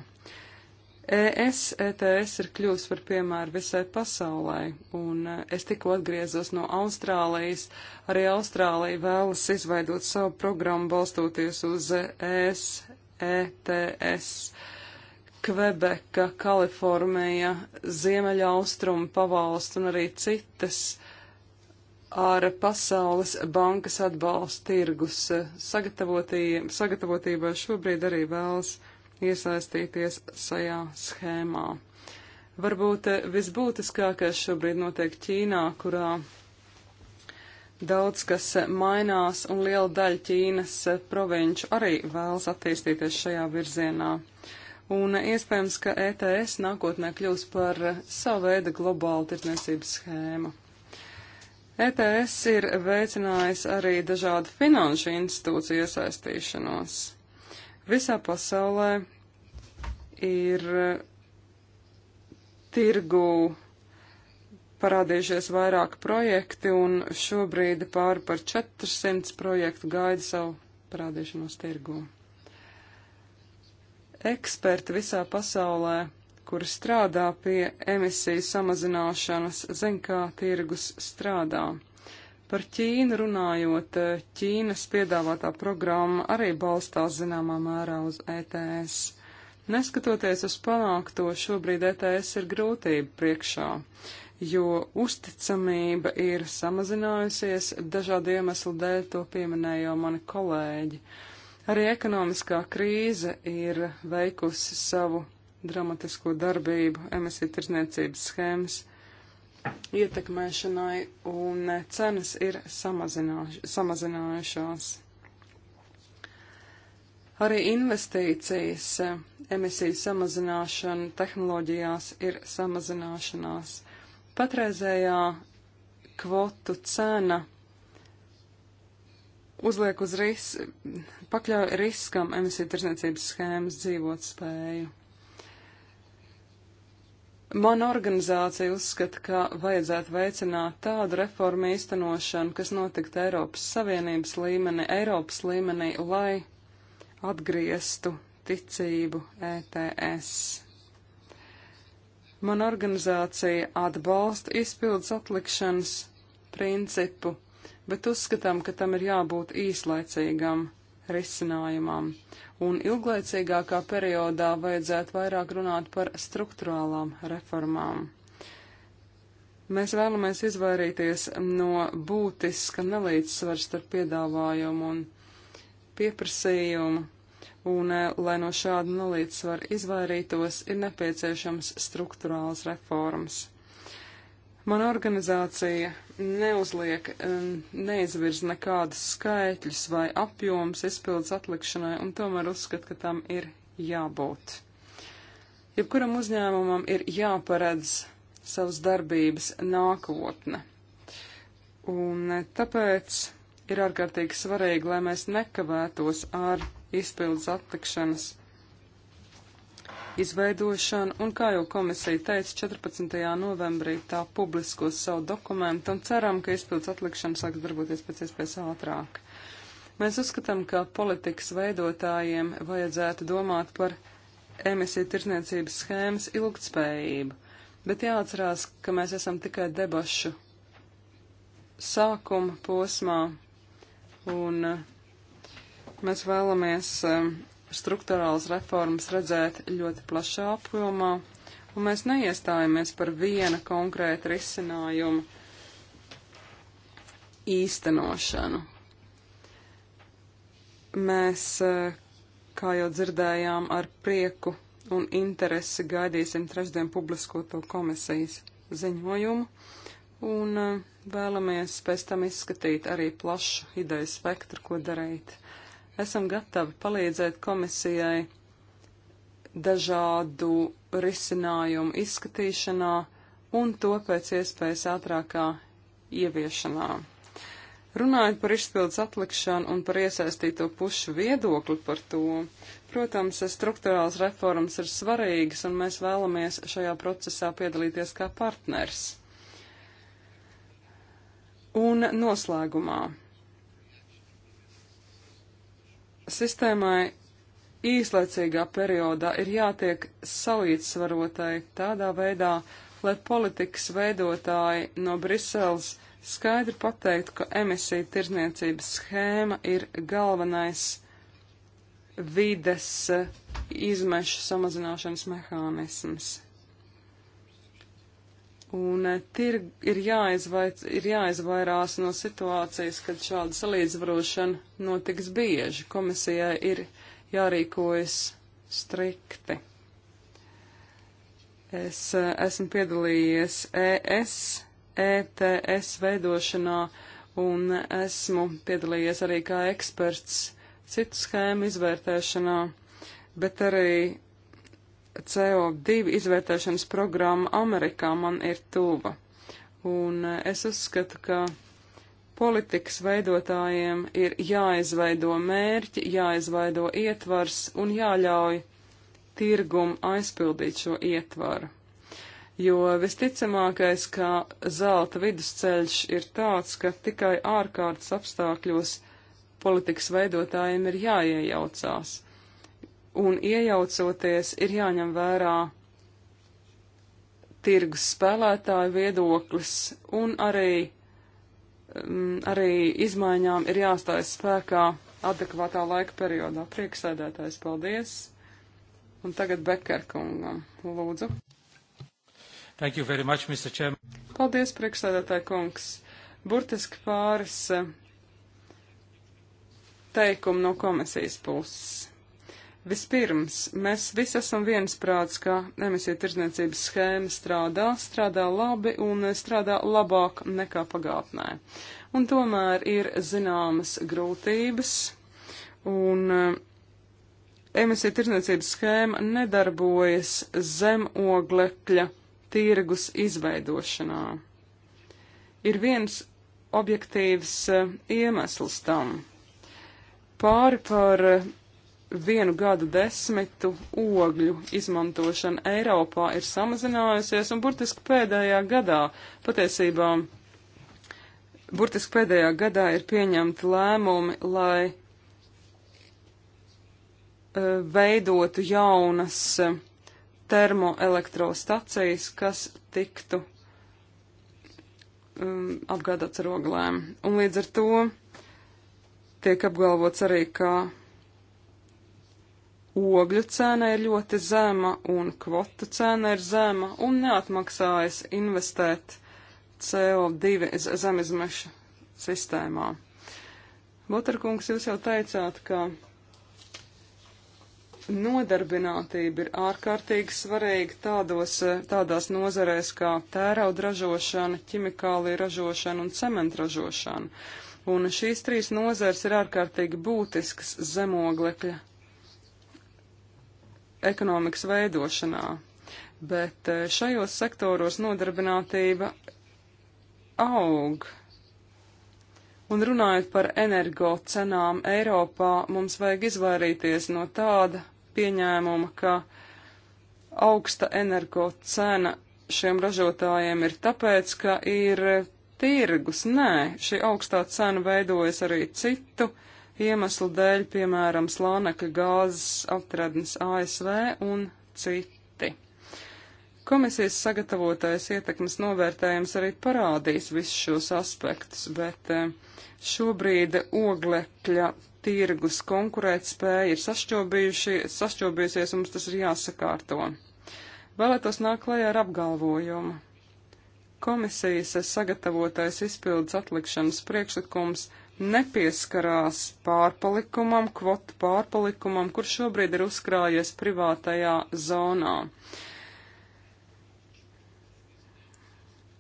Speaker 1: ES ETS ir kļuvis par piemēru visai pasaulē, un e, es tikko atgriezos no Austrālijas. Arī Austrālija vēlas izveidot savu programmu balstoties uz ES ETS. Kvebeka, Kalifornija, Ziemeļa austrumu pavalstu un arī citas ar Pasaules bankas atbalstu tirgus sagatavotībai šobrīd arī vēlas iesaistīties šajā schēmā. Varbūt visbūtiskākais šobrīd notiek Ķīnā, kurā daudz kas mainās un liela daļa Ķīnas provinču arī vēlas attīstīties šajā virzienā. Un iespējams, ka ETS nākotnē kļūs par savu veidu globālu tirdzniecības schēmu. ETS ir veicinājis arī dažādu finanšu institūciju iesaistīšanos. Visā pasaulē ir e, tirgu parādījušies vairāki projekti, un šobrīd pāri par 400 projektu gaida savu parādīšanos tirgu. Eksperti visā pasaulē, kuri strādā pie emisiju samazināšanas, zin, kā tirgus strādā. Par Ķīnu runājot, Ķīnas piedāvātā programma arī balstās zināmā mērā uz ETS. Neskatoties uz panākto, šobrīd ETS ir grūtība priekšā, jo uzticamība ir samazinājusies dažādu iemeslu dēļ, to pieminēja jau mani kolēģi. Arī ekonomiskā krīze ir veikusi savu dramatisko darbību emisiju tirzniecības schēmas ietekmēšanai, un cenas ir samazinājušās. Arī investīcijas eh, emisiju samazināšana tehnoloģijās ir samazināšanās. Patreizējā kvotu cena uzliek uz ris, pakļauj riskam emisiju tirsniecības schēmas dzīvot spēju. Mana organizācija uzskata, ka vajadzētu veicināt tādu reformu īstenošanu, kas notiktu Eiropas Savienības līmenī, Eiropas līmenī, lai atgrieztu ticību ETS. Mana organizācija atbalsta izpildus atlikšanas principu, bet uzskatām, ka tam ir jābūt īslaicīgam risinājumam. Un ilglaicīgākā periodā vajadzētu vairāk runāt par struktūrālām reformām. Mēs vēlamies izvairīties no būtiska nelīdzsvars starp piedāvājumu un pieprasījumu, un, eh, lai no šāda nelīdzsvara izvairītos, ir nepieciešams struktūrāls reformas. Man organizācija neuzliek, neizvirz nekādas skaitļus vai apjoms izpildus atlikšanai, un tomēr uzskat, ka tam ir jābūt. Jebkuram uzņēmumam ir jāparedz savas darbības nākotne. Un eh, tāpēc ir ārkārtīgi svarīgi, lai mēs nekavētos ar izpildus atlikšanas izveidošanu, un, kā jau komisija teica, 14. novembrī tā publiskos savu dokumentu un ceram, ka izpildus atlikšana sāks darboties pēc iespējas ātrāk. Mēs uzskatām, ka politikas veidotājiem vajadzētu domāt par emisiju tirzniecības schēmas ilgtspējību, bet jāatcerās, ka mēs esam tikai debašu sākuma posmā, un mēs vēlamies eh, struktūrālas reformas redzēt ļoti plašā apjomā, un mēs neiestājamies par viena konkrēta risinājuma īstenošanu. Mēs, eh, kā jau dzirdējām, ar prieku un interesi gaidīsim trešdien publiskoto komisijas ziņojumu, un eh, vēlamies pēc tam izskatīt arī plašu ideju spektru, ko darīt esam gatavi palīdzēt komisijai dažādu risinājumu izskatīšanā un to pēc iespējas ātrākā ieviešanā. Runājot par izpildus atlikšanu un par iesaistīto pušu viedokli par to, protams, struktūrāls reformas ir svarīgas un mēs vēlamies šajā procesā piedalīties kā partners. Un noslēgumā sistēmai īslaicīgā periodā ir jātiek salīdzsvarotai tādā veidā, lai politikas veidotāji no Briseles skaidri pateiktu, ka emisija tirzniecības schēma ir galvenais vides izmešu samazināšanas mehānisms. Un eh, tir, ir, jāizvaic, ir jāizvairās no situācijas, kad šāda salīdzvarošana notiks bieži. Komisijai ir jārīkojas strikti. Es eh, esmu piedalījies ES, ETS veidošanā un esmu piedalījies arī kā eksperts citu schēmu izvērtēšanā, bet arī CO2 izvērtēšanas programma Amerikā man ir tuva. Un eh, es uzskatu, ka politikas veidotājiem ir jāizveido mērķi, jāizveido ietvars un jāļauj tirgumu aizpildīt šo ietvaru. Jo visticamākais, ka zelta vidusceļš ir tāds, ka tikai ārkārtas apstākļos politikas veidotājiem ir jāiejaucās un iejaucoties ir jāņem vērā tirgus spēlētāju viedoklis un arī, um, arī izmaiņām ir jāstājas spēkā adekvātā laika periodā. Prieksēdētājs, paldies! Un tagad Bekerkungam, lūdzu. Thank you very much, Mr. Chairman. Paldies, priekšsēdētāji kungs. Burtiski pāris eh, teikumu no komisijas puses Vispirms, mēs visi esam viensprāts, ka emisiju tirdzniecības schēma strādā, strādā labi un strādā labāk nekā pagātnē. Un tomēr ir zināmas grūtības, un eh, emisiju tirdzniecības schēma nedarbojas zemoglekļa tirgus izveidošanā. Ir viens objektīvs eh, iemesls tam. Pāri par vienu gadu desmitu ogļu izmantošana Eiropā ir samazinājusies, un burtiski pēdējā gadā, patiesībā, burtiski pēdējā gadā ir pieņemti lēmumi, lai uh, veidotu jaunas uh, termoelektrostacijas, kas tiktu um, apgādāts ar oglēm. Un līdz ar to tiek apgalvots arī, ka ogļu cena ir ļoti zema un kvotu cena ir zema un neatmaksājas investēt CO2 zemizmeša sistēmā. Botarkungs, jūs jau teicāt, ka nodarbinātība ir ārkārtīgi svarīga tādos, tādās nozarēs kā tērauda ražošana, ķimikālija ražošana un cementu ražošana. Un šīs trīs nozars ir ārkārtīgi būtisks zemoglekļa ekonomikas veidošanā, bet eh, šajos sektoros nodarbinātība aug. Un runājot par energo cenām Eiropā, mums vajag izvairīties no tāda pieņēmuma, ka augsta energo cena šiem ražotājiem ir tāpēc, ka ir tirgus. Nē, šī augstā cena veidojas arī citu uh, iemeslu dēļ, piemēram, slānekļa gāzes aptradnes ASV un citi. Komisijas sagatavotais ietekmes novērtējums arī parādīs visus šos aspektus, bet eh, šobrīd oglekļa tirgus konkurētspēja ir sašķobījusies, mums tas ir jāsakārto. Vēlētos nākt klajā ar apgalvojumu. Komisijas sagatavotais izpildes atlikšanas priekšlikums nepieskarās pārpalikumam, kvotu pārpalikumam, kur šobrīd ir uzkrājies privātajā zonā.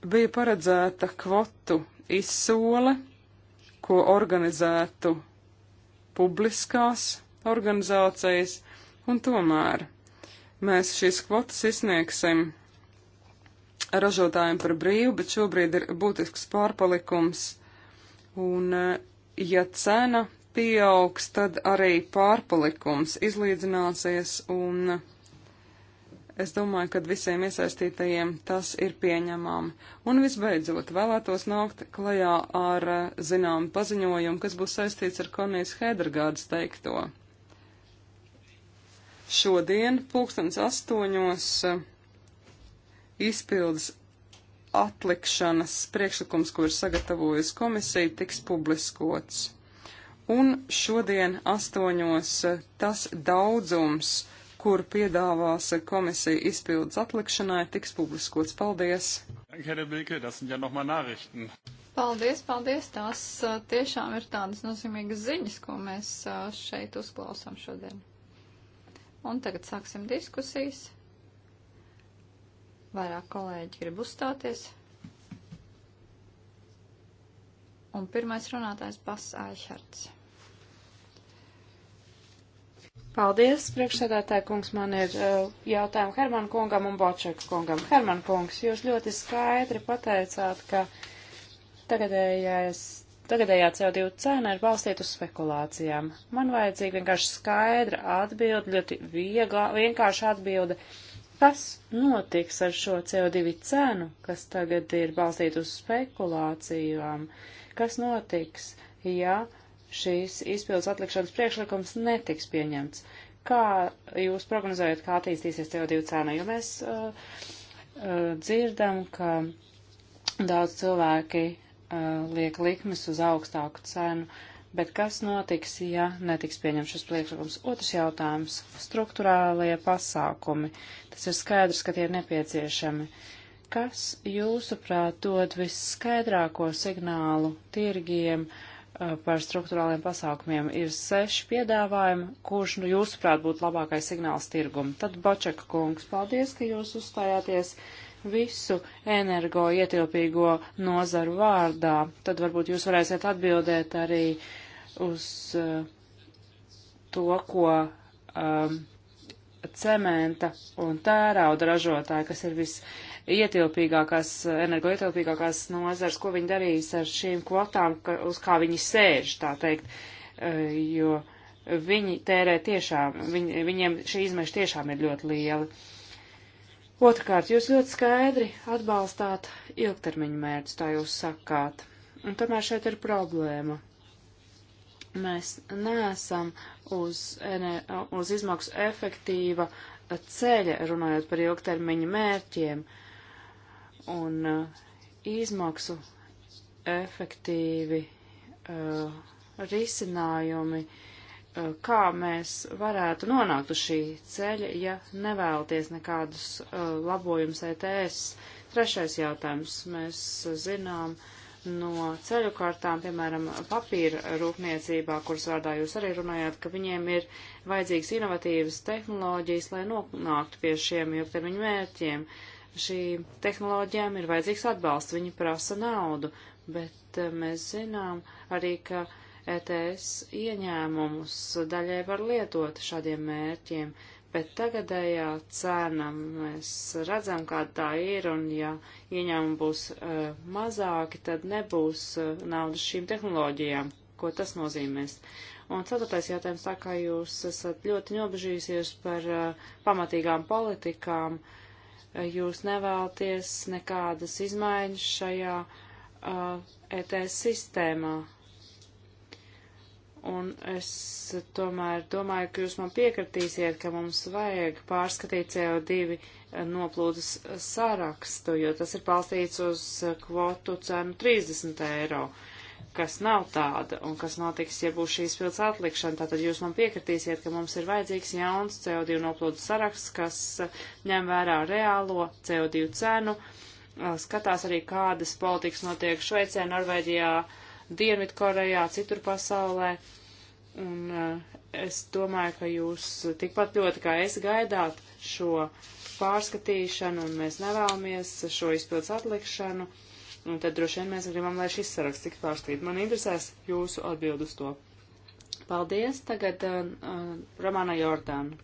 Speaker 1: Bija paredzēta kvotu izsole, ko organizētu publiskās organizācijas, un tomēr mēs šīs kvotas izsniegsim ražotājiem par brīvu, bet šobrīd ir būtisks pārpalikums, un ja cena pieaugs, tad arī pārpalikums izlīdzināsies un es domāju, ka visiem iesaistītajiem tas ir pieņemami. Un visbeidzot, vēlētos nākt klajā ar zinām paziņojumu, kas būs saistīts ar Konijas Hedergārdas teikto. Šodien, pulkstens astoņos, izpildes atlikšanas priekšlikums, ko ir sagatavojusi komisija, tiks publiskots. Un šodien astoņos tas daudzums, kur piedāvās komisija izpildes atlikšanai, tiks publiskots. Paldies!
Speaker 2: Paldies, paldies! Tās uh, tiešām ir tādas nozīmīgas ziņas, ko mēs uh, šeit uzklausām šodien. Un tagad sāksim diskusijas. Vairāk kolēģi grib uzstāties.
Speaker 3: Un pirmais runātājs Bas Aišards. Paldies, priekšsēdētāji kungs, man ir uh, jautājumi Hermanu kungam un Bočeku kungam. Herman kungs, jūs ļoti skaidri pateicāt, ka tagadējais Tagadējā CO2 cena ir balstīta uz spekulācijām. Man vajadzīga vienkārši skaidra atbilde, ļoti viegla, vienkārša atbilde. Uh, Kas notiks ar šo CO2 cenu, kas tagad ir balstīta uz spekulācijām? Kas notiks, ja šīs izpildus atlikšanas priekšlikums netiks pieņemts? Kā jūs prognozējat, kā attīstīsies CO2 cena? Jo mēs uh, uh, dzirdam, ka daudz cilvēki uh, liek likmes uz augstāku cenu. Uh, Bet kas notiks, ja netiks pieņemts šis priekšlikums? Otrs jautājums - struktūrālie pasākumi. Tas ir skaidrs, ka tie ir nepieciešami. Kas, jūsuprāt, dod visskaidrāko signālu tirgiem uh, par struktūrāliem pasākumiem? Ir seši piedāvājumi, kurš, nu, jūsuprāt, būtu labākais signāls tirgumu. Tad, Bočaka kungs, paldies, ka jūs uzstājāties visu energo ietilpīgo nozaru vārdā. Tad varbūt jūs varēsiet atbildēt arī uz eh, to, ko um, cementa un tērauda ražotāji, kas ir visietilpīgākās, energoietilpīgākās nozars, ko viņi darīs ar šīm kvotām, ka, uz kā viņi sēž, tā teikt, eh, jo viņi tērē tiešām, viņ, viņiem šī izmeša tiešām ir ļoti liela. Otrakārt, jūs ļoti skaidri atbalstāt ilgtermiņu mērķus, tā jūs sakāt, un tomēr šeit ir problēma Mēs neesam uz, uz izmaksu efektīva ceļa, runājot par ilgtermiņa mērķiem. Un uh, izmaksu efektīvi uh, risinājumi, uh, kā mēs varētu nonākt uz šī ceļa, ja nevēlaties nekādus uh, labojumus ETS. Trešais jautājums. Mēs uh, zinām, uh, no ceļu kartām, piemēram, papīra rūpniecībā, kuras vārdā jūs arī runājāt, ka viņiem ir vajadzīgas inovatīvas tehnoloģijas, lai nonāktu pie šiem ilgtermiņu mērķiem. Šīm tehnoloģijām ir vajadzīgs atbalsts, viņi prasa naudu, bet eh, mēs zinām arī, ka ETS ieņēmumus daļai var lietot šādiem mērķiem. Uh, bet tagadējā cēna mēs redzam, kā tā ir, un ja ieņēmumi būs uh, mazāki, tad nebūs uh, naudas šīm tehnoloģijām, ko tas nozīmēs. Un ceturtais jautājums, tā kā jūs esat ļoti nobežījusies par uh, pamatīgām politikām, jūs nevēlties nekādas izmaiņas šajā ETS e sistēmā, Un es tomēr domāju, ka jūs man piekritīsiet, ka mums vajag pārskatīt CO2 noplūdes sarakstu, jo tas ir balstīts uz kvotu cenu 30 eiro, kas nav tāda un kas notiks, ja būs šīs pilsētas atlikšana. Tātad jūs man piekritīsiet, ka mums ir vajadzīgs jauns CO2 noplūdes saraksts, kas ņem vērā reālo CO2 cenu, skatās arī, kādas politikas notiek Šveicē, Norvēģijā, uh, Dienvidkorejā, citur pasaulē. Un uh, es domāju, ka jūs tikpat ļoti kā es gaidāt šo pārskatīšanu, un mēs nevēlamies šo izpildus atlikšanu. Un tad droši vien mēs gribam, lai šis saraksts tik pārskatīt. Man interesēs jūsu atbild uz to. Paldies. Tagad
Speaker 1: uh, Romana Jordāna.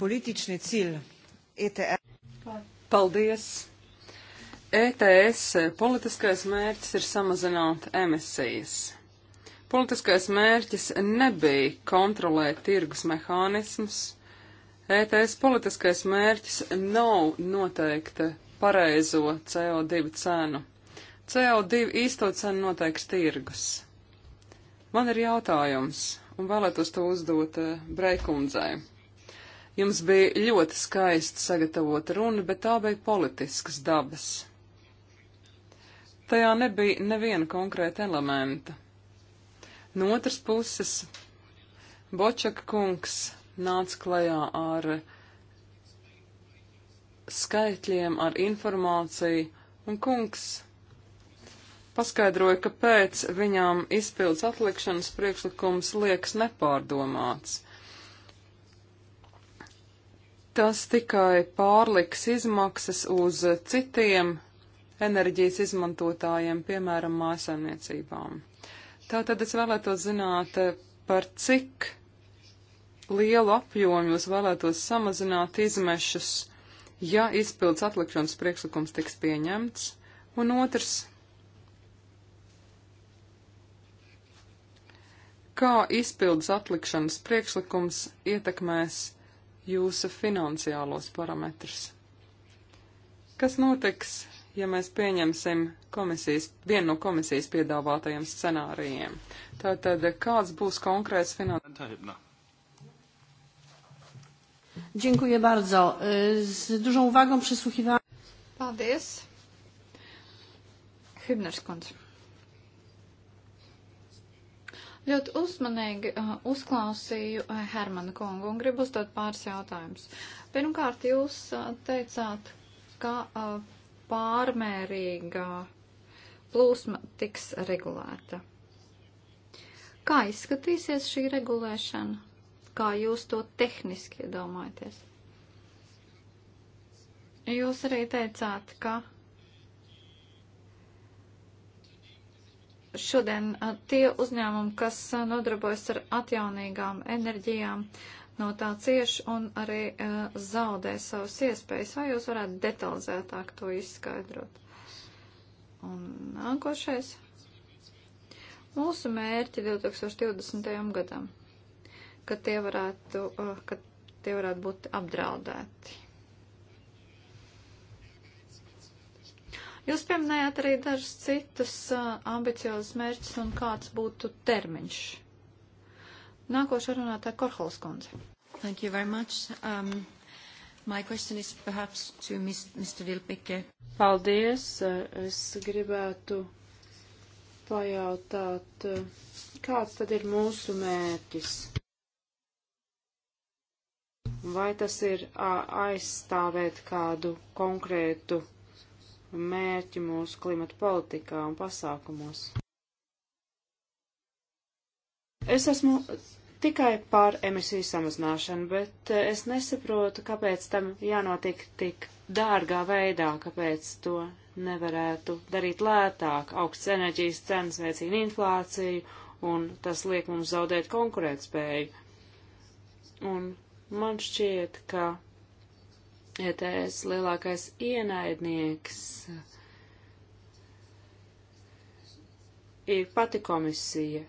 Speaker 1: Politični cilj ETR. Paldies. ETS politiskais mērķis ir samazināt emisijas. Politiskais mērķis nebija kontrolēt tirgus mehānismus. ETS politiskais mērķis nav noteikta pareizo CO2 cenu. CO2 īsto cenu noteiks tirgus. Man ir jautājums, un vēlētos to uzdot eh, Breikundzei. Jums bija ļoti skaisti sagatavota runa, bet tā bija politiskas dabas tajā nebija neviena konkrēta elementa. No otras puses, Bočaka kungs nāca klajā ar skaitļiem, ar informāciju, un kungs paskaidroja, ka pēc viņām izpildus atlikšanas priekšlikums liekas nepārdomāts. Tas tikai pārliks izmaksas uz citiem enerģijas izmantotājiem, piemēram, mājasaimniecībām. Tātad es vēlētos zināt, eh, par cik lielu apjomu jūs vēlētos samazināt izmešus, ja izpildes atlikšanas priekšlikums tiks pieņemts, un otrs, kā izpildes atlikšanas priekšlikums ietekmēs jūsu finansiālos parametrus. Kas notiks, ja mēs pieņemsim komisijas, vienu no komisijas piedāvātajiem scenārijiem. Tātad, kāds būs konkrēts finansējums?
Speaker 2: Dziękuję bardzo. Z dużą uwagą przysłuchiwałam. Paldies. Hübners kundze. Ļoti uzmanīgi uh, uzklausīju uh, Hermanu kungu un gribu uzdot pāris jautājumus. Pirmkārt, jūs uh, teicāt, ka uh, pārmērīgā plūsma tiks regulēta. Kā izskatīsies šī regulēšana? Kā jūs to tehniski iedomājaties? Jūs arī teicāt, ka šodien tie uzņēmumi, kas nodarbojas ar atjaunīgām enerģijām, uh, no tā cieši un arī uh, zaudē savas iespējas. Vai jūs varētu detalizētāk to izskaidrot? Un nākošais. Mūsu mērķi 2020. gadam, ka tie varētu, uh, ka tie varētu būt apdraudēti. Jūs pieminējāt arī dažus citus uh, e, ambiciozus mērķus un kāds būtu termiņš. Nākošais runātāja Korholas kundze. Thank you very much. Um, my question is perhaps
Speaker 3: to Mr. Vilpike. Paldies. Uh, es gribētu pajautāt, uh, kāds tad ir mūsu mērķis? Vai tas ir aizstāvēt kādu konkrētu mērķi mūsu klimata politikā un pasākumos? Es esmu tikai par emisiju samazināšanu, bet eh, es nesaprotu, kāpēc tam jānotiek tik dārgā veidā, kāpēc to nevarētu darīt lētāk. Augsts enerģijas cenas veicina inflāciju, un tas liek mums zaudēt konkurētspēju. Un man šķiet, ka ETS lielākais ienaidnieks eh, ir pati komisija.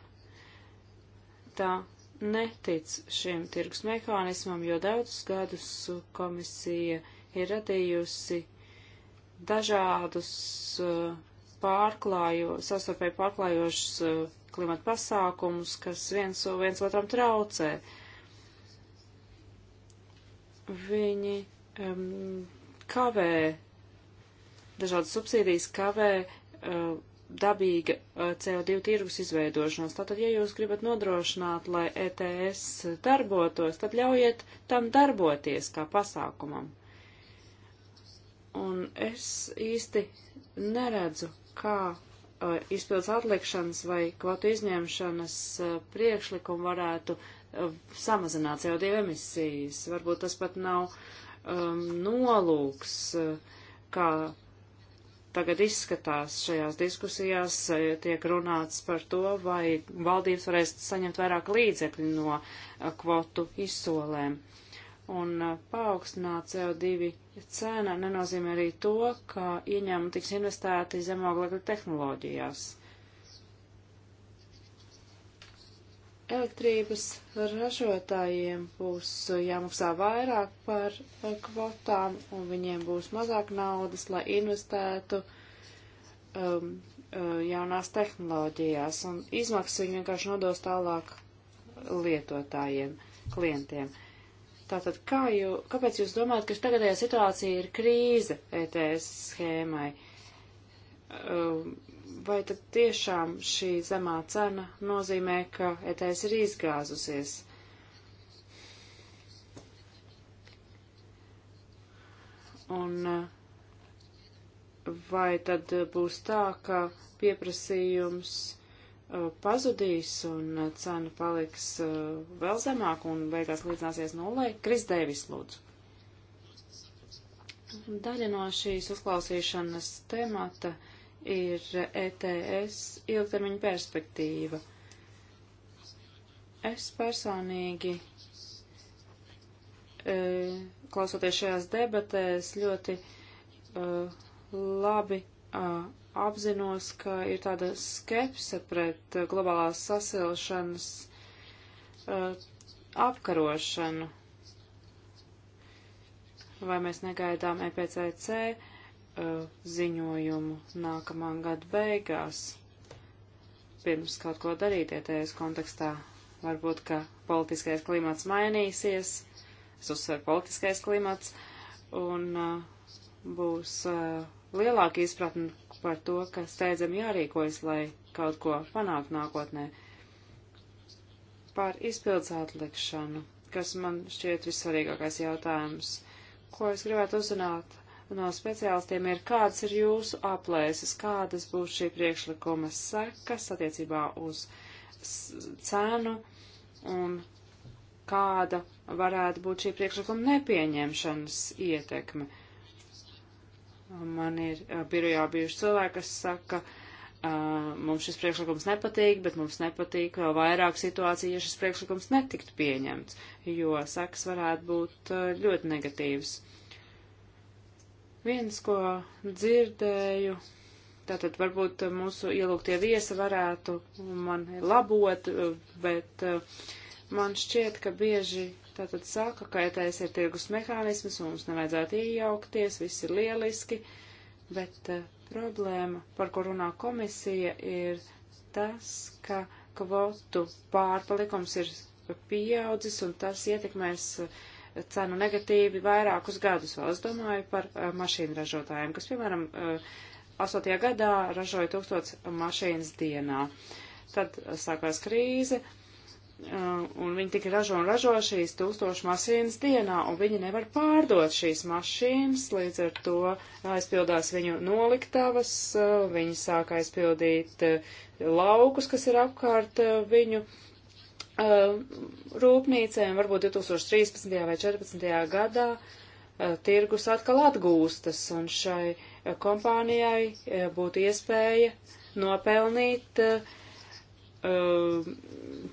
Speaker 3: Tā netic šim tirgus mehānismam, jo daudzus gadus komisija ir radījusi dažādus eh, pārklājo, sastarpēji pārklājošus eh, klimata pasākumus, kas viens, viens otram traucē. Viņi um, kavē, dažādas subsīdijas kavē uh, dabīga uh, CO2 tirgus izveidošanos. Tātad, ja jūs gribat nodrošināt, lai ETS darbotos, tad ļaujiet tam darboties kā pasākumam. Un es īsti neredzu, kā uh, izpildus atlikšanas vai kvotu izņemšanas uh, priekšlikumu varētu uh, samazināt CO2 emisijas. Varbūt tas pat nav um, nolūks, uh, kā tagad izskatās šajās diskusijās, e, tiek runāts par to, vai valdības varēs saņemt vairāk līdzekļu no e, kvotu izsolēm. Un e, paaugstināt CO2 cena nenozīmē arī to, ka ieņēmumi tiks investēti zemoglekļu tehnoloģijās. Elektrības ražotājiem būs jāmaksā vairāk par kvotām, un viņiem būs mazāk naudas, lai investētu um, uh, jaunās tehnoloģijās, un izmaksas viņi vienkārši nodos tālāk lietotājiem, klientiem. Tātad, kā jū, kāpēc jūs domājat, ka tagadējā situācija ir krīze ETS schēmai? Um, vai tad tiešām šī zemā cena nozīmē, ka ETS ir izgāzusies? Un eh, vai tad būs tā, ka pieprasījums eh, pazudīs un eh, cena paliks vēl zemāk un beigās līdzināsies nulē? Kris Dēvis, lūdzu. Daļa no šīs uzklausīšanas temata ir ETS ilgtermiņa perspektīva. Es personīgi, e, klausoties šajās debatēs, ļoti e, labi e, apzinos, ka ir tāda skepse pret globālās sasilšanas apkarošanu. Vai mēs negaidām EPCC? uh, ziņojumu nākamā gada beigās, pirms kaut ko darīt ietējais kontekstā. Varbūt, ka politiskais klimats mainīsies, es uzsveru politiskais klimats, un uh, būs uh, lielāka izpratne par to, ka steidzam jārīkojas, lai kaut ko panākt nākotnē. Par izpildus atlikšanu, kas man šķiet vissvarīgākais jautājums, ko es gribētu uzzināt no speciālistiem ir, kādas ir jūsu aplēses, kādas būs šī priekšlikuma sekas attiecībā uz cenu un kāda varētu būt šī priekšlikuma nepieņemšanas ietekme. Man ir birojā bijuši cilvēki, kas saka, uh, mums šis priekšlikums nepatīk, bet mums nepatīk vēl vairāk situācija, ja šis priekšlikums netiktu pieņemts, jo sekas varētu būt uh, ļoti negatīvas. Uh, Viens, ko dzirdēju, tātad varbūt mūsu ielūgtie viesi varētu man labot, bet eh, man šķiet, ka bieži tātad saka, ka ETS ir tirgus mehānisms un mums nevajadzētu iejaukties, viss ir lieliski, bet eh, problēma, par ko runā komisija, ir tas, ka kvotu pārpalikums ir pieaudzis un tas ietekmēs uh, cenu negatīvi vairākus gadus vēl. Es domāju par uh, mašīnu ražotājiem, kas, piemēram, uh, eh, 8. gadā ražoja 1000 mašīnas dienā. Tad eh, sākās krīze, un viņi tik ražo un ražo šīs tūkstošu mašīnas dienā, un viņi nevar pārdot šīs mašīnas, līdz ar to aizpildās viņu noliktavas, viņi sāk aizpildīt laukus, kas ir apkārt viņu Uh, rūpnīcēm, varbūt 2013. vai 2014. gadā uh, tirgus atkal atgūstas, un šai uh, kompānijai būtu iespēja nopelnīt,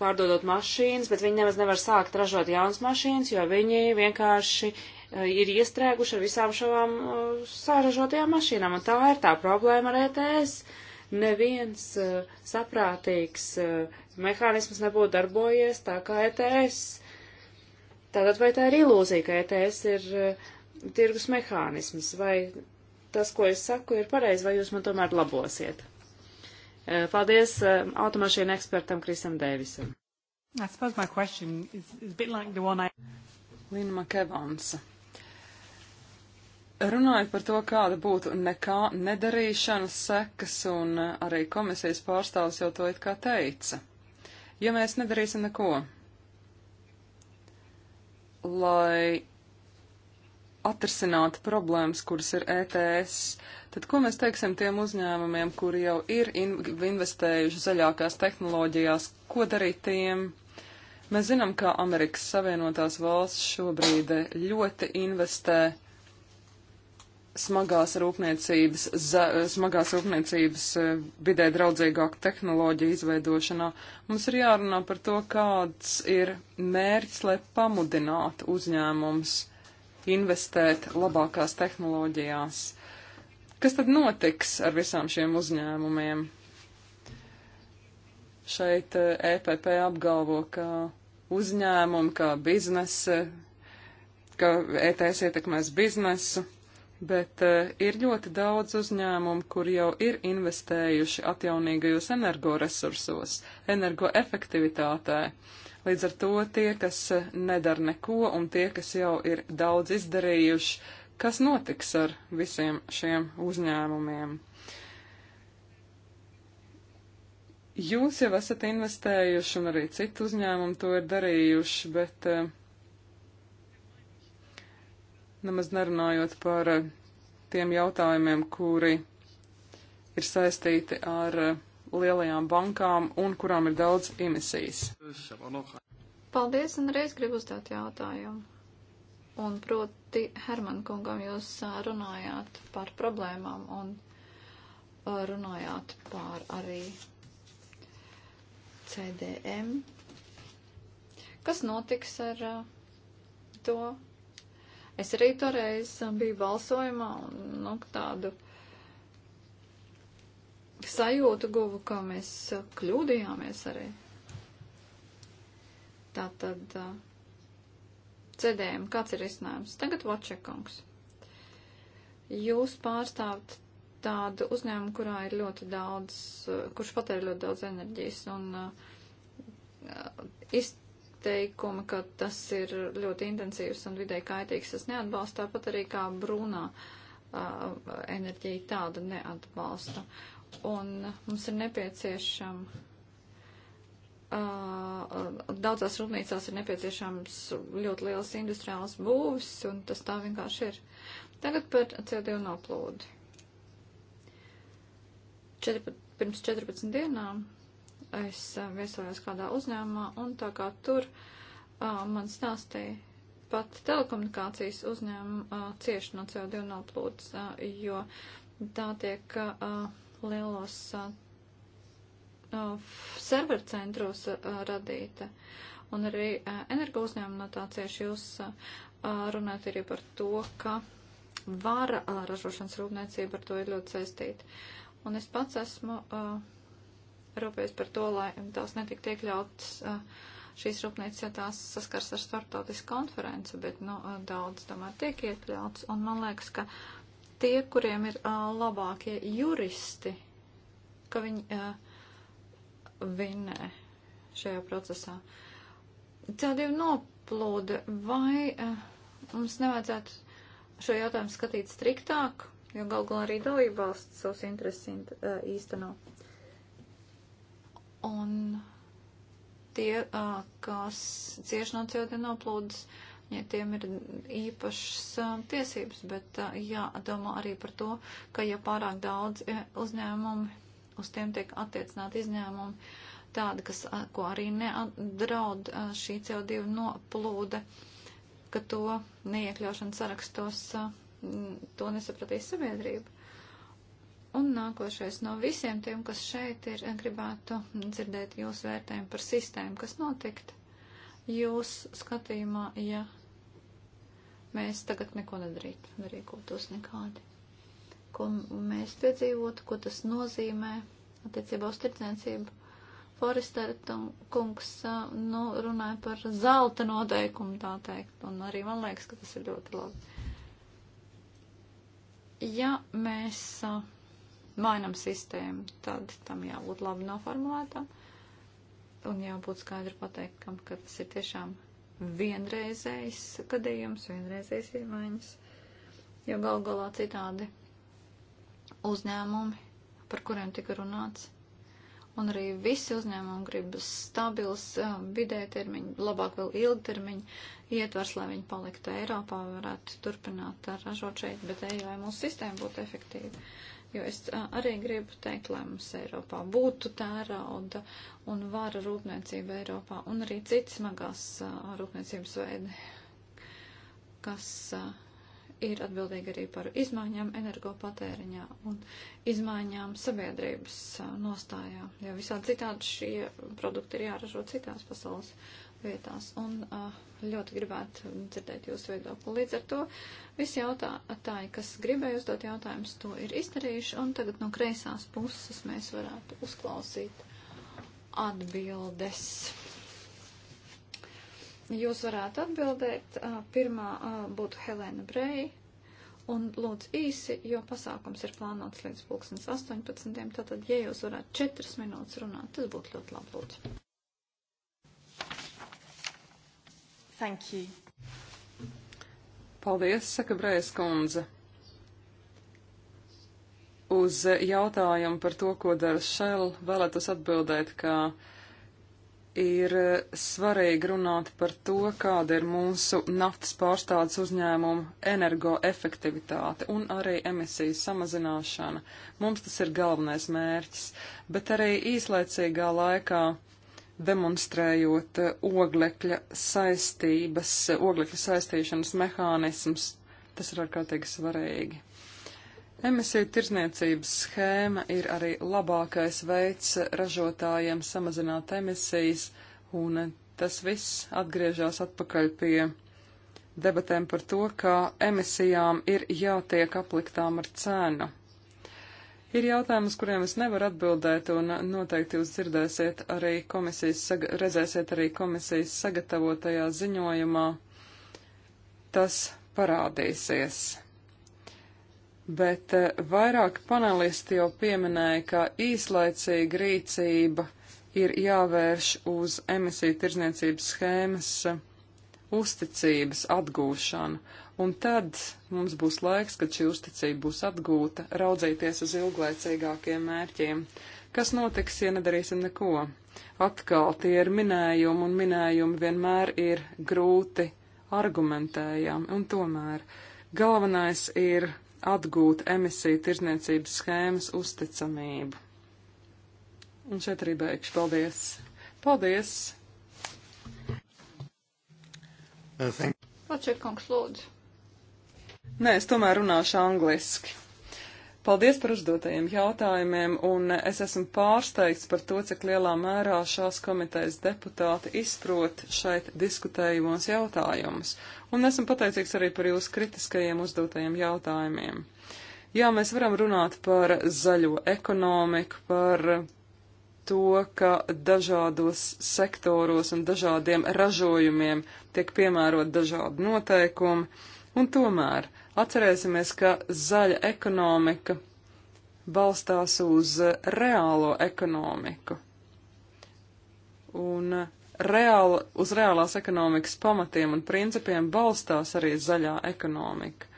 Speaker 3: pārdodot mašīnas, bet viņi nemaz nevar sākt ražot jaunas mašīnas, jo viņi vienkārši ir iestrēguši ar visām šavām sāražotajām mašīnām, un tā ir tā problēma ar ETS. Uh, neviens uh, saprātīgs uh, mehānisms nebūtu darbojies tā kā ETS. Tātad vai tā ir ilūzija, ka ETS ir uh, tirgus mehānisms, vai tas, ko es saku, ir pareizi, vai jūs man tomēr labosiet? Paldies automašīnu ekspertam Krisam Dēvisam.
Speaker 1: I suppose my question is, is a bit like the one I... Lina Makevans. Runājot par to, kāda būtu nekā nedarīšanas sekas, un eh, arī komisijas pārstāvs jau to it kā teica. Ja mēs nedarīsim neko, lai atrisinātu problēmas, kuras ir ETS, tad ko mēs teiksim tiem uzņēmumiem, kuri jau ir in investējuši zaļākās tehnoloģijās, ko darīt tiem? Mēs zinām, ka Amerikas Savienotās valsts šobrīd ļoti investē smagās rūpniecības, za, smagās rūpniecības e, vidē draudzīgāku tehnoloģiju izveidošanā, mums ir jārunā par to, kāds ir mērķis, lai pamudinātu uzņēmums investēt labākās tehnoloģijās. Kas tad notiks ar visām šiem uzņēmumiem? Šeit EPP e apgalvo, ka uzņēmumi, kā biznesa, ka ETS e ietekmēs biznesu bet uh, ir ļoti daudz uzņēmumu, kur jau ir investējuši atjaunīgajos energoresursos, energoefektivitātē. Līdz ar to tie, kas eh, nedara neko un tie, kas jau ir daudz izdarījuši, kas notiks ar visiem šiem uzņēmumiem? Jūs jau esat investējuši un arī citu uzņēmumu to ir darījuši, bet uh, Nemaz nerunājot par eh, tiem jautājumiem, kuri ir saistīti ar eh, lielajām bankām un kurām ir daudz emisijas.
Speaker 2: Paldies, un reiz gribu uzdot jautājumu. Un proti, Herman kungam, jūs eh, runājāt par problēmām un runājāt par arī CDM. Kas notiks ar to Es arī toreiz um, biju balsojumā un nu, tādu sajūtu guvu, ka mēs uh, kļūdījāmies arī. Tātad uh, cedējumi, kāds ir risinājums? Tagad Vočekungs. Jūs pārstāvat tādu uzņēmumu, kurā ir ļoti daudz, uh, kurš patēr ļoti daudz enerģijas un uh, ist, teikumi, ka tas ir ļoti intensīvs un vidē kaitīgs, es neatbalstu, tāpat arī kā brūnā uh, enerģija tāda neatbalsta. Un mums ir nepieciešama. Uh, daudzās rūpnīcās ir nepieciešams ļoti liels industriāls būvs, un tas tā vienkārši ir. Tagad par CO2 noplūdi. Četri, pirms 14 dienām es eh, viesojos kādā uzņēmumā, un tā kā tur uh, man stāstīja, pat telekomunikācijas uzņēmuma uh, cieši no CO2 noplūdes, uh, jo tā tiek uh, lielos uh, servercentros uh, radīta. Un arī uh, energo uzņēmuma no tā cieši jūs uh, runājat arī par to, ka vara uh, ražošanas rūpniecība ar to ir ļoti saistīta. Un es pats esmu. Uh, rūpējas par to, lai tās netiktu iekļautas šīs rūpnīcas, ja tās saskars ar startautisku konferenci, bet nu, daudz tomēr tiek iekļauts. Un man liekas, ka tie, kuriem ir labākie juristi, ka viņi vinē šajā procesā. Cēdību noplūde, vai mums nevajadzētu šo jautājumu skatīt striktāk, jo gal galā arī dalībvalsts savus intereses īsteno. Uh, un tie, kas cieši no cieti noplūdes, ja tiem ir īpašas tiesības, bet jādomā arī par to, ka ja pārāk daudz uzņēmumi, uz tiem tiek attiecināti izņēmumi, tādi, kas, ko arī nedraud šī CO2 noplūde, ka to neiekļaušana sarakstos, to nesapratīs sabiedrība. Un nākošais no visiem tiem, kas šeit ir, gribētu dzirdēt jūsu vērtējumu par sistēmu, kas notikt jūs skatījumā, ja mēs tagad neko nedarītu, nerīkotos nekādi. Ko mēs piedzīvotu, ko tas nozīmē attiecībā uz tirdzniecību. Forester kungs nu, runāja par zelta noteikumu, tā teikt, un arī man liekas, ka tas ir ļoti labi. Ja mēs uh, mainam sistēmu, tad tam jābūt labi noformulētam un jābūt skaidri pateikam, ka tas ir tiešām vienreizējs gadījums, vienreizējs iemaiņas, jo gal galā citādi uzņēmumi, par kuriem tika runāts, un arī visi uzņēmumi grib stabils eh, vidē termiņu, labāk vēl ilgtermiņu ietvars, lai viņi paliktu Eiropā, varētu turpināt ražot šeit, bet ej, eh, lai mūsu sistēma būtu efektīva jo es arī gribu teikt, lai mums Eiropā būtu tērauda un vara rūpniecība Eiropā un arī citas smagās rūpniecības veidi, kas ir atbildīgi arī par izmaiņām energopatēriņā un izmaiņām sabiedrības nostājā, jo visā citādi šie produkti ir jāražo citās pasaules vietās. Un uh, ļoti gribētu dzirdēt jūsu viedokli. Līdz ar to visi jautātāji, kas gribēja uzdot jautājumus, to ir izdarījuši. Un tagad no kreisās puses mēs varētu uzklausīt atbildes. Jūs varētu atbildēt. Uh, pirmā uh, būtu Helēna Breja. Un lūdzu īsi, jo pasākums ir plānots līdz 2018. Tātad, ja jūs varētu četras minūtes runāt, tas būtu ļoti labi lūdzu. Thank you.
Speaker 1: Paldies, saka Brēs kundze. Uz jautājumu par to, ko dara Shell, vēlētos atbildēt, ka ir svarīgi runāt par to, kāda ir mūsu naftas pārstādes uzņēmumu energoefektivitāte un arī emisiju samazināšana. Mums tas ir galvenais mērķis, bet arī īslaicīgā laikā demonstrējot eh, oglekļa saistības, eh, oglekļa saistīšanas mehānismus. Tas ir ārkārtīgi svarīgi. Emisiju tirzniecības schēma ir arī labākais veids ražotājiem samazināt emisijas, un eh, tas viss atgriežas atpakaļ pie debatēm par to, ka emisijām ir jātiek apliktām ar cēnu. Ir jautājumi, uz kuriem es nevaru atbildēt, un noteikti jūs dzirdēsiet arī komisijas, redzēsiet arī komisijas sagatavotajā ziņojumā. Tas parādīsies. Bet eh, vairāk panelisti jau pieminēja, ka īslaicīga rīcība ir jāvērš uz emisiju tirzniecības schēmas eh, uzticības atgūšanu, un tad mums būs laiks, kad šī uzticība būs atgūta, raudzīties uz ilglaicīgākiem mērķiem. Kas notiks, ja nedarīsim neko? Atkal tie ir minējumi, un minējumi vienmēr ir grūti argumentējami, un tomēr galvenais ir atgūt emisiju tirzniecības schēmas uzticamību. Un šeit arī beigšu. Paldies! Paldies!
Speaker 3: Uh,
Speaker 2: Pačekungs, lūdzu.
Speaker 1: Nē, es tomēr runāšu angliski. Paldies par uzdotajiem jautājumiem, un es esmu pārsteigts par to, cik lielā mērā šās komitejas deputāti izprot šeit diskutējumos jautājumus, un esmu pateicīgs arī par jūsu kritiskajiem uzdotajiem jautājumiem. Jā, mēs varam runāt par zaļo ekonomiku, par to, ka dažādos sektoros un dažādiem ražojumiem tiek piemērot dažādi noteikumi, un tomēr Atcerēsimies, ka zaļa ekonomika balstās uz reālo ekonomiku. Un reāla, uz reālās ekonomikas pamatiem un principiem balstās arī zaļā ekonomika.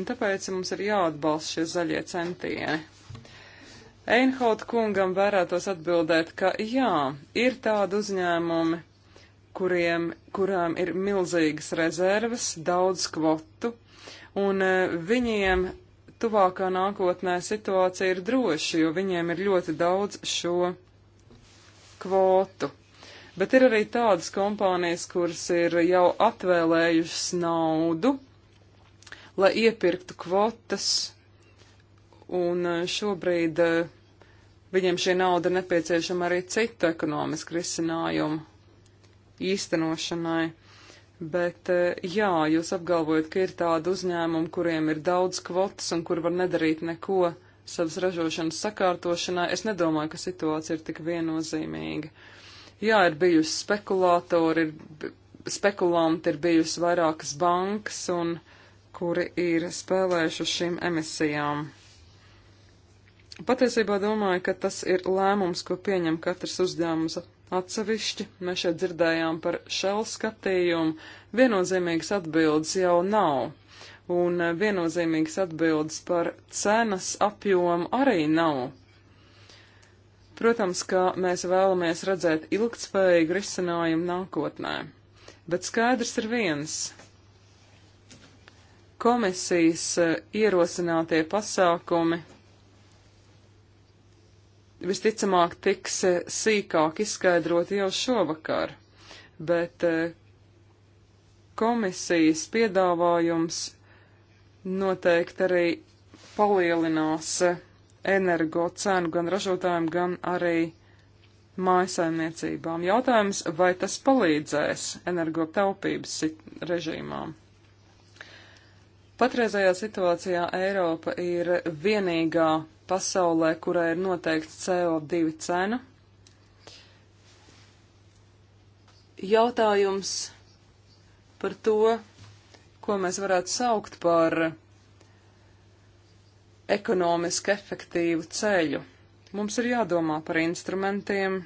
Speaker 1: Un tāpēc mums ir jāatbalsta šie zaļie centieni. Einhaut kungam vērētos atbildēt, ka jā, ir tādi uzņēmumi, kuriem, kurām ir milzīgas rezerves, daudz kvotu, un e, viņiem tuvākā nākotnē situācija ir droša, jo viņiem ir ļoti daudz šo kvotu. Bet ir arī tādas kompānijas, kuras ir jau atvēlējušas naudu, lai iepirktu kvotas, un e, šobrīd e, viņiem šī nauda nepieciešama arī citu ekonomisku risinājumu īstenošanai. Bet, eh, jā, jūs apgalvojat, ka ir tāda uzņēmuma, kuriem ir daudz kvotas un kur var nedarīt neko savas ražošanas sakārtošanā. Es nedomāju, ka situācija ir tik viennozīmīga. Jā, ir bijusi spekulātori, ir spekulanti, ir bijusi vairākas bankas, un kuri ir spēlējuši uz šīm emisijām. Patiesībā domāju, ka tas ir lēmums, ko pieņem katrs uzņēmums Atsevišķi mēs šeit dzirdējām par šelu skatījumu. Viennozīmīgas atbildes jau nav. Un eh, viennozīmīgas atbildes par cenas apjomu arī nav. Protams, ka mēs vēlamies redzēt ilgtspējīgu risinājumu nākotnē. Bet skaidrs ir viens. Komisijas eh, ierosinātie pasākumi visticamāk tiks eh, sīkāk izskaidrot jau šovakar, bet eh, komisijas piedāvājums noteikti arī palielinās eh, energo cenu gan ražotājiem, gan arī mājasaimniecībām. Jautājums, vai tas palīdzēs energo taupības režīmām? Patreizajā situācijā Eiropa ir vienīgā pasaulē, kurai ir noteikts CO2 cena. Jautājums par to, ko mēs varētu saukt par ekonomiski efektīvu ceļu. Mums ir jādomā par instrumentiem,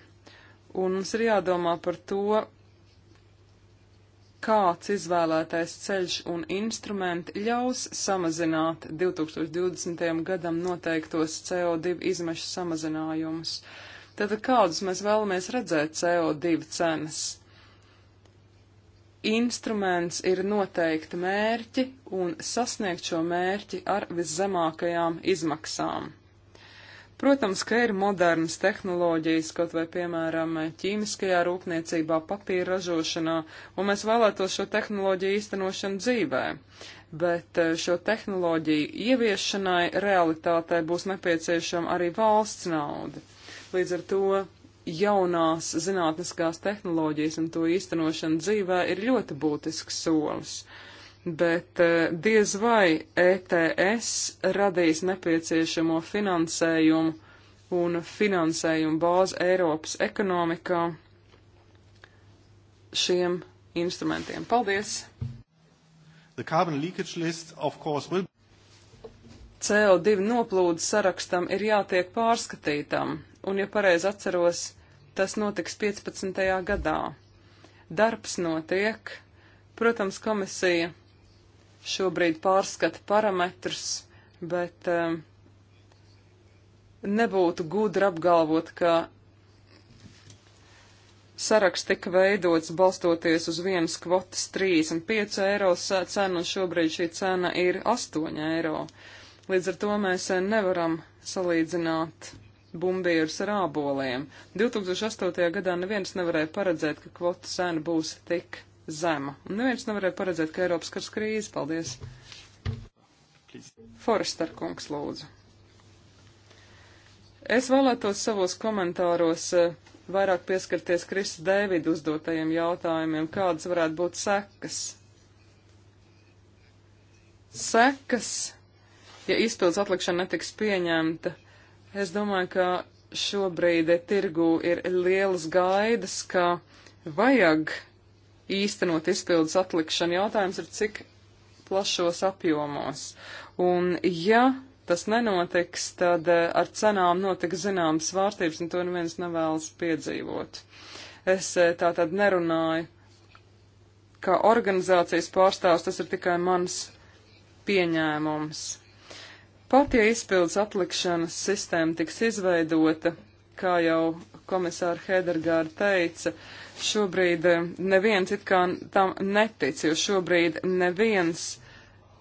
Speaker 1: un mums ir jādomā par to, kāds izvēlētais ceļš un instrumenti ļaus samazināt 2020. gadam noteiktos CO2 izmešu samazinājumus. Tad kādus mēs vēlamies redzēt CO2 cenas? Instruments ir noteikti mērķi un sasniegt šo mērķi ar viszemākajām izmaksām. Protams, ka ir modernas tehnoloģijas, kaut vai, piemēram, ķīmiskajā rūpniecībā, papīra ražošanā, un mēs vēlētos šo tehnoloģiju īstenošanu dzīvē. Bet eh, šo tehnoloģiju ieviešanai realitātei būs nepieciešama arī valsts nauda. Līdz ar to jaunās zinātniskās tehnoloģijas un to īstenošana dzīvē ir ļoti būtisks solis. Uh, bet eh, diez vai ETS radīs nepieciešamo finansējumu un finansējumu bāzi Eiropas ekonomikā šiem instrumentiem. Paldies! Will... CO2 noplūdes sarakstam ir jātiek pārskatītam, un, ja pareizi atceros, tas notiks 15. gadā. Darbs notiek, protams, komisija šobrīd pārskata parametrus, bet um, nebūtu gudri apgalvot, ka saraksts tika veidots balstoties uz vienas kvotas 35 eiro cenu, un šobrīd šī cena ir 8 eiro. Līdz ar to mēs eh, nevaram salīdzināt bumbierus ar āboliem. 2008. gadā neviens nevarēja paredzēt, ka kvotu cena būs tik zema. Un neviens nevarēja paredzēt, ka Eiropas kars krīze. Paldies! Forester kungs lūdzu. Es vēlētos savos komentāros eh, vairāk pieskarties Krista Dēvida uzdotajiem jautājumiem, kādas varētu būt sekas. Sekas, ja izpildus atlikšana netiks pieņemta, es domāju, ka šobrīd tirgu ir lielas gaidas, ka vajag īstenot izpildus atlikšanu. Jautājums ir, cik plašos apjomos. Un ja tas nenotiks, tad eh, ar cenām notiks zināmas svārstības, un to neviens nevēlas piedzīvot. Es eh, tā tad nerunāju, kā organizācijas pārstāvs, tas ir tikai mans pieņēmums. Pat ja izpildus atlikšanas sistēma tiks izveidota, kā jau komisāra Hedergāra teica, šobrīd eh, neviens it kā tam netic, jo šobrīd neviens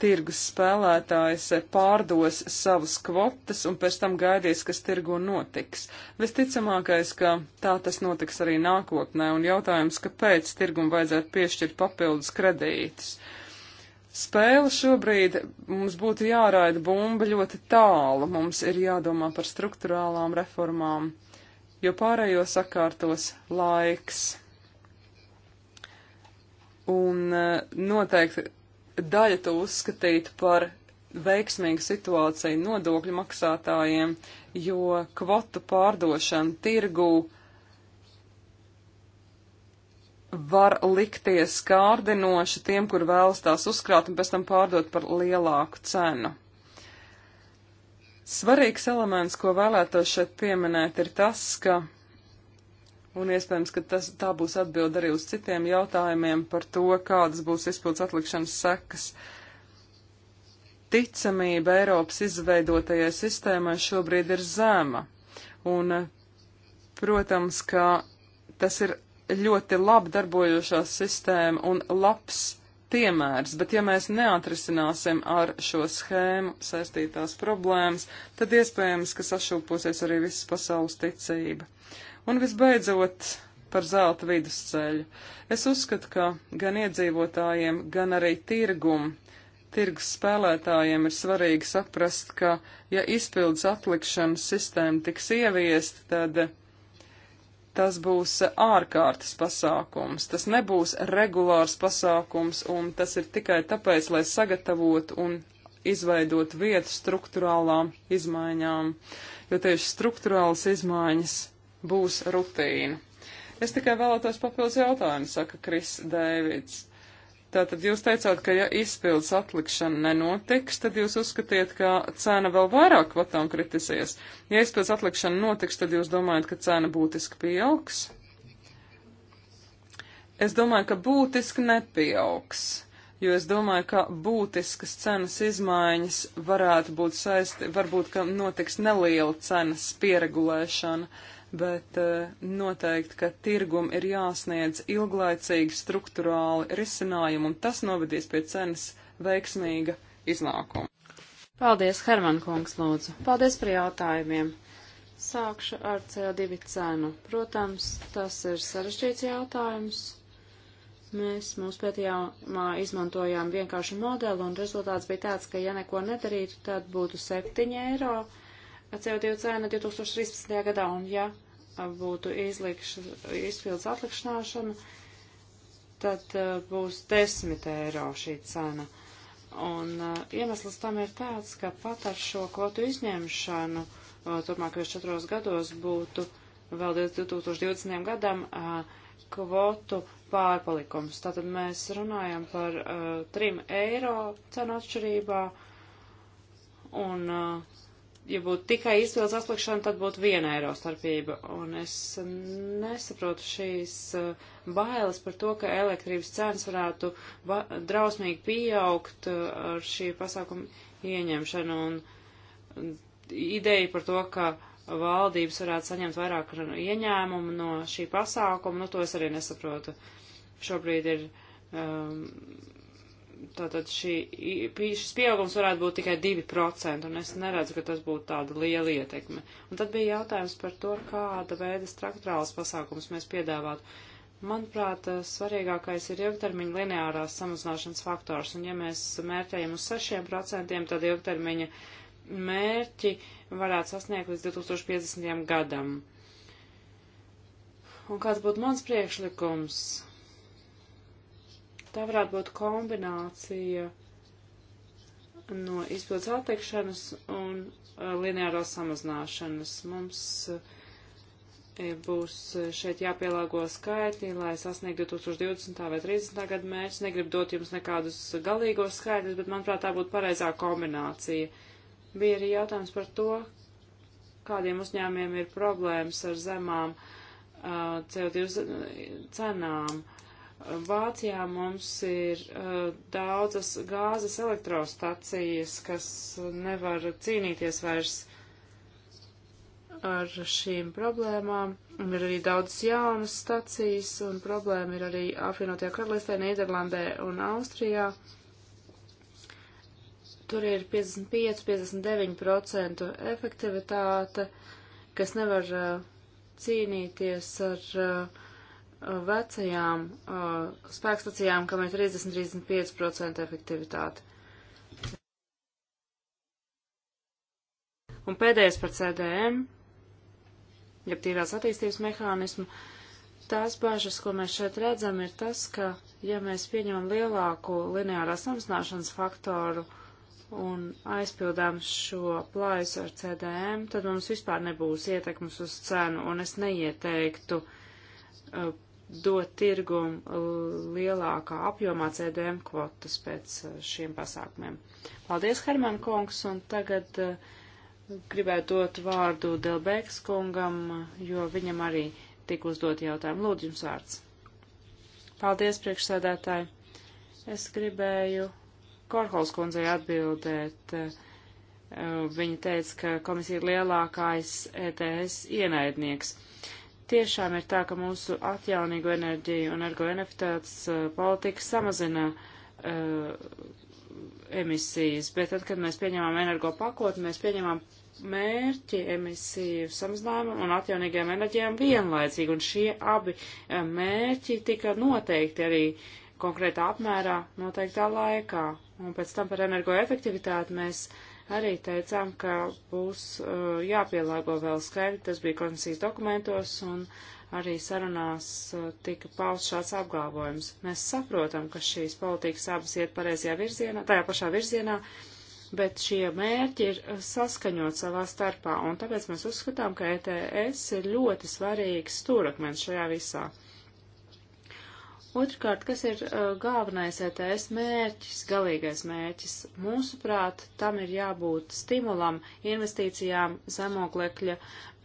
Speaker 1: tirgus spēlētājs eh, pārdos savas kvotas un pēc tam gaidīs, kas tirgu notiks. Visticamākais, ka tā tas notiks arī nākotnē, un jautājums, kāpēc tirgum vajadzētu piešķirt papildus kredītus spēle šobrīd mums būtu jāraida bumba ļoti tālu. Mums ir jādomā par struktūrālām reformām jo pārējo sakārtos laiks. Un eh, noteikti daļa to uzskatītu par veiksmīgu situāciju nodokļu maksātājiem, jo kvotu pārdošana tirgū var likties kārdinoši tiem, kur vēlas tās uzkrāt un pēc tam pārdot par lielāku cenu. Svarīgs elements, ko vēlētos šeit pieminēt, ir tas, ka, un iespējams, ka tas, tā būs atbilda arī uz citiem jautājumiem par to, kādas būs izpildes atlikšanas sekas ticamība Eiropas izveidotajai sistēmai šobrīd ir zema. Un, protams, ka tas ir ļoti labi darbojošās sistēma un labs piemērs, bet ja mēs neatrisināsim ar šo schēmu saistītās problēmas, tad iespējams, ka sašūposies arī visas pasaules ticība. Un visbeidzot, par zelta vidusceļu. Es uzskatu, ka gan iedzīvotājiem, gan arī tirgumu, tirgus spēlētājiem ir svarīgi saprast, ka, ja izpildes atlikšanas sistēma tiks ieviest, tad tas būs ārkārtas pasākums, tas nebūs regulārs pasākums, un tas ir tikai tāpēc, lai sagatavotu un izveidot vietu struktūrālām izmaiņām, jo tieši struktūrālas izmaiņas būs rutīna. Es tikai vēlētos papildus jautājumu, saka Kris Dēvids. Tātad jūs teicāt, ka ja izpildes atlikšana nenotiks, tad jūs uzskatiet, ka cena vēl vairāk kvatām kritisies. Ja izpildes atlikšana notiks, tad jūs domājat, ka cena būtiski pieaugs? Es domāju, ka būtiski nepieaugs, jo es domāju, ka būtiskas cenas izmaiņas varētu būt saisti, varbūt, ka notiks neliela cenas pieregulēšana bet eh, noteikti, ka tirgum ir jāsniedz ilglaicīgi struktūrāli risinājumi, un tas novedīs pie cenas veiksmīga iznākuma.
Speaker 3: Paldies, Herman kungs, lūdzu. Paldies par jautājumiem. Sākšu ar CO2 cenu. Protams, tas ir sarežģīts jautājums. Mēs mūsu pētījumā izmantojām vienkāršu modeli, un rezultāts bija tāds, ka ja neko nedarītu, tad būtu 7 eiro CO2 cena 2013. gadā, un ja būtu izlikš, izpildus atlikšanāšana, tad uh, būs 10 eiro šī cena. Un uh, iemesls tam ir tāds, ka pat ar šo kvotu izņemšanu uh, turpmākajos četros gados būtu vēl 2020. gadam uh, kvotu pārpalikums. Tātad mēs runājam par 3 uh, eiro cenu atšķirībā un uh, ja būtu tikai izpildes atlikšana, tad būtu viena eiro starpība. Un es nesaprotu šīs uh, bailes par to, ka elektrības cenas varētu drausmīgi pieaugt uh, ar šī pasākuma ieņemšanu. Un ideja par to, ka valdības varētu saņemt vairāk ieņēmumu no šī pasākuma, nu to es arī nesaprotu. Šobrīd ir um, tātad šī, šis pieaugums varētu būt tikai 2%, un es neredzu, ka tas būtu tāda liela ietekme. Un tad bija jautājums par to, kāda veida strukturāls pasākums mēs piedāvātu. Manuprāt, eh, svarīgākais ir ilgtermiņa lineārās samazināšanas faktors, un ja mēs mērķējam uz 6%, tad ilgtermiņa mērķi varētu sasniegt līdz 2050. gadam. Un kāds būtu mans priekšlikums? Tā varētu būt kombinācija no izpildes atteikšanas un uh, lineārās samazināšanas. Mums uh, būs uh, šeit jāpielāgo skaitļi, lai sasniegtu 2020. vai 30. gadu mērķus. Negribu dot jums nekādus galīgos skaitļus, bet manuprāt tā būtu pareizā kombinācija. Bija arī jautājums par to, kādiem uzņēmiem ir problēmas ar zemām uh, CO2 cenām. Uh, Vācijā mums ir uh, daudzas gāzes elektrostacijas, kas nevar cīnīties vairs ar šīm problēmām. Un ir arī daudz jaunas stacijas, un problēma ir arī apvienotajā karalistē, Nīderlandē un Austrijā. Tur ir 55-59% efektivitāte, kas nevar uh, cīnīties ar uh, vecajām uh, spēkstacijām, kam ir 30-35% efektivitāte. Un pēdējais par CDM, jeb tīrās attīstības mehānismu, tās bāžas, ko mēs šeit redzam, ir tas, ka, ja mēs pieņemam lielāku lineārā samazināšanas faktoru un aizpildām šo plājus ar CDM, tad mums vispār nebūs ietekmes uz cenu, un es neieteiktu uh, dot tirgumu lielākā apjomā CDM kvotas pēc eh, šiem pasākumiem. Paldies, Herman kungs, un tagad eh, gribētu dot vārdu Delbēks kungam, jo viņam arī tik uzdot jautājumu. Lūdzu, jums vārds. Paldies, priekšsēdētāji. Es gribēju Korhols kundzei atbildēt. Eh, viņa teica, ka komisija ir lielākais ETS ienaidnieks. Uh, tiešām ir tā, ka mūsu atjaunīgo enerģiju un ergoefektivitātes uh, politika samazina uh, emisijas, bet tad, kad mēs pieņemām energo pakotni, mēs pieņemām mērķi emisiju samazinājumam un atjaunīgajām enerģijām vienlaicīgi, un šie abi uh, mērķi tika noteikti arī konkrētā apmērā noteiktā laikā. Un pēc tam par energoefektivitāti mēs uh, arī teicām, ka būs uh, jāpielāgo vēl skaidri, tas bija komisijas dokumentos un arī sarunās uh, tika pausts šāds apgalvojums. Mēs saprotam, ka šīs politikas abas iet pareizajā virzienā, tajā pašā virzienā, bet šie mērķi ir uh, saskaņot savā starpā, un tāpēc mēs uzskatām, ka ETS ir ļoti svarīgs stūrakmens šajā visā. Otrkārt, kas ir uh, galvenais ETS mērķis, galīgais mērķis? Mūsuprāt, tam ir jābūt stimulam investīcijām zemoglekļa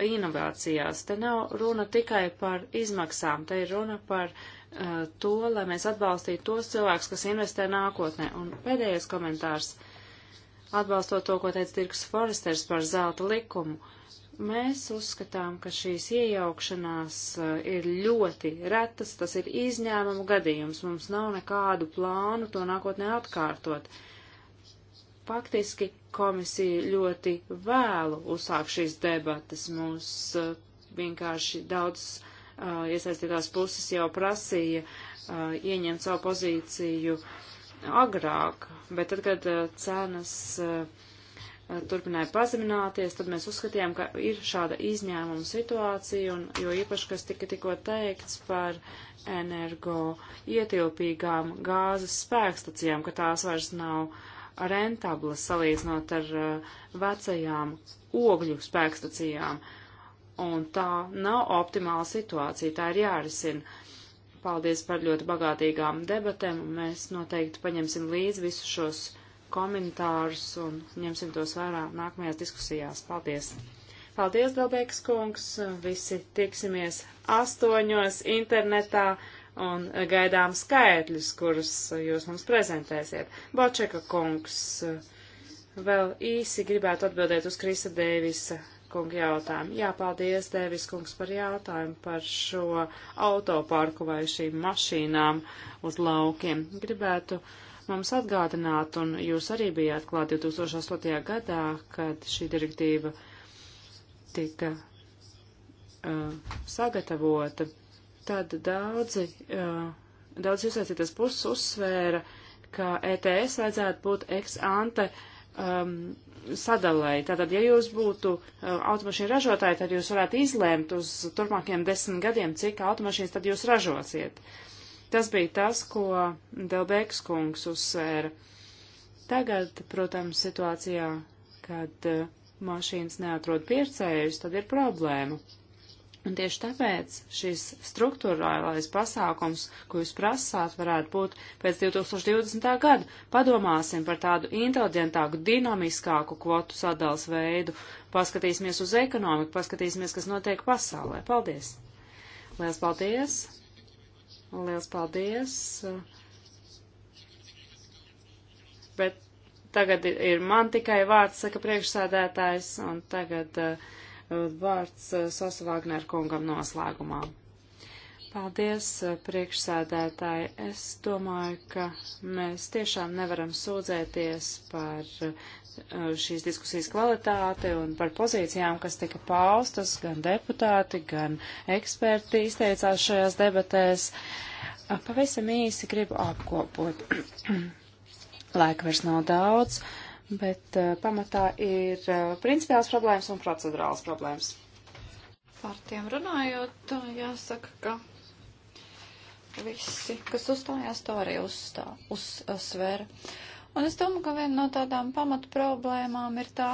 Speaker 3: inovācijās. Te nav runa tikai par izmaksām, te ir runa par uh, to, lai mēs atbalstītu tos cilvēkus, kas investē nākotnē. Un pēdējais komentārs, atbalstot to, ko teica Dirks Foresters par zelta likumu. Uh, Mēs uzskatām, ka šīs iejaukšanās eh, ir ļoti retas, tas ir izņēmumu gadījums, mums nav nekādu plānu to nākotnē atkārtot. Faktiski komisija ļoti vēlu uzsāk šīs debatas, mūs eh, vienkārši daudz uh, iesaistītās puses jau prasīja uh, ieņemt savu pozīciju agrāk, bet tad, kad uh, cenas. Uh, Eh, turpināja pazemināties, tad mēs uzskatījām, ka ir šāda izņēmuma situācija, un, jo īpaši, kas tika tikko teikts par energo ietilpīgām gāzes spēkstacijām, ka tās vairs nav rentablas salīdzinot ar uh, vecajām ogļu spēkstacijām, un tā nav optimāla situācija, tā ir jārisina. Paldies par ļoti bagātīgām debatēm, un mēs noteikti paņemsim līdzi visus šos komentārus un ņemsim tos vērā nākamajās diskusijās. Paldies! Paldies, Dalbēkas kungs! Visi tiksimies astoņos internetā un gaidām skaitļus, kurus jūs mums prezentēsiet. Bočeka kungs, vēl īsi gribētu atbildēt uz Krista Dēvisa kunga jautājumu. Jā, paldies, Dēvis kungs, par jautājumu par šo autoparku vai šīm mašīnām uz laukiem. Gribētu uh, mums atgādināt, un jūs arī bijāt klāt 2008. gadā, kad šī direktīva tika uh, sagatavota, tad daudzi, uh, daudz iesaistītas puses uzsvēra, ka ETS vajadzētu būt ex ante um, sadalēji. Tātad, ja jūs būtu uh, automašīnu ražotāji, tad jūs varētu izlēmt uz turpmākajiem desmit gadiem, cik automašīnas tad jūs ražosiet. Uh, Tas bija tas, ko Delbēks kungs uzsvēra. Tagad, protams, situācijā, kad uh, mašīnas neatrod pircējus, tad ir problēma. Un tieši tāpēc šis struktūrālais pasākums, ko jūs prasāt, varētu būt pēc 2020. gada. Padomāsim par tādu inteliģentāku, dinamiskāku kvotu sadals veidu, paskatīsimies uz ekonomiku, paskatīsimies, kas notiek pasaulē. Paldies! Lielas paldies! Liels paldies. Bet tagad ir man tikai vārds, saka priekšsēdētājs, un tagad uh, vārds uh, Sosa Vāgner kungam noslēgumā. Paldies, eh, priekšsēdētāji. Es domāju, ka mēs tiešām nevaram sūdzēties par eh, šīs diskusijas kvalitāti un par pozīcijām, kas tika paustas, gan deputāti, gan eksperti izteicās šajās debatēs. Pavisam īsi gribu apkopot. Laika vairs nav daudz, bet eh, pamatā ir principiāls problēmas un procedurāls problēmas.
Speaker 2: Par tiem runājot, jāsaka, ka visi, kas uzstājās, to arī uzstā, uzsver. Un es domāju, ka viena no tādām pamatu problēmām ir tā,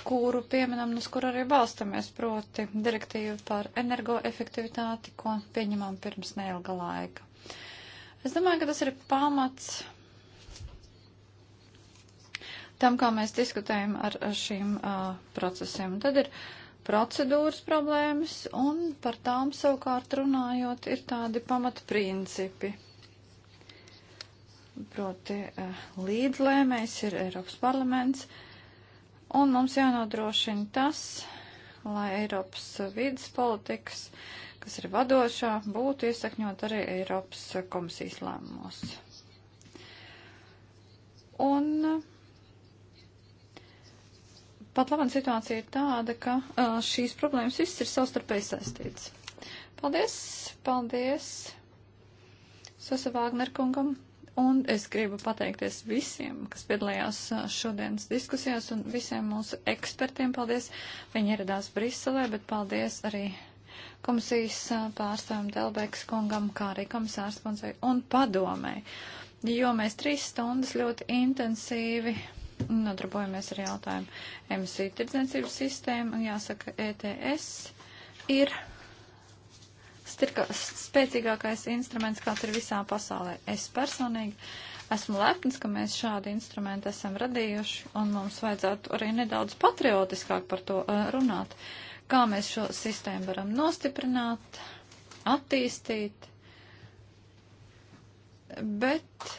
Speaker 2: kuru pieminam, uz kuru arī balstamies, proti direktīva par energoefektivitāti, ko pieņemam pirms neilga laika. Es domāju, ka tas ir pamats tam, kā mēs diskutējam ar šīm uh, procesiem. Tad ir uh, procedūras problēmas, un par tām savukārt runājot ir tādi pamatprincipi. Proti eh, līdzlēmējs ir Eiropas parlaments, un mums jānodrošina tas, lai Eiropas vidas politikas, kas ir vadošā, būtu iesakņot arī Eiropas komisijas lēmumos. Un Pat labāk situācija ir tāda, ka uh, šīs problēmas viss ir savstarpēji saistīts. Paldies, paldies Sosa Vāgnerkungam, un es gribu pateikties visiem, kas piedalījās šodienas diskusijās, un visiem mūsu ekspertiem paldies. Viņi ieradās Briselē, bet paldies arī komisijas pārstāvjiem Delbeks kungam, kā arī komisārs kundzei un padomē, jo mēs trīs stundas ļoti intensīvi nodarbojamies ar jautājumu emisiju tirdzniecības sistēmu. Un jāsaka, ETS ir stirka, spēcīgākais instruments, kāds ir visā pasaulē. Es personīgi esmu lepns, ka mēs šādu instrumentu esam radījuši, un mums vajadzētu arī nedaudz patriotiskāk par to uh, runāt. Kā mēs šo sistēmu varam nostiprināt, attīstīt, bet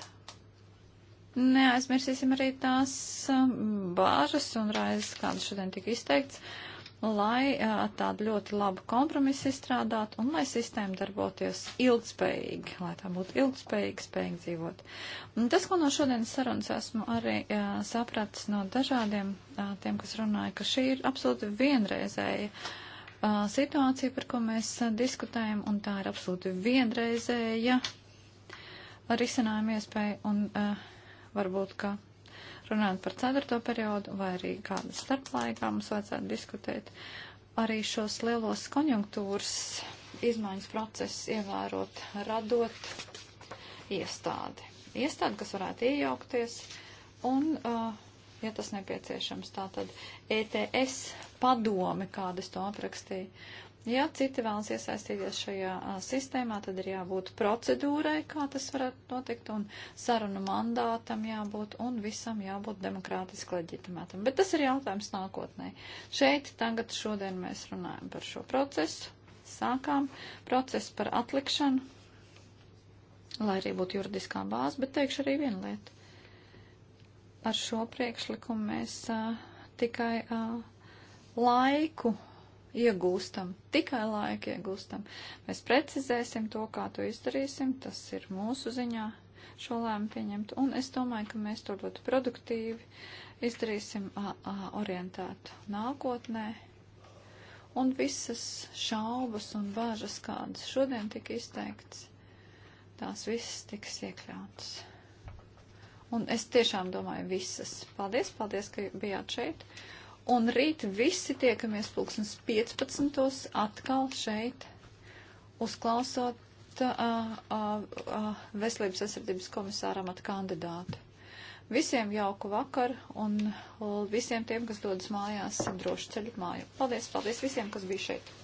Speaker 2: neaizmirsīsim arī tās um, bāžas un raizes, kādas šodien tika izteikts, lai uh, tādu ļoti labu kompromisu izstrādātu un lai sistēma darboties ilgspējīgi, lai tā būtu ilgspējīgi, spējīgi dzīvot. Un tas, ko no šodienas sarunas esmu arī jā, uh, sapratis no dažādiem jā, uh, tiem, kas runāja, ka šī ir absolūti vienreizēja situācija, par ko mēs diskutējam, un tā ir absolūti vienreizēja risinājuma iespēja. Un, uh, varbūt, ka runājot par ceturto periodu vai arī kādu starplaikā mums vajadzētu diskutēt arī šos lielos konjunktūras izmaiņas procesus ievērot, radot iestādi. Iestādi, kas varētu iejaukties un, uh, ja tas nepieciešams, tā tad ETS padome, kādas to aprakstīja. Ja citi vēlas iesaistīties šajā a, sistēmā, tad ir jābūt procedūrai, kā tas varētu notikt, un sarunu mandātam jābūt, un visam jābūt demokrātiski leģitimētam. Bet tas ir jautājums nākotnē. Šeit tagad šodien mēs runājam par šo procesu, sākām procesu par atlikšanu, lai arī būtu juridiskā bāze, bet teikšu arī vienu lietu. Ar šo priekšlikumu mēs a, tikai a, laiku iegūstam, tikai laika iegūstam. Mēs precizēsim to, kā to izdarīsim, tas ir mūsu ziņā šo lēmu pieņemt, un es domāju, ka mēs to ļoti produktīvi izdarīsim a, a, orientētu nākotnē. Un visas šaubas un bāžas, kādas šodien tika izteikts, tās visas tiks iekļautas. Un es tiešām domāju visas. Paldies, paldies, ka bijāt šeit. Un rīt visi tiekamies pulksnes 15. atkal šeit, uzklausot uh, uh, uh, veselības aizsardzības komisāra amata kandidātu. Visiem jauku vakaru un visiem tiem, kas dodas mājās, drošu ceļu māju. Paldies, paldies visiem, kas bija šeit!